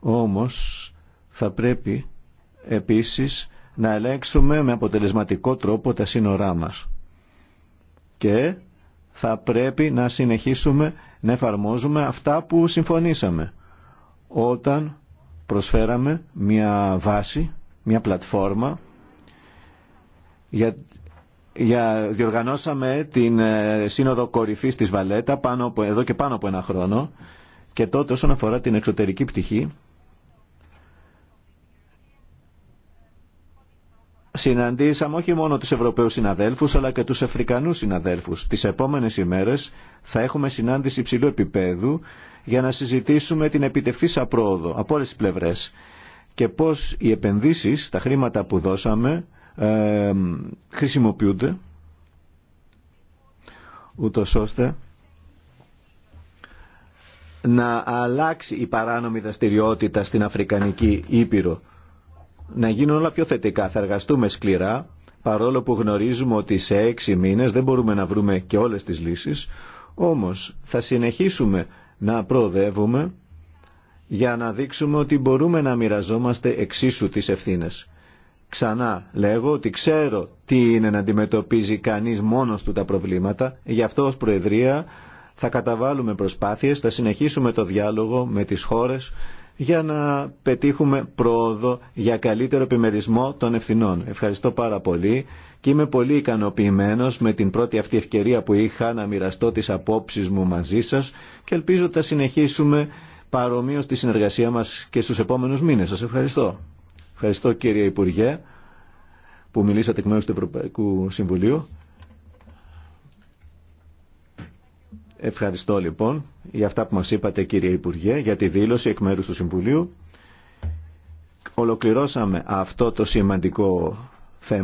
Όμως θα πρέπει επίσης να ελέγξουμε με αποτελεσματικό τρόπο τα σύνορά μας. Και θα πρέπει να συνεχίσουμε να εφαρμόζουμε αυτά που συμφωνήσαμε όταν προσφέραμε μια βάση, μια πλατφόρμα για, διοργανώσαμε την ε, Σύνοδο κορυφή της Βαλέτα πάνω από, εδώ και πάνω από ένα χρόνο και τότε όσον αφορά την εξωτερική πτυχή συναντήσαμε όχι μόνο τους Ευρωπαίους συναδέλφους αλλά και τους Αφρικανούς συναδέλφους. Τις επόμενες ημέρες θα έχουμε συνάντηση υψηλού επίπεδου για να συζητήσουμε την επιτευχθήσα πρόοδο από όλες τις πλευρές και πώς οι επενδύσεις, τα χρήματα που δώσαμε ε, χρησιμοποιούνται ούτως ώστε να αλλάξει η παράνομη δραστηριότητα στην Αφρικανική Ήπειρο. Να γίνουν όλα πιο θετικά. Θα εργαστούμε σκληρά, παρόλο που γνωρίζουμε ότι σε έξι μήνες δεν μπορούμε να βρούμε και όλες τις λύσεις, όμως θα συνεχίσουμε να προοδεύουμε για να δείξουμε ότι μπορούμε να μοιραζόμαστε εξίσου τις ευθύνες. Ξανά λέγω ότι ξέρω τι είναι να αντιμετωπίζει κανείς μόνος του τα προβλήματα. Γι' αυτό ως Προεδρία θα καταβάλουμε προσπάθειες, θα συνεχίσουμε το διάλογο με τις χώρες για να πετύχουμε πρόοδο για καλύτερο επιμερισμό των ευθυνών. Ευχαριστώ πάρα πολύ και είμαι πολύ ικανοποιημένος με την πρώτη αυτή ευκαιρία που είχα να μοιραστώ τις απόψεις μου μαζί σας και ελπίζω ότι θα συνεχίσουμε παρομοίως τη συνεργασία μας και στους επόμενους μήνες. Σας ευχαριστώ. Ευχαριστώ κύριε Υπουργέ που μιλήσατε εκ μέρους του Ευρωπαϊκού Συμβουλίου. Ευχαριστώ λοιπόν για αυτά που μας είπατε κύριε Υπουργέ, για τη δήλωση εκ μέρους του Συμβουλίου. Ολοκληρώσαμε αυτό το σημαντικό θέμα.